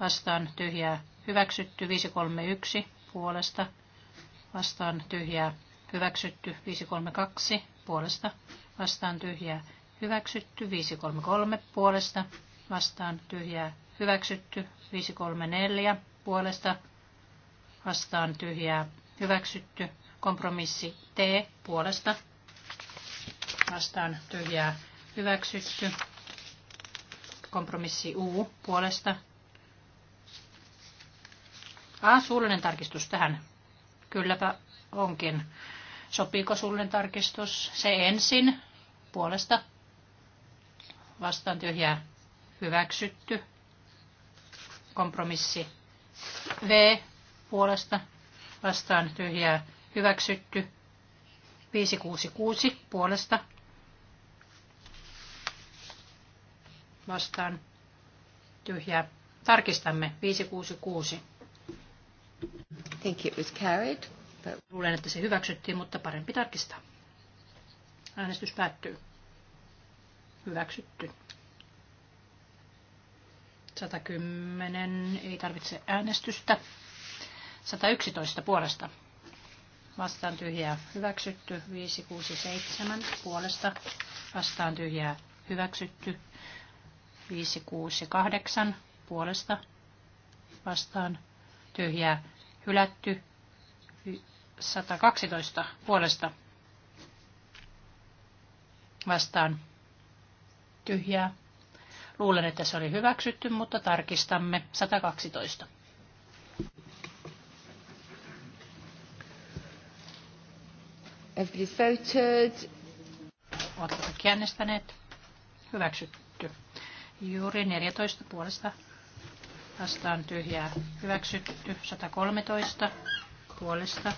vastaan tyhjää hyväksytty. 531 puolesta vastaan tyhjää hyväksytty. 532 puolesta vastaan tyhjää hyväksytty. 533 puolesta vastaan tyhjää hyväksytty. 534 puolesta vastaan tyhjää hyväksytty. Kompromissi T puolesta vastaan tyhjää hyväksytty. Kompromissi U puolesta. A, suullinen tarkistus tähän. Kylläpä onkin. Sopiiko suullinen tarkistus? Se ensin puolesta. Vastaan tyhjää. Hyväksytty. Kompromissi V puolesta. Vastaan tyhjää. Hyväksytty. 566 puolesta vastaan tyhjää. Tarkistamme 566. Think it was carried, Luulen, että se hyväksyttiin, mutta parempi tarkistaa. Äänestys päättyy. Hyväksytty. 110 ei tarvitse äänestystä. 111 puolesta. Vastaan tyhjää hyväksytty. 567 puolesta. Vastaan tyhjää hyväksytty. 5, 6 ja 8 puolesta vastaan tyhjää hylätty 112 puolesta vastaan tyhjää. Luulen, että se oli hyväksytty, mutta tarkistamme 112. Every voted. Oletko äänestäneet? Hyväksytty. Juuri 14 puolesta vastaan tyhjää hyväksytty. 113 puolesta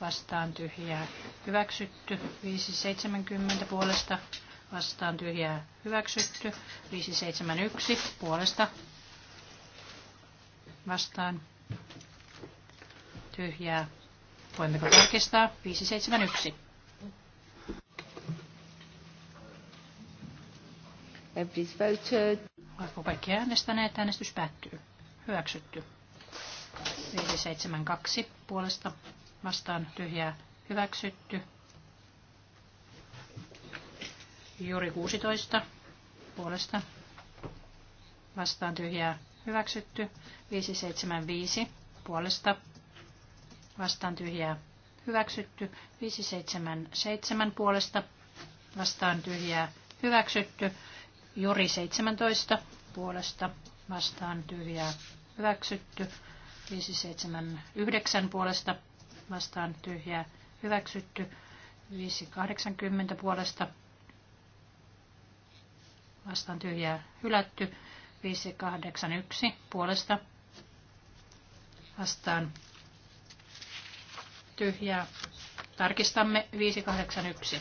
vastaan tyhjää hyväksytty. 570 puolesta vastaan tyhjää hyväksytty. 571 puolesta vastaan tyhjää. Voimmeko tarkistaa? 571. Everybody's voted. Oletko kaikki äänestäneet? Äänestys päättyy. Hyväksytty. 572 puolesta vastaan tyhjää hyväksytty. Juuri 16 puolesta vastaan tyhjää hyväksytty. 575 puolesta vastaan tyhjää hyväksytty. 577 puolesta vastaan tyhjää hyväksytty. Juri 17 puolesta vastaan tyhjää hyväksytty. 579 puolesta vastaan tyhjää hyväksytty. 580 puolesta vastaan tyhjää hylätty. 581 puolesta vastaan tyhjää. Tarkistamme 581.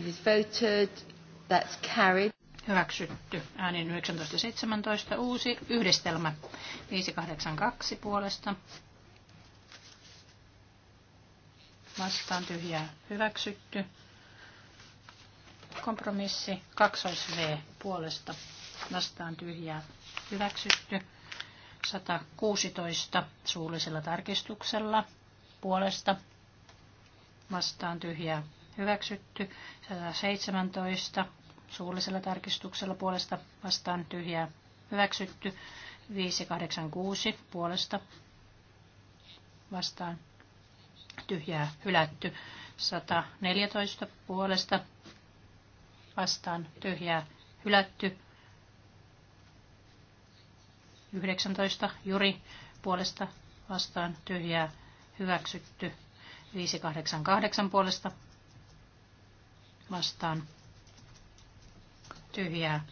voted. That's carried. Hyväksytty. Äänin 19.17. Uusi yhdistelmä. 582 puolesta. Vastaan tyhjää. Hyväksytty. Kompromissi. 2 V puolesta. Vastaan tyhjää. Hyväksytty. 116 suullisella tarkistuksella puolesta vastaan tyhjää hyväksytty 117 suullisella tarkistuksella puolesta vastaan tyhjää hyväksytty 586 puolesta vastaan tyhjää hylätty 114 puolesta vastaan tyhjää hylätty 19 juri puolesta vastaan tyhjää hyväksytty 588 puolesta vastaan tyhjää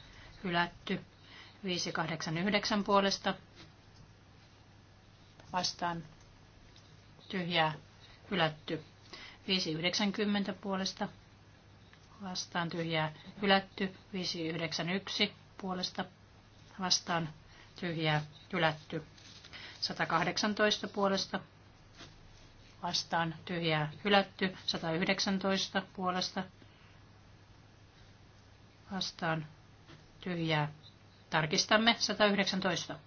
hylätty. 589 puolesta vastaan tyhjää hylätty. 590 puolesta vastaan tyhjää hylätty. 591 puolesta vastaan tyhjää hylätty. 118 puolesta vastaan tyhjää hylätty. 119 puolesta vastaan tyhjää. Tarkistamme 119.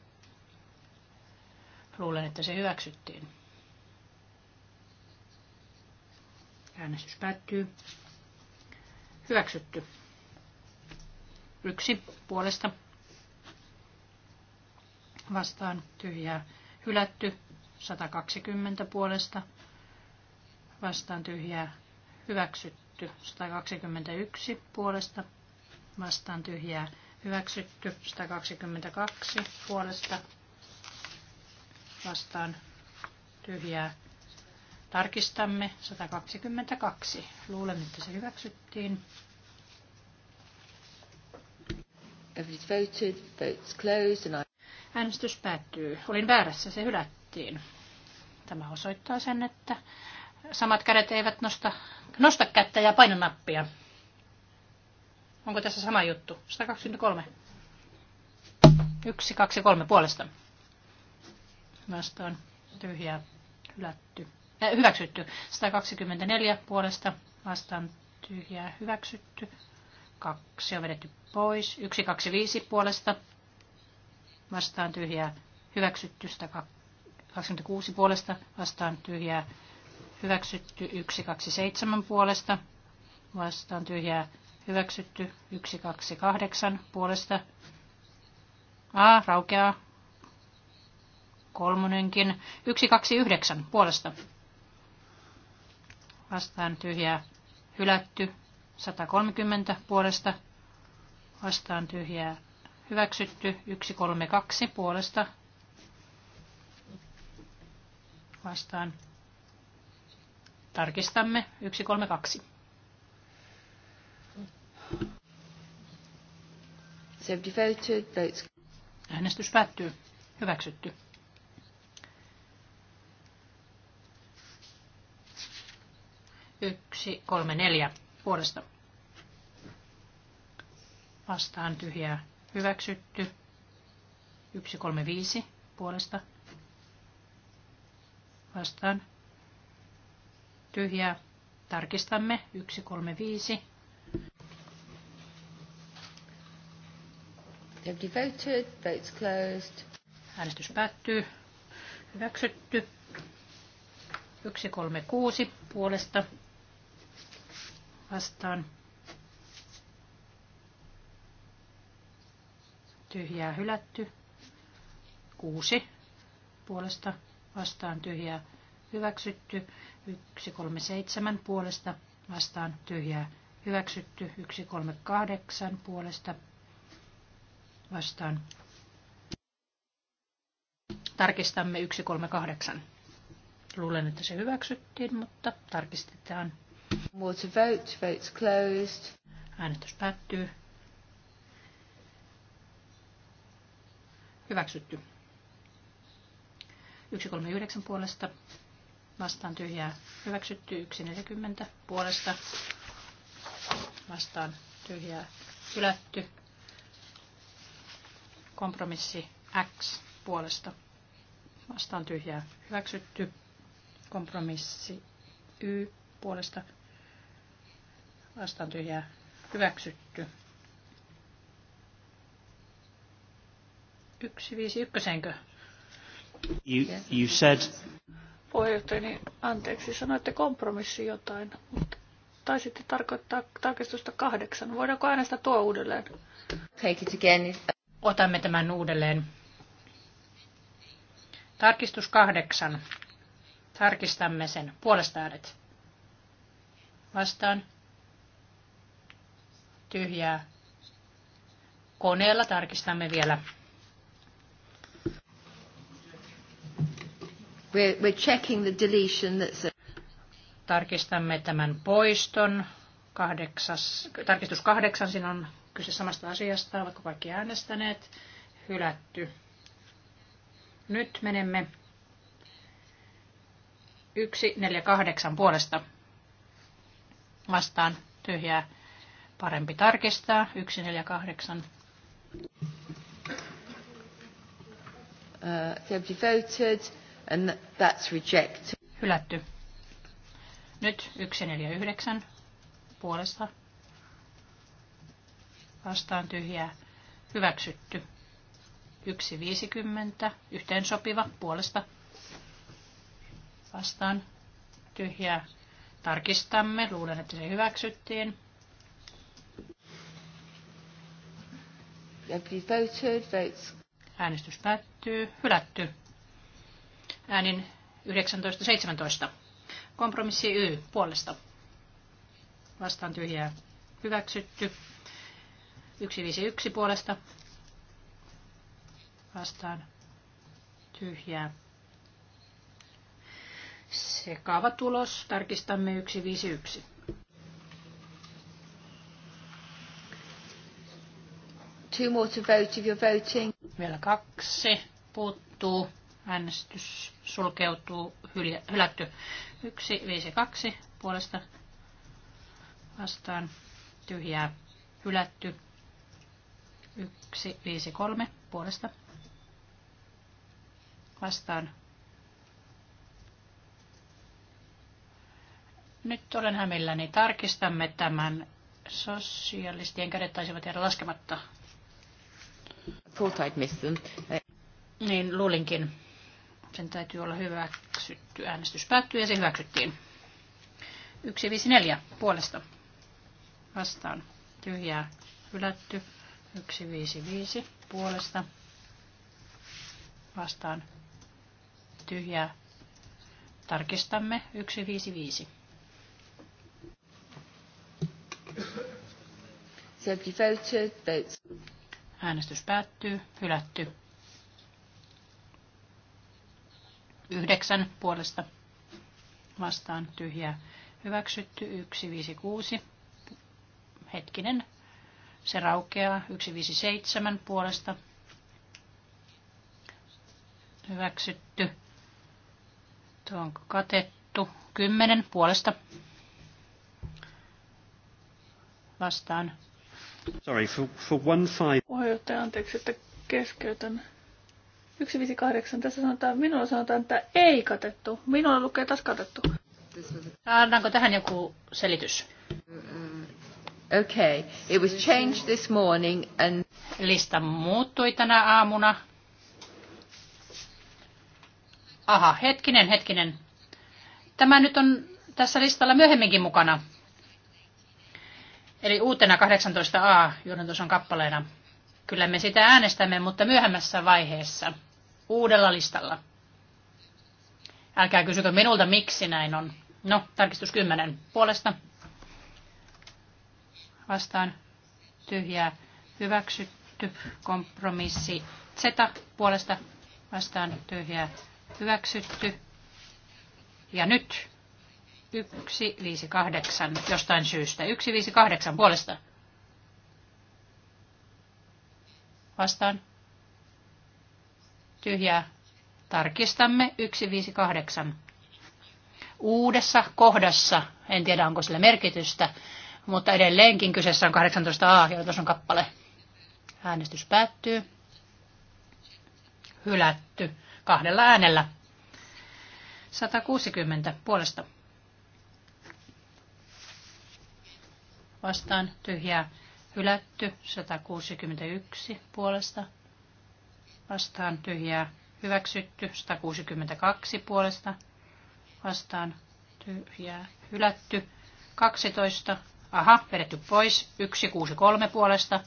Luulen, että se hyväksyttiin. Äänestys päättyy. Hyväksytty. Yksi puolesta. Vastaan tyhjää. Hylätty. 120 puolesta. Vastaan tyhjää. Hyväksytty. 121 puolesta vastaan tyhjää hyväksytty. 122 puolesta vastaan tyhjää. Tarkistamme 122. Luulen, että se hyväksyttiin. Voted, votes closed and I... Äänestys päättyy. Olin väärässä, se hylättiin. Tämä osoittaa sen, että samat kädet eivät nosta, nosta kättä ja paina nappia. Onko tässä sama juttu? 123. 1, 2, 3 puolesta. Vastaan tyhjä hylätty. Äh, hyväksytty. 124 puolesta vastaan tyhjää hyväksytty. 2 on vedetty pois. 1, 2, 5 puolesta vastaan tyhjää hyväksytty. 126 puolesta vastaan tyhjää hyväksytty. 1, 2, 7 puolesta vastaan tyhjää hyväksytty 128 puolesta. A raukeaa kolmonenkin 129 puolesta. Vastaan tyhjää hylätty 130 puolesta. Vastaan tyhjää hyväksytty 132 puolesta. Vastaan tarkistamme 132. Äänestys päättyy. Hyväksytty. Yksi, kolme, neljä puolesta. Vastaan tyhjää. Hyväksytty. Yksi, kolme, viisi puolesta. Vastaan. Tyhjää. Tarkistamme. Yksi, kolme, viisi. Nobody voted. Votes closed. Äänestys päättyy. Hyväksytty. 136 puolesta vastaan. Tyhjää hylätty. 6 puolesta vastaan tyhjää hyväksytty. 137 puolesta vastaan tyhjää hyväksytty. 138 puolesta vastaan. Tarkistamme 138. Luulen, että se hyväksyttiin, mutta tarkistetaan. More to vote. Votes closed. Äänestys päättyy. Hyväksytty. 139 puolesta. Vastaan tyhjää. Hyväksytty. 140 puolesta. Vastaan tyhjää. Hylätty. Kompromissi X puolesta vastaan tyhjää hyväksytty. Kompromissi Y puolesta vastaan tyhjää hyväksytty. 151. You, you said... Puheenjohtaja, niin anteeksi, sanoitte kompromissi jotain, mutta taisitte tarkoittaa tarkistusta kahdeksan. Voidaanko äänestää tuo uudelleen? Take it again. Otamme tämän uudelleen. Tarkistus kahdeksan. Tarkistamme sen. Puolesta äänet. Vastaan. Tyhjää. Koneella tarkistamme vielä. We're, we're checking the deletion that's a... Tarkistamme tämän poiston. Kahdeksas, tarkistus kahdeksan, siinä on kyse samasta asiasta, ovatko kaikki äänestäneet, hylätty. Nyt menemme 148 puolesta vastaan tyhjää. Parempi tarkistaa. 148. Uh, voted and that's rejected. Hylätty. Nyt 149 puolesta vastaan tyhjää hyväksytty. 1,50 yhteensopiva puolesta vastaan tyhjää tarkistamme. Luulen, että se hyväksyttiin. Äänestys päättyy. Hylätty. Äänin 19.17. Kompromissi Y puolesta. Vastaan tyhjää. Hyväksytty. 151 puolesta vastaan tyhjää. Sekaava tulos. Tarkistamme 151. Two more to vote if you're voting. Vielä kaksi puuttuu. Äänestys sulkeutuu. Hylätty. 152 puolesta vastaan tyhjää. Hylätty yksi viisi kolme puolesta vastaan. Nyt olen hämilläni. Tarkistamme tämän. Sosialistien kädet taisivat jäädä laskematta. Niin, luulinkin. Sen täytyy olla hyväksytty. Äänestys päättyy ja se hyväksyttiin. 154 puolesta. Vastaan. Tyhjää. Hylätty. 155 puolesta vastaan tyhjää. Tarkistamme 155. Äänestys päättyy. Hylätty. Yhdeksän puolesta vastaan tyhjää. Hyväksytty 156. Hetkinen, se raukeaa 157 puolesta. Hyväksytty. Tuo on katettu 10 puolesta. Vastaan. Sorry, for, for one five. Puheenjohtaja, anteeksi, että keskeytän. 158. Tässä sanotaan, minulla sanotaan, että ei katettu. Minulla lukee taas katettu. Annanko tähän joku selitys? Okay. It was changed this morning and... Lista muuttui tänä aamuna. Aha, hetkinen, hetkinen. Tämä nyt on tässä listalla myöhemminkin mukana. Eli uutena 18a on kappaleena. Kyllä me sitä äänestämme, mutta myöhemmässä vaiheessa. Uudella listalla. Älkää kysykö minulta, miksi näin on. No, tarkistus 10 puolesta vastaan tyhjää hyväksytty. Kompromissi Z puolesta vastaan tyhjää hyväksytty. Ja nyt 158 jostain syystä. 158 puolesta. Vastaan. Tyhjää. Tarkistamme 158. Uudessa kohdassa, en tiedä onko sillä merkitystä, mutta edelleenkin kyseessä on 18a ja tuossa on kappale. Äänestys päättyy. Hylätty kahdella äänellä. 160 puolesta. Vastaan tyhjää hylätty 161 puolesta. Vastaan tyhjää hyväksytty 162 puolesta. Vastaan tyhjää hylätty 12 Aha, vedetty pois. 163 puolesta.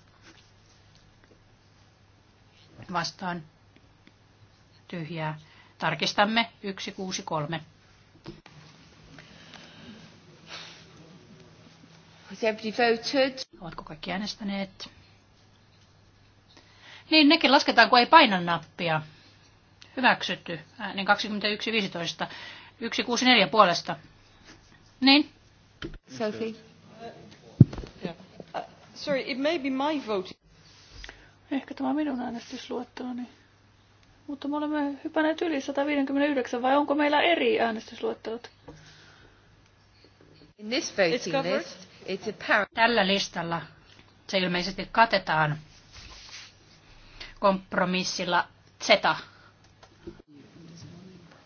Vastaan. Tyhjää. Tarkistamme. 163. Oletko kaikki äänestäneet? Niin, nekin lasketaan, kun ei paina nappia. Hyväksytty. Äänen 21.15. 164 puolesta. Niin. Sophie. Sorry, it may be my Ehkä tämä on minun äänestysluettelani. Mutta me olemme hypänneet yli 159, vai onko meillä eri äänestysluettelot? In this voting list, it's apparent. Tällä listalla se ilmeisesti katetaan kompromissilla Z.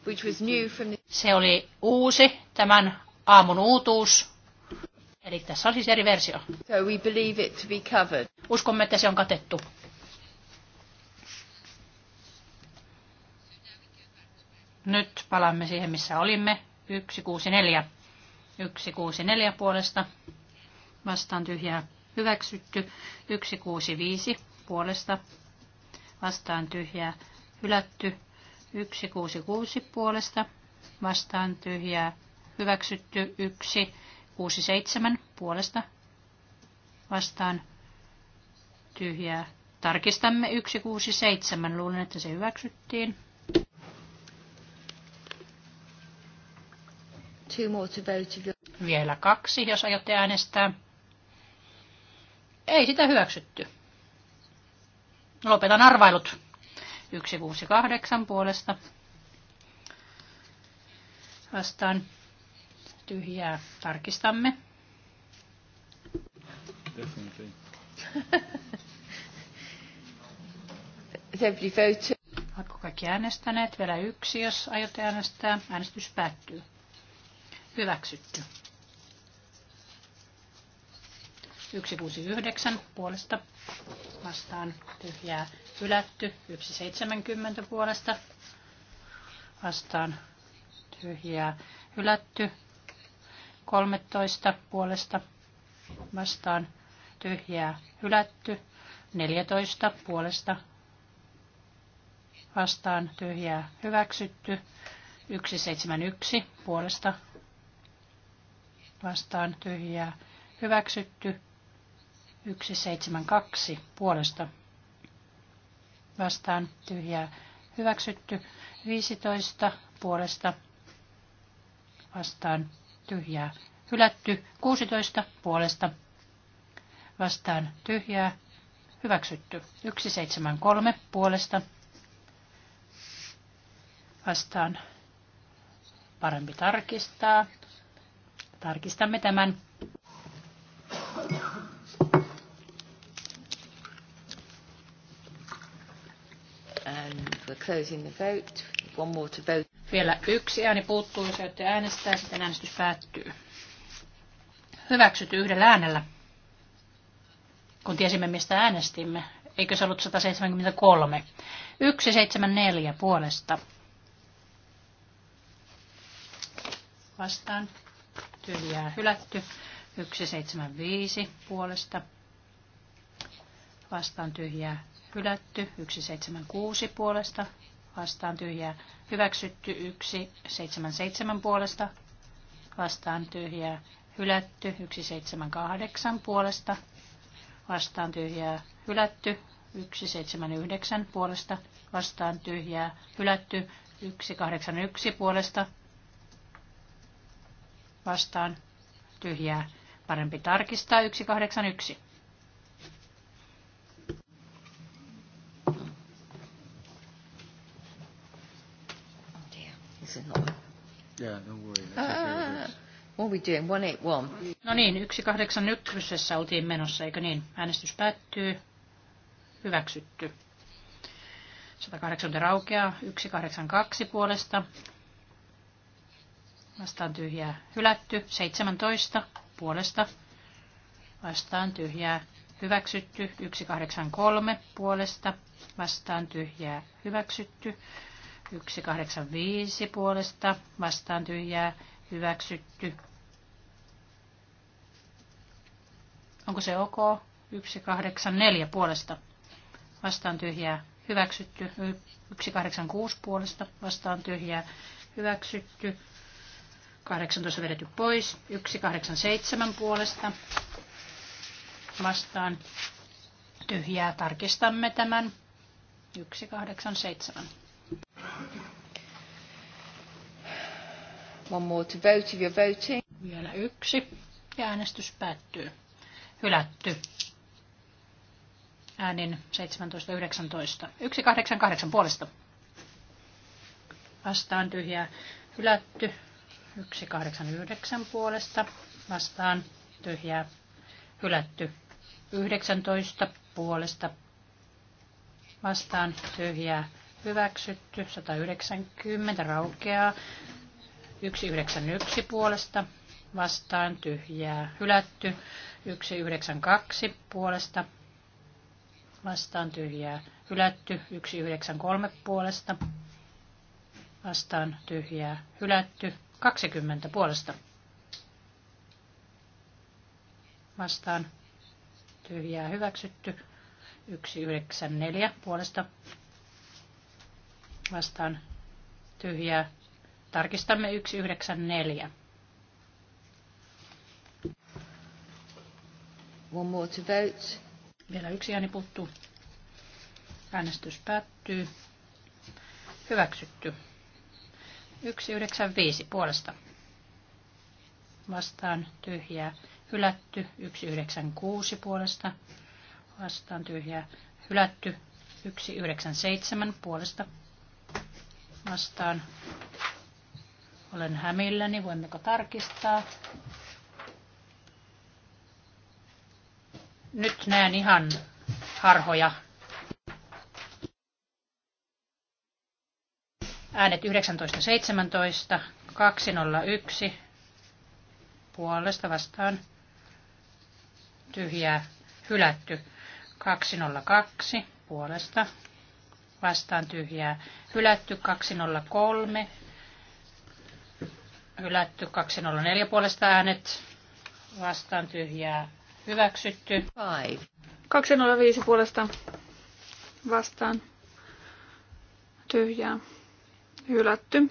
Which was new from the... Se oli uusi, tämän aamun uutuus. Eli tässä on siis eri versio. So we believe it to be covered. Uskomme, että se on katettu. Nyt palaamme siihen, missä olimme. 164. 164 puolesta. Vastaan tyhjää hyväksytty. 165 puolesta. Vastaan tyhjää hylätty. 166 puolesta. Vastaan tyhjää hyväksytty. 1 67 puolesta vastaan tyhjää. Tarkistamme 167. Luulen, että se hyväksyttiin. Two more to vote. Vielä kaksi, jos aiotte äänestää. Ei sitä hyväksytty. Lopetan arvailut. 168 puolesta. Vastaan tyhjää. Tarkistamme. Definitely. Oletko kaikki äänestäneet? Vielä yksi, jos aiotte äänestää. Äänestys päättyy. Hyväksytty. 169 puolesta vastaan tyhjää hylätty. 170 puolesta vastaan tyhjää hylätty. 13 puolesta vastaan tyhjää hylätty. 14 puolesta vastaan tyhjää hyväksytty. 171 puolesta vastaan tyhjää hyväksytty. 172 puolesta vastaan tyhjää hyväksytty. 15 puolesta vastaan tyhjää. Hylätty 16 puolesta vastaan tyhjää. Hyväksytty 173 puolesta vastaan. Parempi tarkistaa. Tarkistamme tämän. And we're closing the vote. One more to vote. Vielä yksi ääni puuttuu, jos ette äänestää, sitten äänestys päättyy. Hyväksytty yhdellä äänellä, kun tiesimme mistä äänestimme. Eikö se ollut 173? 174 puolesta. Vastaan. Tyhjää hylätty. 175 puolesta. Vastaan tyhjää hylätty. 176 puolesta vastaan tyhjää. Hyväksytty 1, seitsemän seitsemän puolesta vastaan tyhjää. Hylätty 1, seitsemän kahdeksan puolesta vastaan tyhjää. Hylätty 1, seitsemän yhdeksän puolesta vastaan tyhjää. Hylätty 1, kahdeksan yksi puolesta vastaan tyhjää. Parempi tarkistaa yksi this is Yeah, no worry. Ah, what are we doing? 181. No niin, 181 oltiin menossa, eikö niin? Äänestys päättyy. Hyväksytty. 180 raukeaa, 182 puolesta. Vastaan tyhjää hylätty, 17 puolesta. Vastaan tyhjää hyväksytty, 183 puolesta. Vastaan tyhjää hyväksytty, 185 puolesta vastaan tyhjää hyväksytty. Onko se ok? 184 puolesta vastaan tyhjää hyväksytty. 186 puolesta vastaan tyhjää hyväksytty. 18 vedetty pois. 187 puolesta vastaan tyhjää. Tarkistamme tämän. 187. One more to vote if you're voting. Vielä yksi. Ja äänestys päättyy. Hylätty. Äänin 17.19. kahdeksan puolesta. Vastaan tyhjää. Hylätty. yhdeksän puolesta. Vastaan tyhjää. Hylätty. 19 puolesta. Vastaan tyhjää. Hyväksytty. 190 raukeaa. 191 puolesta vastaan tyhjää hylätty. 192 puolesta vastaan tyhjää hylätty. 193 puolesta vastaan tyhjää hylätty. 20 puolesta vastaan tyhjää hyväksytty. 194 puolesta vastaan tyhjää Tarkistamme 194. One more to vote. Vielä yksi ääni puuttuu. Äänestys päättyy. Hyväksytty. 195 puolesta. Vastaan tyhjää. Hylätty. 196 puolesta. Vastaan tyhjää. Hylätty. 197 puolesta. Vastaan olen hämilläni, voimmeko tarkistaa? Nyt näen ihan harhoja. Äänet 1917, 201, puolesta vastaan, tyhjää, hylätty, 202, puolesta, vastaan tyhjää. Hylätty 203 Hylätty 204 puolesta äänet. Vastaan tyhjää. Hyväksytty. Five. 205 puolesta vastaan. Tyhjää. Hylätty.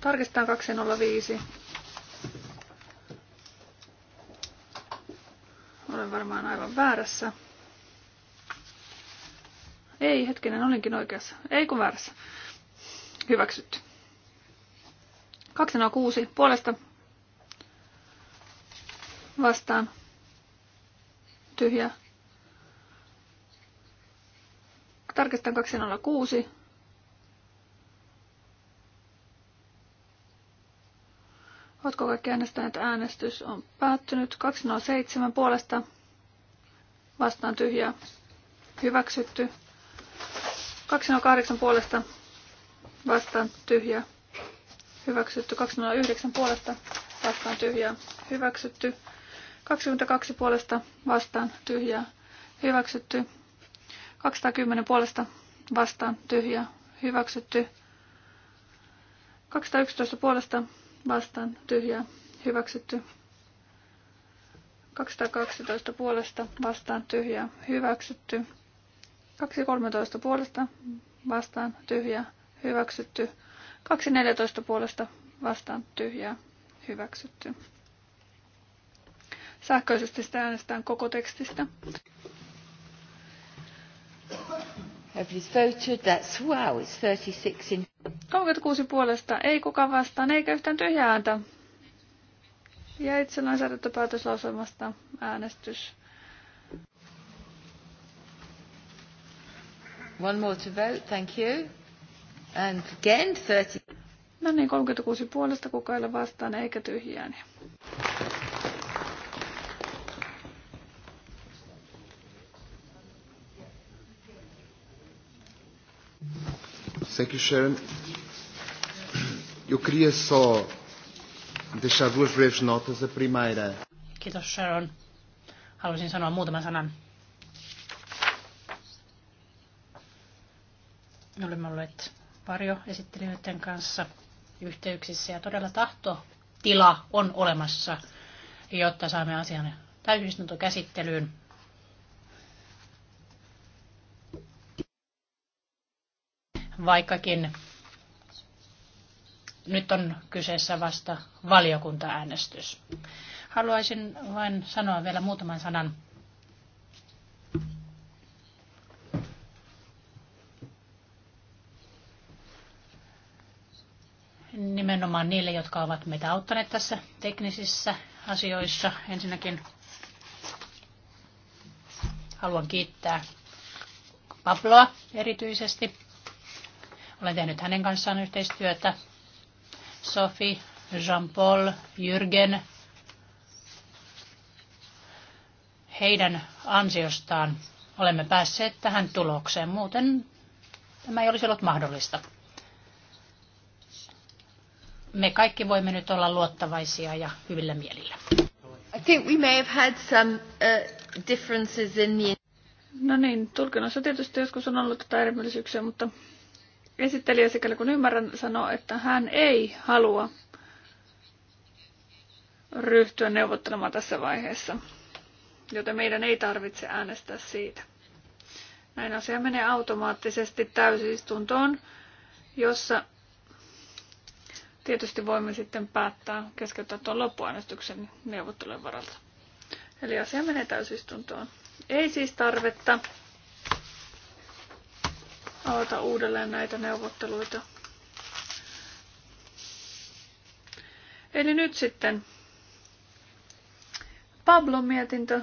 Tarkistetaan 205. Olen varmaan aivan väärässä. Ei, hetkinen, olinkin oikeassa. Ei kun väärässä. Hyväksytty. 206 puolesta vastaan tyhjä. Tarkistan 206. Oletko kaikki äänestäneet? Äänestys on päättynyt. 207 puolesta vastaan tyhjää. Hyväksytty. 208 puolesta vastaan tyhjää. Hyväksytty 209 puolesta vastaan tyhjää. Hyväksytty 22 puolesta vastaan tyhjää. Hyväksytty 210 puolesta vastaan tyhjää. Hyväksytty 211 puolesta vastaan tyhjää. Hyväksytty 212 puolesta vastaan tyhjää. Hyväksytty 213 puolesta vastaan tyhjää. Hyväksytty 2.14 puolesta vastaan tyhjää hyväksytty. Sähköisesti sitä äänestetään koko tekstistä. Everybody's voted, that's wow, it's 36 in... 36 puolesta, ei kukaan vastaan, eikä yhtään tyhjää ääntä. Ja itse päätöslausemasta äänestys. One more to vote, thank you. And again 30. No niin, 36 puolesta ole vastaan eikä tyhjään. Thank you, Sharon. Eu queria só deixar duas breves notas. A primeira. Kiitos, Sharon. Haluaisin sanoa muutaman sanan. Me olemme olleet esittelijöiden kanssa yhteyksissä ja todella tahtotila on olemassa, jotta saamme asian täysistuntokäsittelyyn. Vaikkakin nyt on kyseessä vasta valiokuntaäänestys. Haluaisin vain sanoa vielä muutaman sanan nimenomaan niille, jotka ovat meitä auttaneet tässä teknisissä asioissa. Ensinnäkin haluan kiittää Pabloa erityisesti. Olen tehnyt hänen kanssaan yhteistyötä. Sofi, Jean-Paul, Jürgen, heidän ansiostaan olemme päässeet tähän tulokseen. Muuten tämä ei olisi ollut mahdollista me kaikki voimme nyt olla luottavaisia ja hyvillä mielillä. I think we may have had some uh, differences in the... No niin, tulkinnassa tietysti joskus on ollut tätä erimielisyyksiä, mutta esittelijä sikäli kun ymmärrän sanoa, että hän ei halua ryhtyä neuvottelemaan tässä vaiheessa, joten meidän ei tarvitse äänestää siitä. Näin asia menee automaattisesti täysistuntoon, jossa Tietysti voimme sitten päättää keskeyttää tuon loppuäänestyksen neuvottelujen varalta. Eli asia menee täysistuntoon. Ei siis tarvetta avata uudelleen näitä neuvotteluita. Eli nyt sitten Pablon mietintö.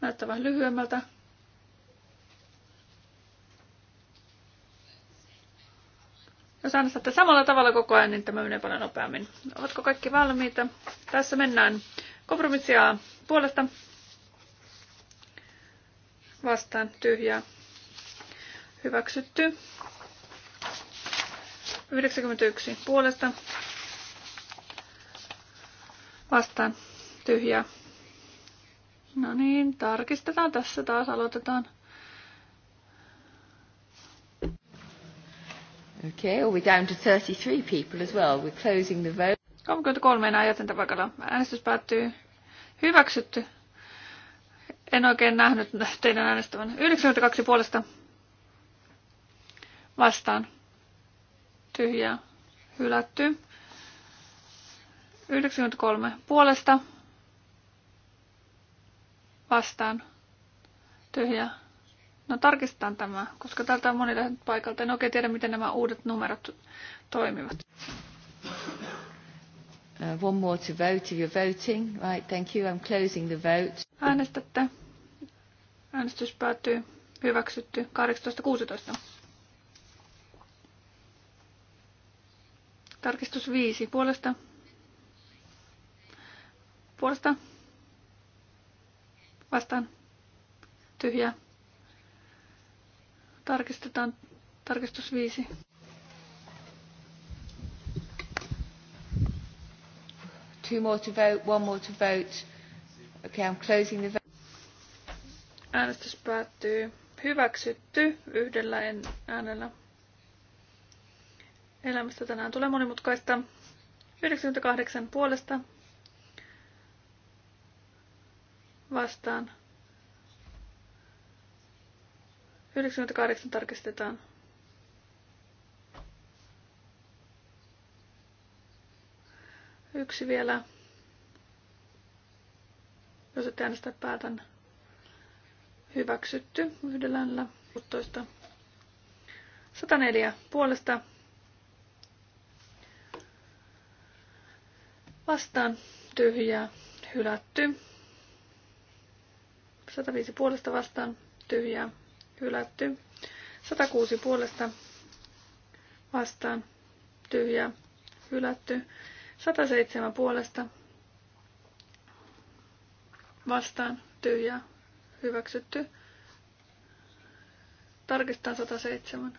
Näyttää vähän lyhyemmältä. Jos että samalla tavalla koko ajan, niin tämä menee paljon nopeammin. Ovatko kaikki valmiita? Tässä mennään kompromissia puolesta. Vastaan tyhjää. Hyväksytty. 91 puolesta. Vastaan tyhjää. No niin, tarkistetaan tässä taas, aloitetaan. Okay, well we're down to 33 people as well. We're closing the vote. 33 enää jäsentä paikalla. Äänestys päättyy. Hyväksytty. En oikein nähnyt teidän äänestävän. 92 puolesta. Vastaan. Tyhjää. Hylätty. 93 puolesta. Vastaan. Tyhjää No tarkistetaan tämä, koska täältä on moni lähtenyt paikalta. En oikein tiedä, miten nämä uudet numerot toimivat. Uh, one more to vote if you're voting. Right, thank you. I'm closing the vote. Äänestätte. Äänestys päättyy. Hyväksytty. 18.16. Tarkistus 5. Puolesta. Puolesta. Vastaan. Tyhjää Tarkistetaan tarkistus 5. Two more to vote, one more to vote. Okay, I'm closing the vote. Äänestys päättyy. Hyväksytty yhdellä äänellä. Elämästä tänään tulee monimutkaista. 98 puolesta vastaan 98 tarkistetaan. Yksi vielä. Jos et äänestä päätän. Hyväksytty yhdellä äänellä. 16. 104 puolesta. Vastaan tyhjää. Hylätty. 105 puolesta vastaan tyhjää hylätty. 106 puolesta vastaan tyhjää hylätty. 107 puolesta vastaan tyhjää hyväksytty. Tarkistetaan 107.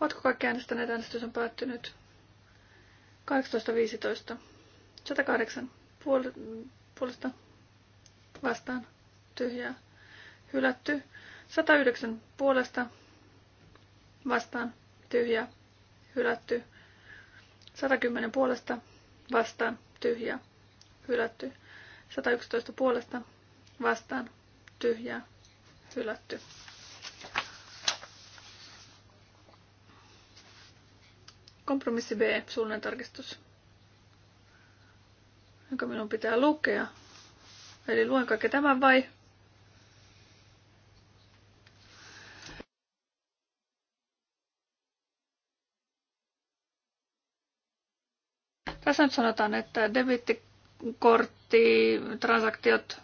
Oletko kaikki äänestäneet? Äänestys on päättynyt. 18.15. 108 puol- puolesta vastaan tyhjää hylätty. 109 puolesta vastaan tyhjä, hylätty. 110 puolesta vastaan tyhjä, hylätty. 111 puolesta vastaan tyhjä, hylätty. Kompromissi B, suullinen tarkistus jonka minun pitää lukea. Eli luen kaikki tämän vai? Tässä nyt sanotaan, että debittikortti, transaktiot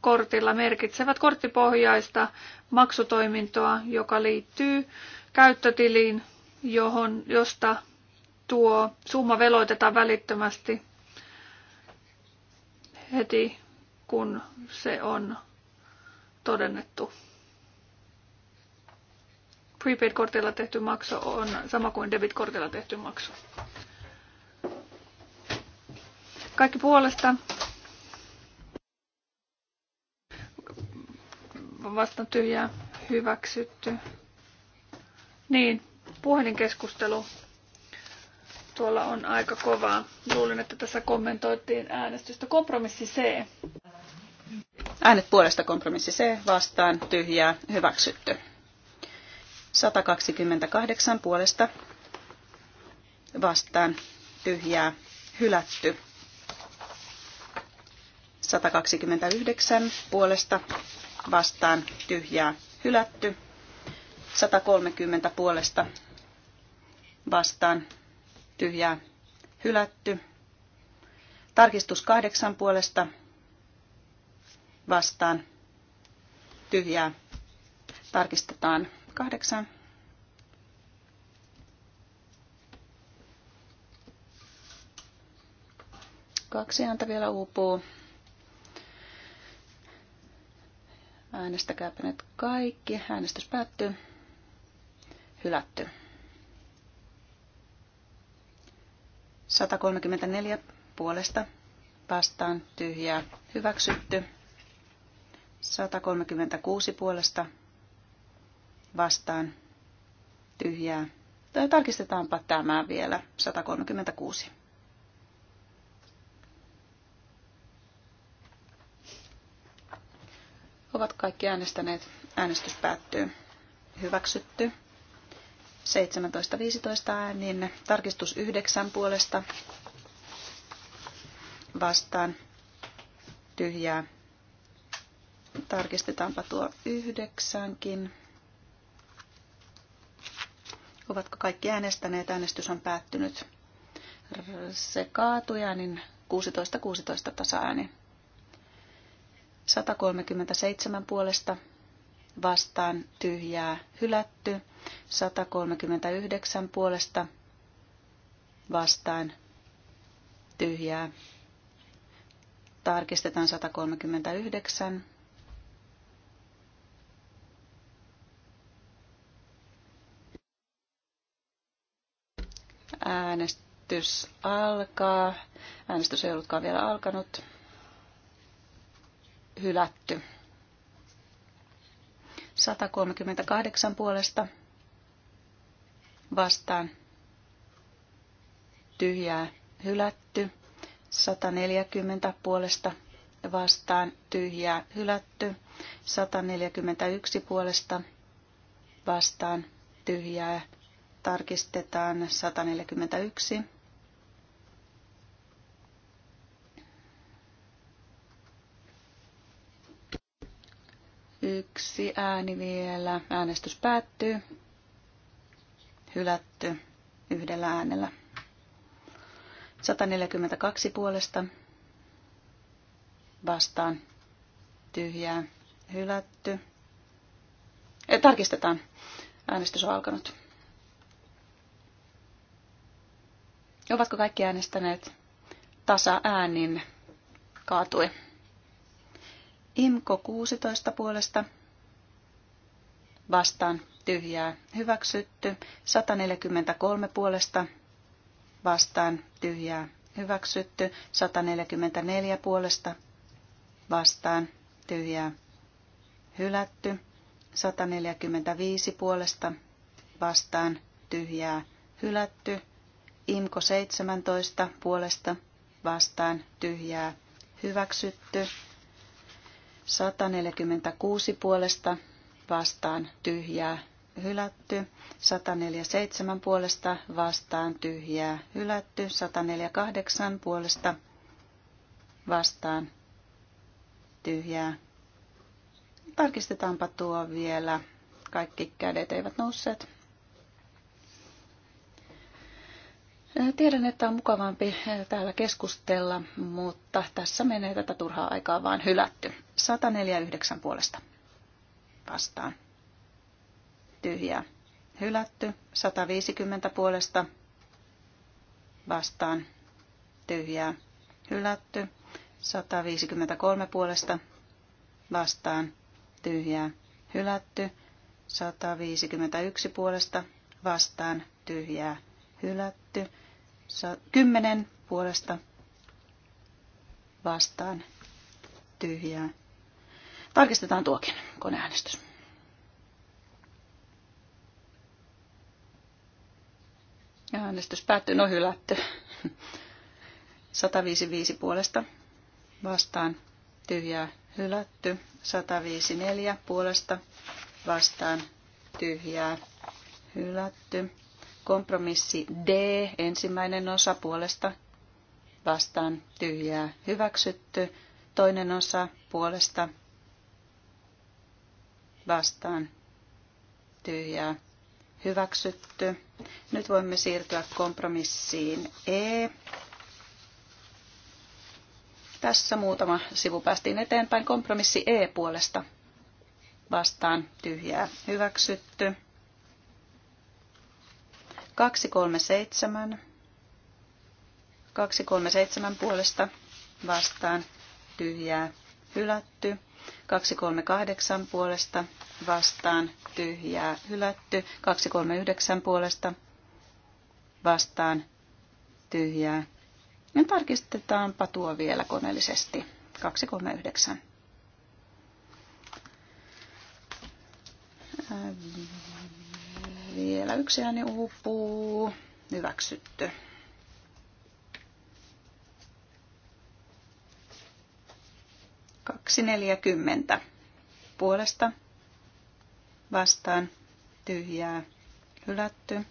kortilla merkitsevät korttipohjaista maksutoimintoa, joka liittyy käyttötiliin, johon, josta tuo summa veloitetaan välittömästi heti, kun se on todennettu. Prepaid-kortilla tehty maksu on sama kuin debit-kortilla tehty maksu. Kaikki puolesta. Vastaan tyhjää. Hyväksytty. Niin, puhelinkeskustelu tuolla on aika kovaa. Luulin, että tässä kommentoitiin äänestystä. Kompromissi C. Äänet puolesta kompromissi C vastaan tyhjää hyväksytty. 128 puolesta vastaan tyhjää hylätty. 129 puolesta vastaan tyhjää hylätty. 130 puolesta vastaan tyhjää hylätty. Tarkistus kahdeksan puolesta vastaan tyhjää. Tarkistetaan kahdeksan. Kaksi ääntä vielä uupuu. Äänestäkääpä nyt kaikki. Äänestys päättyy. Hylätty. 134 puolesta vastaan tyhjää hyväksytty. 136 puolesta vastaan tyhjää. Tai tarkistetaanpa tämä vielä. 136. Ovat kaikki äänestäneet. Äänestys päättyy. Hyväksytty. 17.15 äänin. Tarkistus 9 puolesta vastaan tyhjää. Tarkistetaanpa tuo yhdeksänkin. Ovatko kaikki äänestäneet? Äänestys on päättynyt. Se kaatuja, niin 16-16 tasa-ääni. 137 puolesta vastaan tyhjää hylätty. 139 puolesta vastaan tyhjää. Tarkistetaan 139. Äänestys alkaa. Äänestys ei ollutkaan vielä alkanut. Hylätty. 138 puolesta vastaan tyhjää hylätty. 140 puolesta vastaan tyhjää hylätty. 141 puolesta vastaan tyhjää tarkistetaan 141. Yksi ääni vielä. Äänestys päättyy hylätty yhdellä äänellä. 142 puolesta vastaan tyhjää hylätty. E, tarkistetaan. Äänestys on alkanut. Ovatko kaikki äänestäneet? Tasa äänin kaatui. Imko 16 puolesta vastaan tyhjää hyväksytty. 143 puolesta vastaan tyhjää hyväksytty. 144 puolesta vastaan tyhjää hylätty. 145 puolesta vastaan tyhjää hylätty. Imko 17 puolesta vastaan tyhjää hyväksytty. 146 puolesta vastaan tyhjää hylätty, 147 puolesta vastaan tyhjää hylätty, 148 puolesta vastaan tyhjää. Tarkistetaanpa tuo vielä. Kaikki kädet eivät nousseet. Tiedän, että on mukavampi täällä keskustella, mutta tässä menee tätä turhaa aikaa vaan hylätty. 149 puolesta vastaan tyhjää hylätty. 150 puolesta vastaan tyhjää hylätty. 153 puolesta vastaan tyhjää hylätty. 151 puolesta vastaan tyhjää hylätty. 10 puolesta vastaan tyhjää. Tarkistetaan tuokin koneäänestys. Äänestys päättyy, no hylätty. 155 puolesta vastaan tyhjää hylätty. 154 puolesta vastaan tyhjää hylätty. Kompromissi D ensimmäinen osa puolesta vastaan tyhjää hyväksytty. Toinen osa puolesta vastaan tyhjää hyväksytty. Nyt voimme siirtyä kompromissiin E. Tässä muutama sivu päästiin eteenpäin. Kompromissi E puolesta vastaan tyhjää hyväksytty. 237. 237 puolesta vastaan tyhjää hylätty. 238 puolesta vastaan tyhjää hylätty. 239 puolesta vastaan tyhjää. Ja tarkistetaanpa tuo vielä koneellisesti. 239. Vielä yksi ääni uupuu. Hyväksytty. Kaksi neljäkymmentä puolesta vastaan tyhjää hylätty.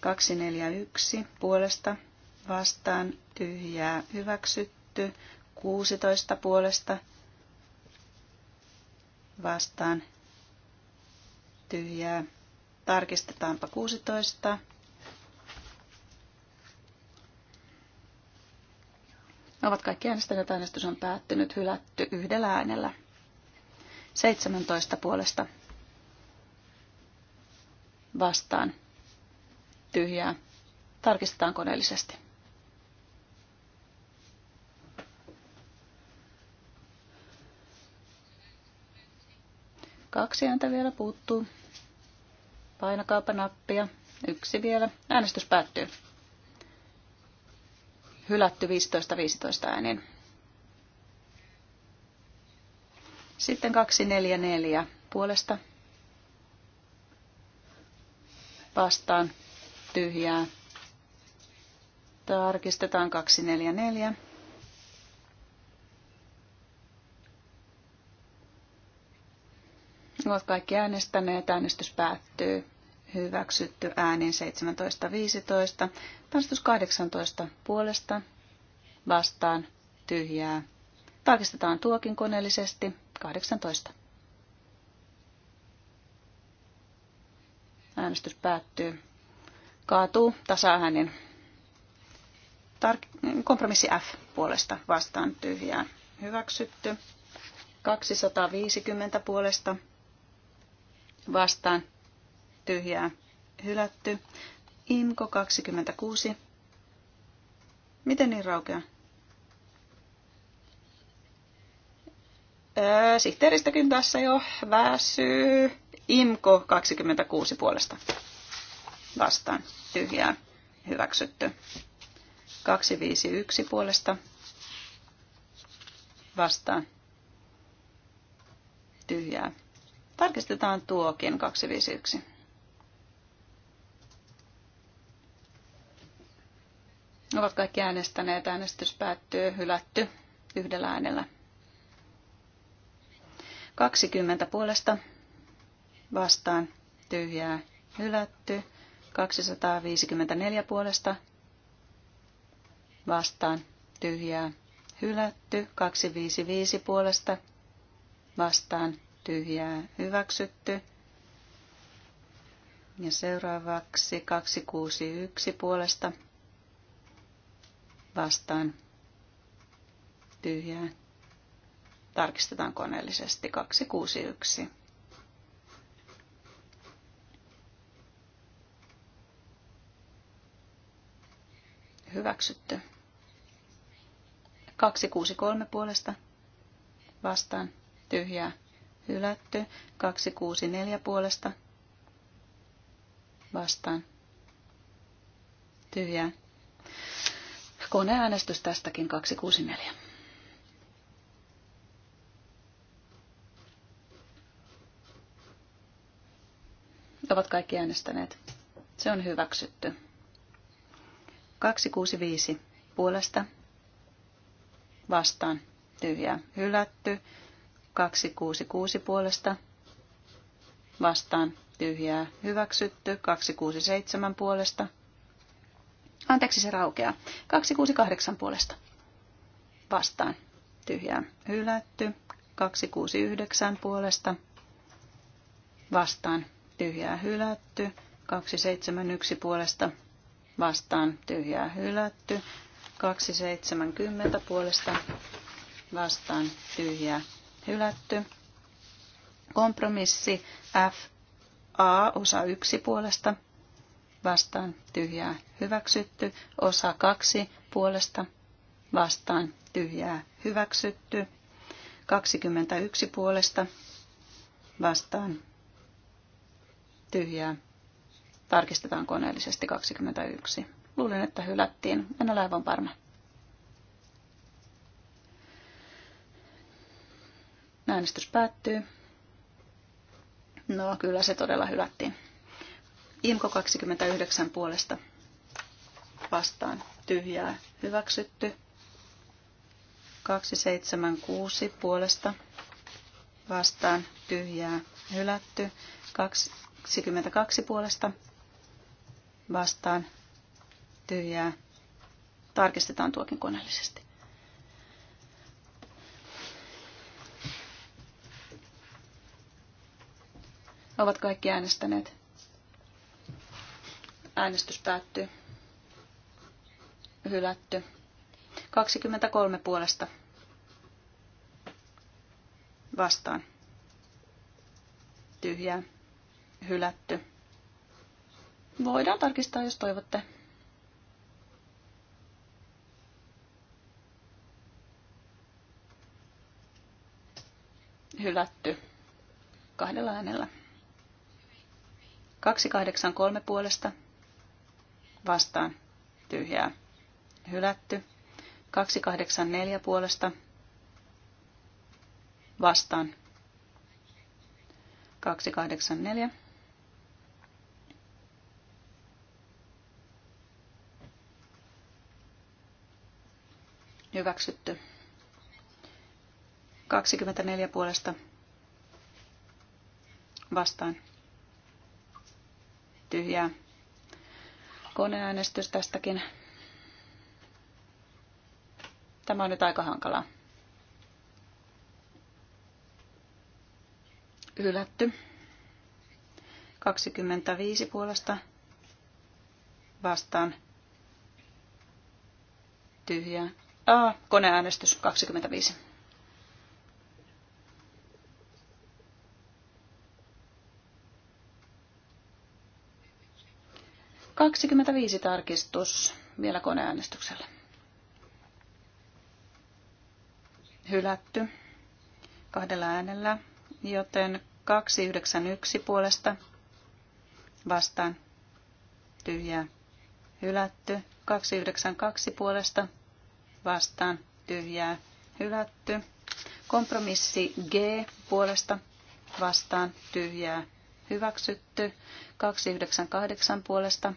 241 puolesta vastaan tyhjää hyväksytty. 16 puolesta vastaan tyhjää. Tarkistetaanpa 16. Ovat kaikki äänestäneet, äänestys on päättynyt, hylätty yhdellä äänellä. 17 puolesta vastaan tyhjää. Tarkistetaan koneellisesti. Kaksi ääntä vielä puuttuu. Painakaapa nappia. Yksi vielä. Äänestys päättyy. Hylätty 15-15 äänin. Sitten 244 puolesta vastaan tyhjää. Tarkistetaan 244. Olet kaikki äänestäneet. Äänestys päättyy. Hyväksytty äänin 17.15. Tarkistus 18 puolesta. Vastaan tyhjää. Tarkistetaan tuokin koneellisesti. 18. Äänestys päättyy. Kaatuu tasaäänin. Tar- kompromissi F puolesta vastaan tyhjää. Hyväksytty. 250 puolesta vastaan tyhjää hylätty. Imko 26. Miten niin raukeaa? Sihteeristäkin tässä jo väsyy. IMKO 26 puolesta vastaan. Tyhjää hyväksytty. 251 puolesta vastaan. Tyhjää. Tarkistetaan tuokin 251. Ovat kaikki äänestäneet. Äänestys päättyy hylätty yhdellä äänellä. 20 puolesta vastaan tyhjää hylätty. 254 puolesta vastaan tyhjää hylätty. 255 puolesta vastaan tyhjää hyväksytty. Ja seuraavaksi 261 puolesta vastaan tyhjää Tarkistetaan koneellisesti 261. Hyväksytty. 263 puolesta vastaan tyhjää hylätty. 264 puolesta vastaan tyhjää. Koneäänestys tästäkin 264. Ovat kaikki äänestäneet. Se on hyväksytty. 265 puolesta vastaan tyhjää hylätty. 266 puolesta vastaan tyhjää hyväksytty. 267 puolesta. Anteeksi se raukeaa. 268 puolesta vastaan tyhjää hylätty. 269 puolesta vastaan tyhjää hylätty. 271 puolesta vastaan tyhjää hylätty. 270 puolesta vastaan tyhjää hylätty. Kompromissi F A osa 1 puolesta vastaan tyhjää hyväksytty. Osa 2 puolesta vastaan tyhjää hyväksytty. 21 puolesta vastaan tyhjää. Tarkistetaan koneellisesti 21. Luulen, että hylättiin. En ole aivan varma. Äänestys päättyy. No, kyllä se todella hylättiin. Imko 29 puolesta vastaan tyhjää hyväksytty. 276 puolesta vastaan tyhjää hylätty. 2, 22 puolesta vastaan tyhjää. Tarkistetaan tuokin koneellisesti. Ovat kaikki äänestäneet. Äänestys päättyy. Hylätty. 23 puolesta vastaan. Tyhjää hylätty. Voidaan tarkistaa, jos toivotte. Hylätty kahdella äänellä. 283 puolesta vastaan tyhjää. Hylätty. 284 puolesta vastaan. 284. Hyväksytty. 24 puolesta vastaan. Tyhjää. Koneäänestys tästäkin. Tämä on nyt aika hankalaa. Ylätty. 25 puolesta vastaan. Tyhjää. A. Koneäänestys 25. Kaksikymmentäviisi tarkistus vielä koneäänestyksellä. Hylätty kahdella äänellä, joten 291 puolesta vastaan tyhjää. Hylätty 292 puolesta vastaan tyhjää hylätty. Kompromissi G puolesta vastaan tyhjää hyväksytty. 298 puolesta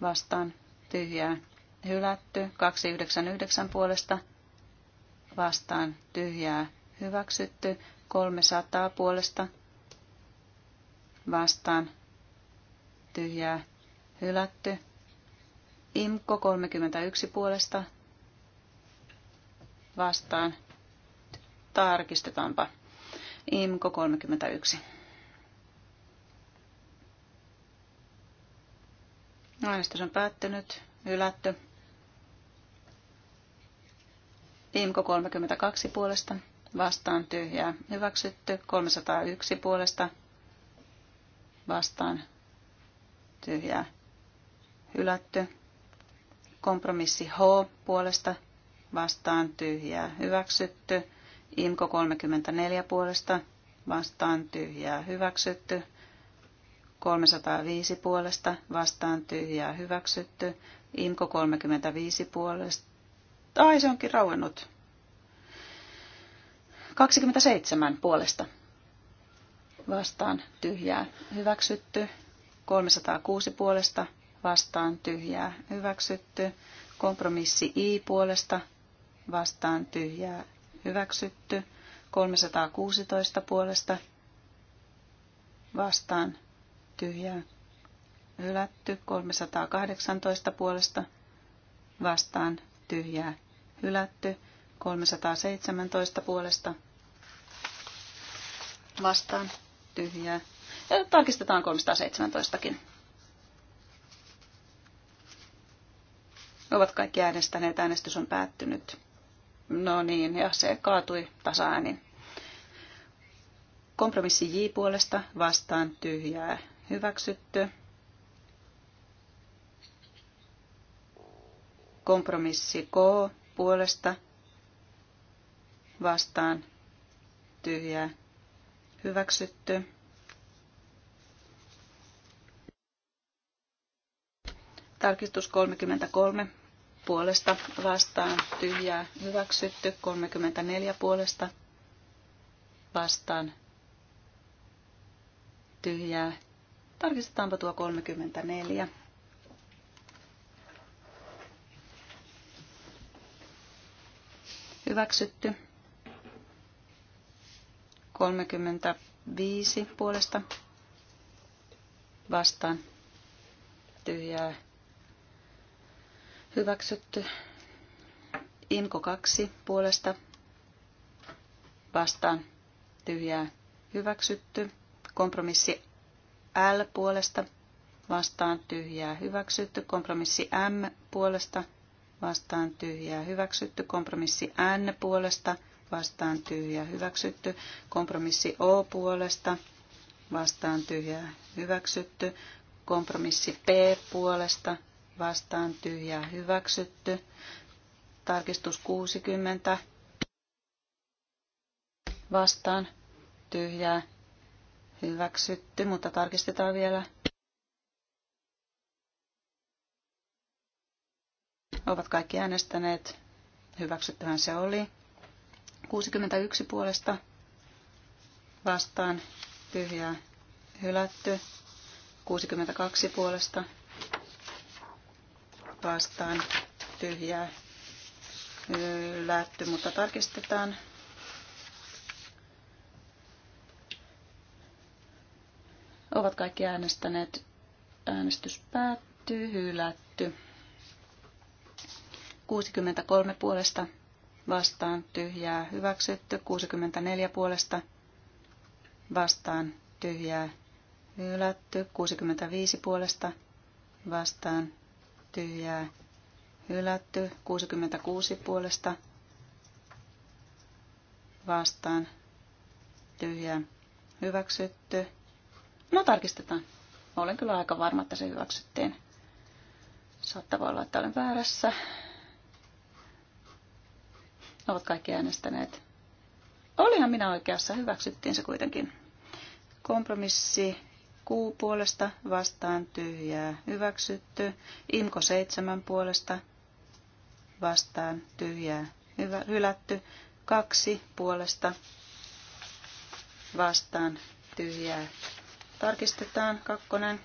vastaan tyhjää hylätty. 299 puolesta vastaan tyhjää hyväksytty. 300 puolesta vastaan tyhjää hylätty. Imko 31 puolesta vastaan. Tarkistetaanpa. Imko 31. Äänestys on päättynyt, Ylätty. Imko 32 puolesta, vastaan tyhjää, hyväksytty. 301 puolesta, vastaan tyhjää, hylätty. Kompromissi H puolesta vastaan tyhjää hyväksytty. Imko 34 puolesta vastaan tyhjää hyväksytty. 305 puolesta vastaan tyhjää hyväksytty. Imko 35 puolesta. Ai se onkin rauennut. 27 puolesta vastaan tyhjää hyväksytty. 306 puolesta vastaan tyhjää hyväksytty. Kompromissi I puolesta vastaan tyhjää hyväksytty. 316 puolesta vastaan tyhjää hylätty. 318 puolesta vastaan tyhjää hylätty. 317 puolesta vastaan tyhjää. Ja tarkistetaan 317kin. Ovat kaikki äänestäneet. Äänestys on päättynyt. No niin, ja se kaatui tasaäänin. Kompromissi J puolesta vastaan tyhjää hyväksytty. Kompromissi K puolesta vastaan tyhjää hyväksytty. Tarkistus 33 puolesta vastaan tyhjää hyväksytty, 34 puolesta vastaan tyhjää. Tarkistetaanpa tuo 34. Hyväksytty. 35 puolesta vastaan tyhjää Hyväksytty. Inko 2 puolesta vastaan tyhjää hyväksytty. Kompromissi L puolesta vastaan tyhjää hyväksytty. Kompromissi M puolesta vastaan tyhjää hyväksytty. Kompromissi N puolesta vastaan tyhjää hyväksytty. Kompromissi O puolesta vastaan tyhjää hyväksytty. Kompromissi P puolesta vastaan tyhjää hyväksytty. Tarkistus 60 vastaan tyhjää hyväksytty, mutta tarkistetaan vielä. Ovat kaikki äänestäneet. Hyväksyttyhän se oli. 61 puolesta vastaan tyhjää hylätty. 62 puolesta vastaan tyhjää lätty, mutta tarkistetaan. Ovat kaikki äänestäneet. Äänestys päättyy, hylätty. 63 puolesta vastaan tyhjää hyväksytty, 64 puolesta vastaan tyhjää hylätty, 65 puolesta vastaan tyhjää hylätty. 66 puolesta vastaan tyhjää hyväksytty. No tarkistetaan. Olen kyllä aika varma, että se hyväksyttiin. Saattaa olla, että olen väärässä. Ovat kaikki äänestäneet. Olihan minä oikeassa, hyväksyttiin se kuitenkin. Kompromissi kuu puolesta vastaan tyhjää hyväksytty. Imko seitsemän puolesta vastaan tyhjää hyvä, hylätty. kaksi puolesta vastaan tyhjää. Tarkistetaan kakkonen.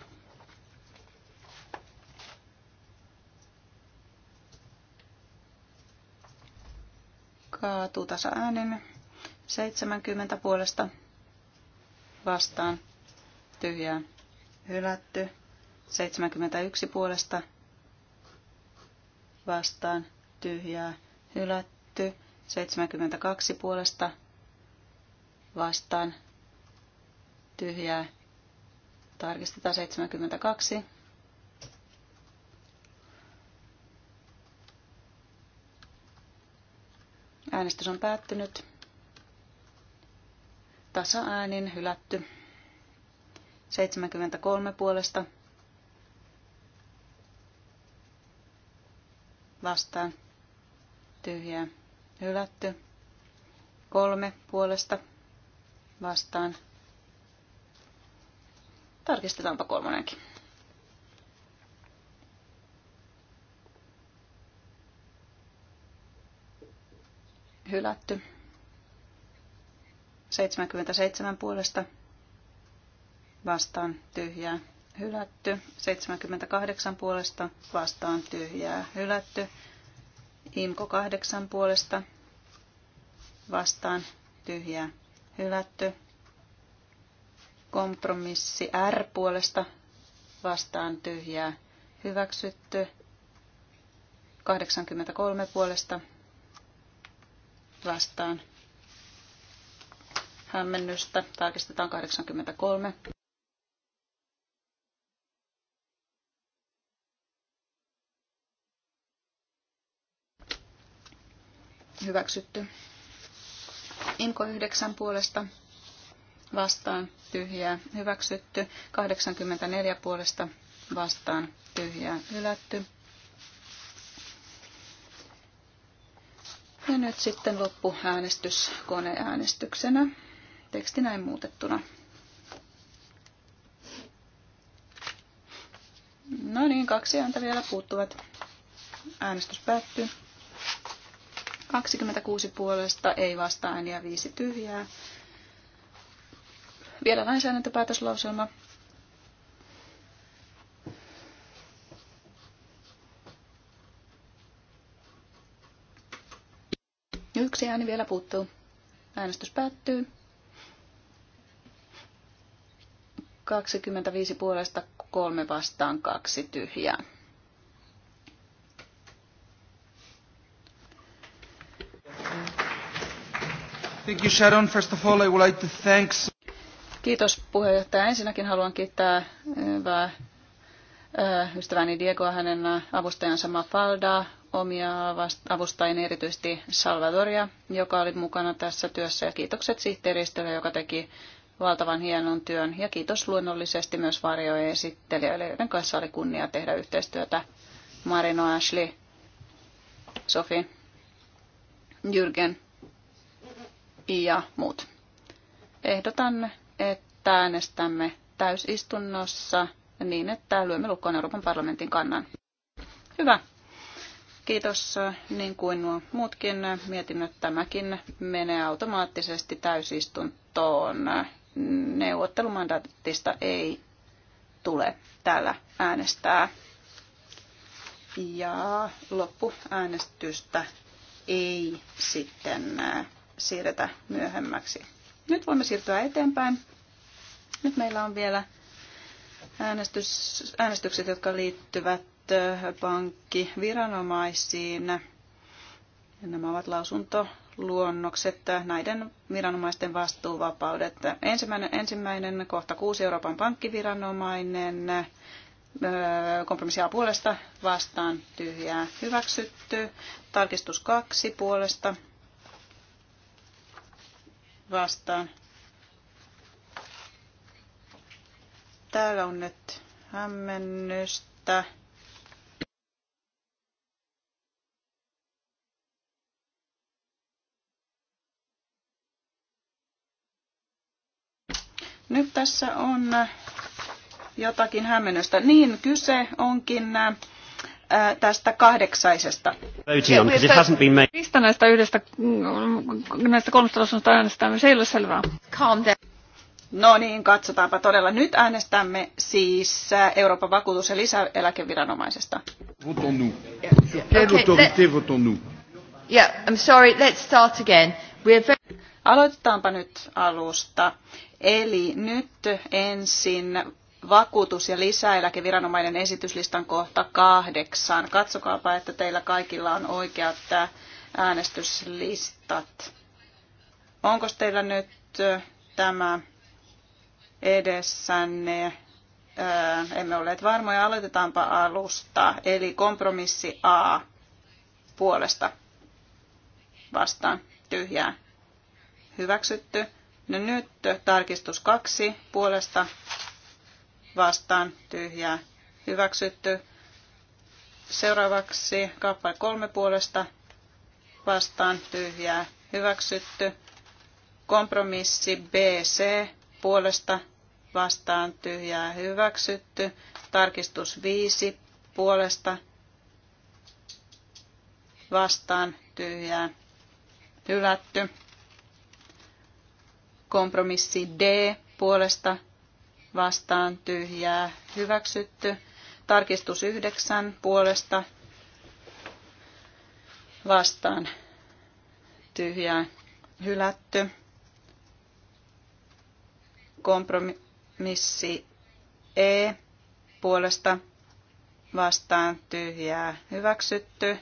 Kaatuu tasa äänen. 70 puolesta vastaan tyhjää hylätty. 71 puolesta vastaan tyhjää hylätty. 72 puolesta vastaan tyhjää. Tarkistetaan 72. Äänestys on päättynyt. Tasa-äänin hylätty. 73 puolesta vastaan tyhjää hylätty. 3 puolesta vastaan. Tarkistetaanpa kolmonenkin. Hylätty. 77 puolesta vastaan tyhjää hylätty. 78 puolesta vastaan tyhjää hylätty. Imko 8 puolesta vastaan tyhjää hylätty. Kompromissi R puolesta vastaan tyhjää hyväksytty. 83 puolesta vastaan hämmennystä. Tarkistetaan 83. Hyväksytty. Imko 9 puolesta vastaan tyhjää hyväksytty. 84 puolesta vastaan tyhjää hylätty. Ja nyt sitten loppuäänestys koneäänestyksenä. Teksti näin muutettuna. No niin, kaksi ääntä vielä puuttuvat. Äänestys päättyy. 26 puolesta, ei vastaan ääniä, 5 tyhjää. Vielä lainsäädäntöpäätöslauselma. Yksi ääni vielä puuttuu. Äänestys päättyy. 25 puolesta, kolme vastaan, kaksi tyhjää. Thank you Sharon. First of all, I would like to Kiitos puheenjohtaja. Ensinnäkin haluan kiittää hyvää äh, ystäväni Diegoa, hänen avustajansa Mafaldaa, omia avustajia, erityisesti Salvadoria, joka oli mukana tässä työssä. Ja kiitokset sihteeristölle, joka teki valtavan hienon työn. Ja kiitos luonnollisesti myös varjojen esittelijöille, joiden kanssa oli kunnia tehdä yhteistyötä. Marino Ashley, Sofi, Jürgen ja muut. Ehdotan, että äänestämme täysistunnossa niin, että lyömme lukkoon Euroopan parlamentin kannan. Hyvä. Kiitos. Niin kuin nuo muutkin mietinnöt, tämäkin menee automaattisesti täysistuntoon. Neuvottelumandaatista ei tule täällä äänestää. Ja loppuäänestystä ei sitten siirretä myöhemmäksi. Nyt voimme siirtyä eteenpäin. Nyt meillä on vielä äänestys, äänestykset, jotka liittyvät äh, pankkiviranomaisiin. Nämä ovat lausuntoluonnokset, äh, näiden viranomaisten vastuuvapaudet. Ensimmäinen, ensimmäinen kohta kuusi Euroopan pankkiviranomainen. Äh, Kompromissia puolesta vastaan tyhjää hyväksytty. Tarkistus kaksi puolesta vastaan. Täällä on nyt hämmennystä. Nyt tässä on jotakin hämmennystä. Niin, kyse onkin tästä kahdeksaisesta. Mistä näistä yhdestä, mm, näistä kolmesta osasta äänestämme? Se ei ole selvää. No niin, katsotaanpa todella. Nyt äänestämme siis Euroopan vakuutus- ja lisäeläkeviranomaisesta. let's start again. Aloitetaanpa nyt alusta. Eli nyt ensin vakuutus- ja lisäeläkeviranomainen esityslistan kohta kahdeksan. Katsokaapa, että teillä kaikilla on oikeat äh, äänestyslistat. Onko teillä nyt äh, tämä edessänne? Äh, emme olleet varmoja. Aloitetaanpa alusta. Eli kompromissi A puolesta vastaan tyhjää. Hyväksytty. No nyt tarkistus kaksi puolesta vastaan tyhjää hyväksytty. Seuraavaksi kappale kolme puolesta vastaan tyhjää hyväksytty. Kompromissi BC puolesta vastaan tyhjää hyväksytty. Tarkistus 5 puolesta vastaan tyhjää hylätty. Kompromissi D puolesta vastaan tyhjää hyväksytty. Tarkistus 9 puolesta vastaan tyhjää hylätty. Kompromissi E puolesta vastaan tyhjää hyväksytty.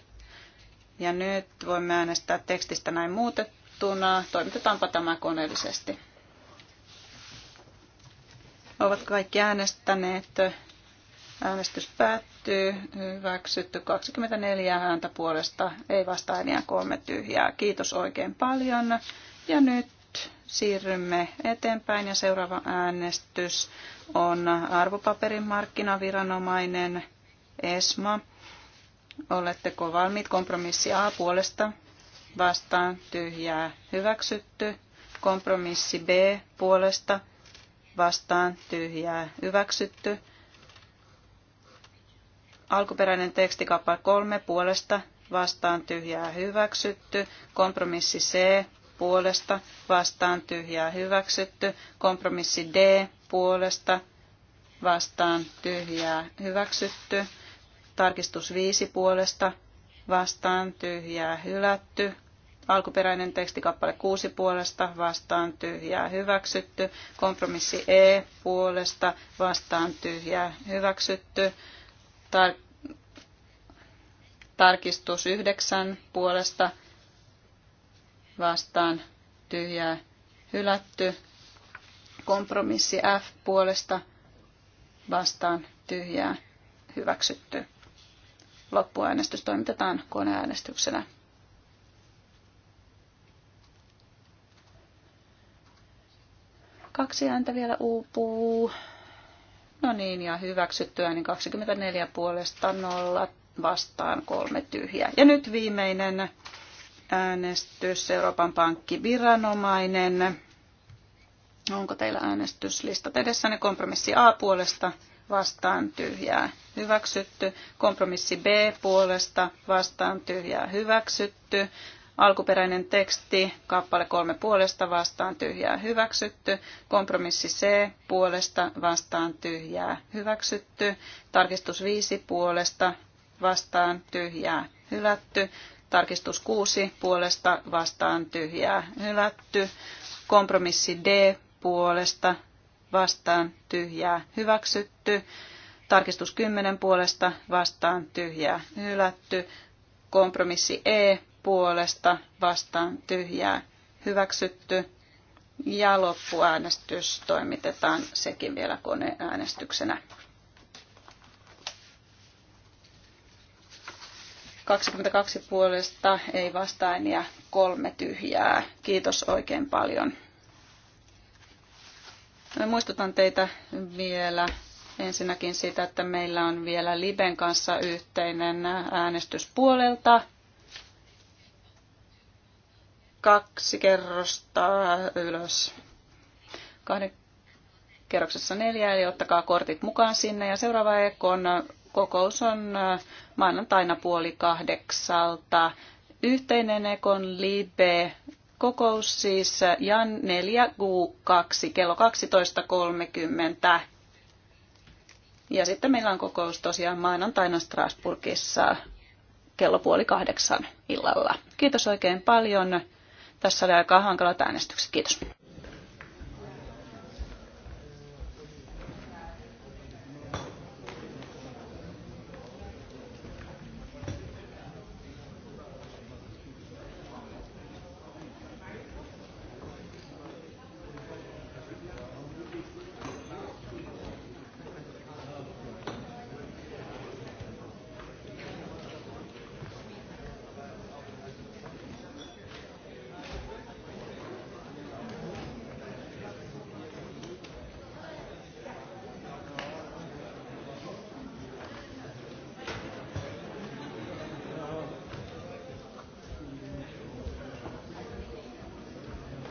Ja nyt voimme äänestää tekstistä näin muutettuna. Toimitetaanpa tämä koneellisesti. Ovat kaikki äänestäneet. Äänestys päättyy. Hyväksytty 24 ääntä puolesta, ei vastaajia kolme tyhjää. Kiitos oikein paljon. Ja nyt siirrymme eteenpäin ja seuraava äänestys on arvopaperimarkkinaviranomainen ESMA. Oletteko valmiit kompromissi A puolesta? Vastaan tyhjää hyväksytty. Kompromissi B puolesta vastaan tyhjää hyväksytty. Alkuperäinen teksti kappale kolme puolesta vastaan tyhjää hyväksytty. Kompromissi C puolesta vastaan tyhjää hyväksytty. Kompromissi D puolesta vastaan tyhjää hyväksytty. Tarkistus 5 puolesta vastaan tyhjää hylätty. Alkuperäinen tekstikappale 6 puolesta vastaan tyhjää hyväksytty. Kompromissi E puolesta vastaan tyhjää hyväksytty. Tar- tarkistus 9 puolesta vastaan tyhjää hylätty. Kompromissi F puolesta vastaan tyhjää hyväksytty. Loppuäänestys toimitetaan koneäänestyksenä. Kaksi ääntä vielä uupuu. No niin, ja hyväksyttyä, niin 24 puolesta nolla vastaan kolme tyhjää. Ja nyt viimeinen äänestys, Euroopan viranomainen. Onko teillä äänestyslistat ne Kompromissi A puolesta vastaan tyhjää hyväksytty. Kompromissi B puolesta vastaan tyhjää hyväksytty. Alkuperäinen teksti, kappale kolme puolesta vastaan tyhjää hyväksytty. Kompromissi C, puolesta vastaan tyhjää hyväksytty. Tarkistus viisi puolesta vastaan tyhjää hylätty. Tarkistus kuusi puolesta vastaan tyhjää hylätty. Kompromissi D, puolesta vastaan tyhjää hyväksytty. Tarkistus 10 puolesta vastaan tyhjää hylätty. Kompromissi E puolesta vastaan tyhjää hyväksytty. Ja loppuäänestys toimitetaan sekin vielä koneäänestyksenä. 22 puolesta ei vastaan ja kolme tyhjää. Kiitos oikein paljon. Mä muistutan teitä vielä ensinnäkin siitä, että meillä on vielä Liben kanssa yhteinen äänestys puolelta kaksi kerrosta ylös. Kahden kerroksessa neljä, eli ottakaa kortit mukaan sinne. Ja seuraava Ekon kokous on äh, maanantaina puoli kahdeksalta. Yhteinen Ekon Libe kokous siis äh, Jan 4Q2 kello 12.30. Ja sitten meillä on kokous tosiaan maanantaina Strasburgissa kello puoli kahdeksan illalla. Kiitos oikein paljon. Tässä oli aika hankalat äänestykset. Kiitos.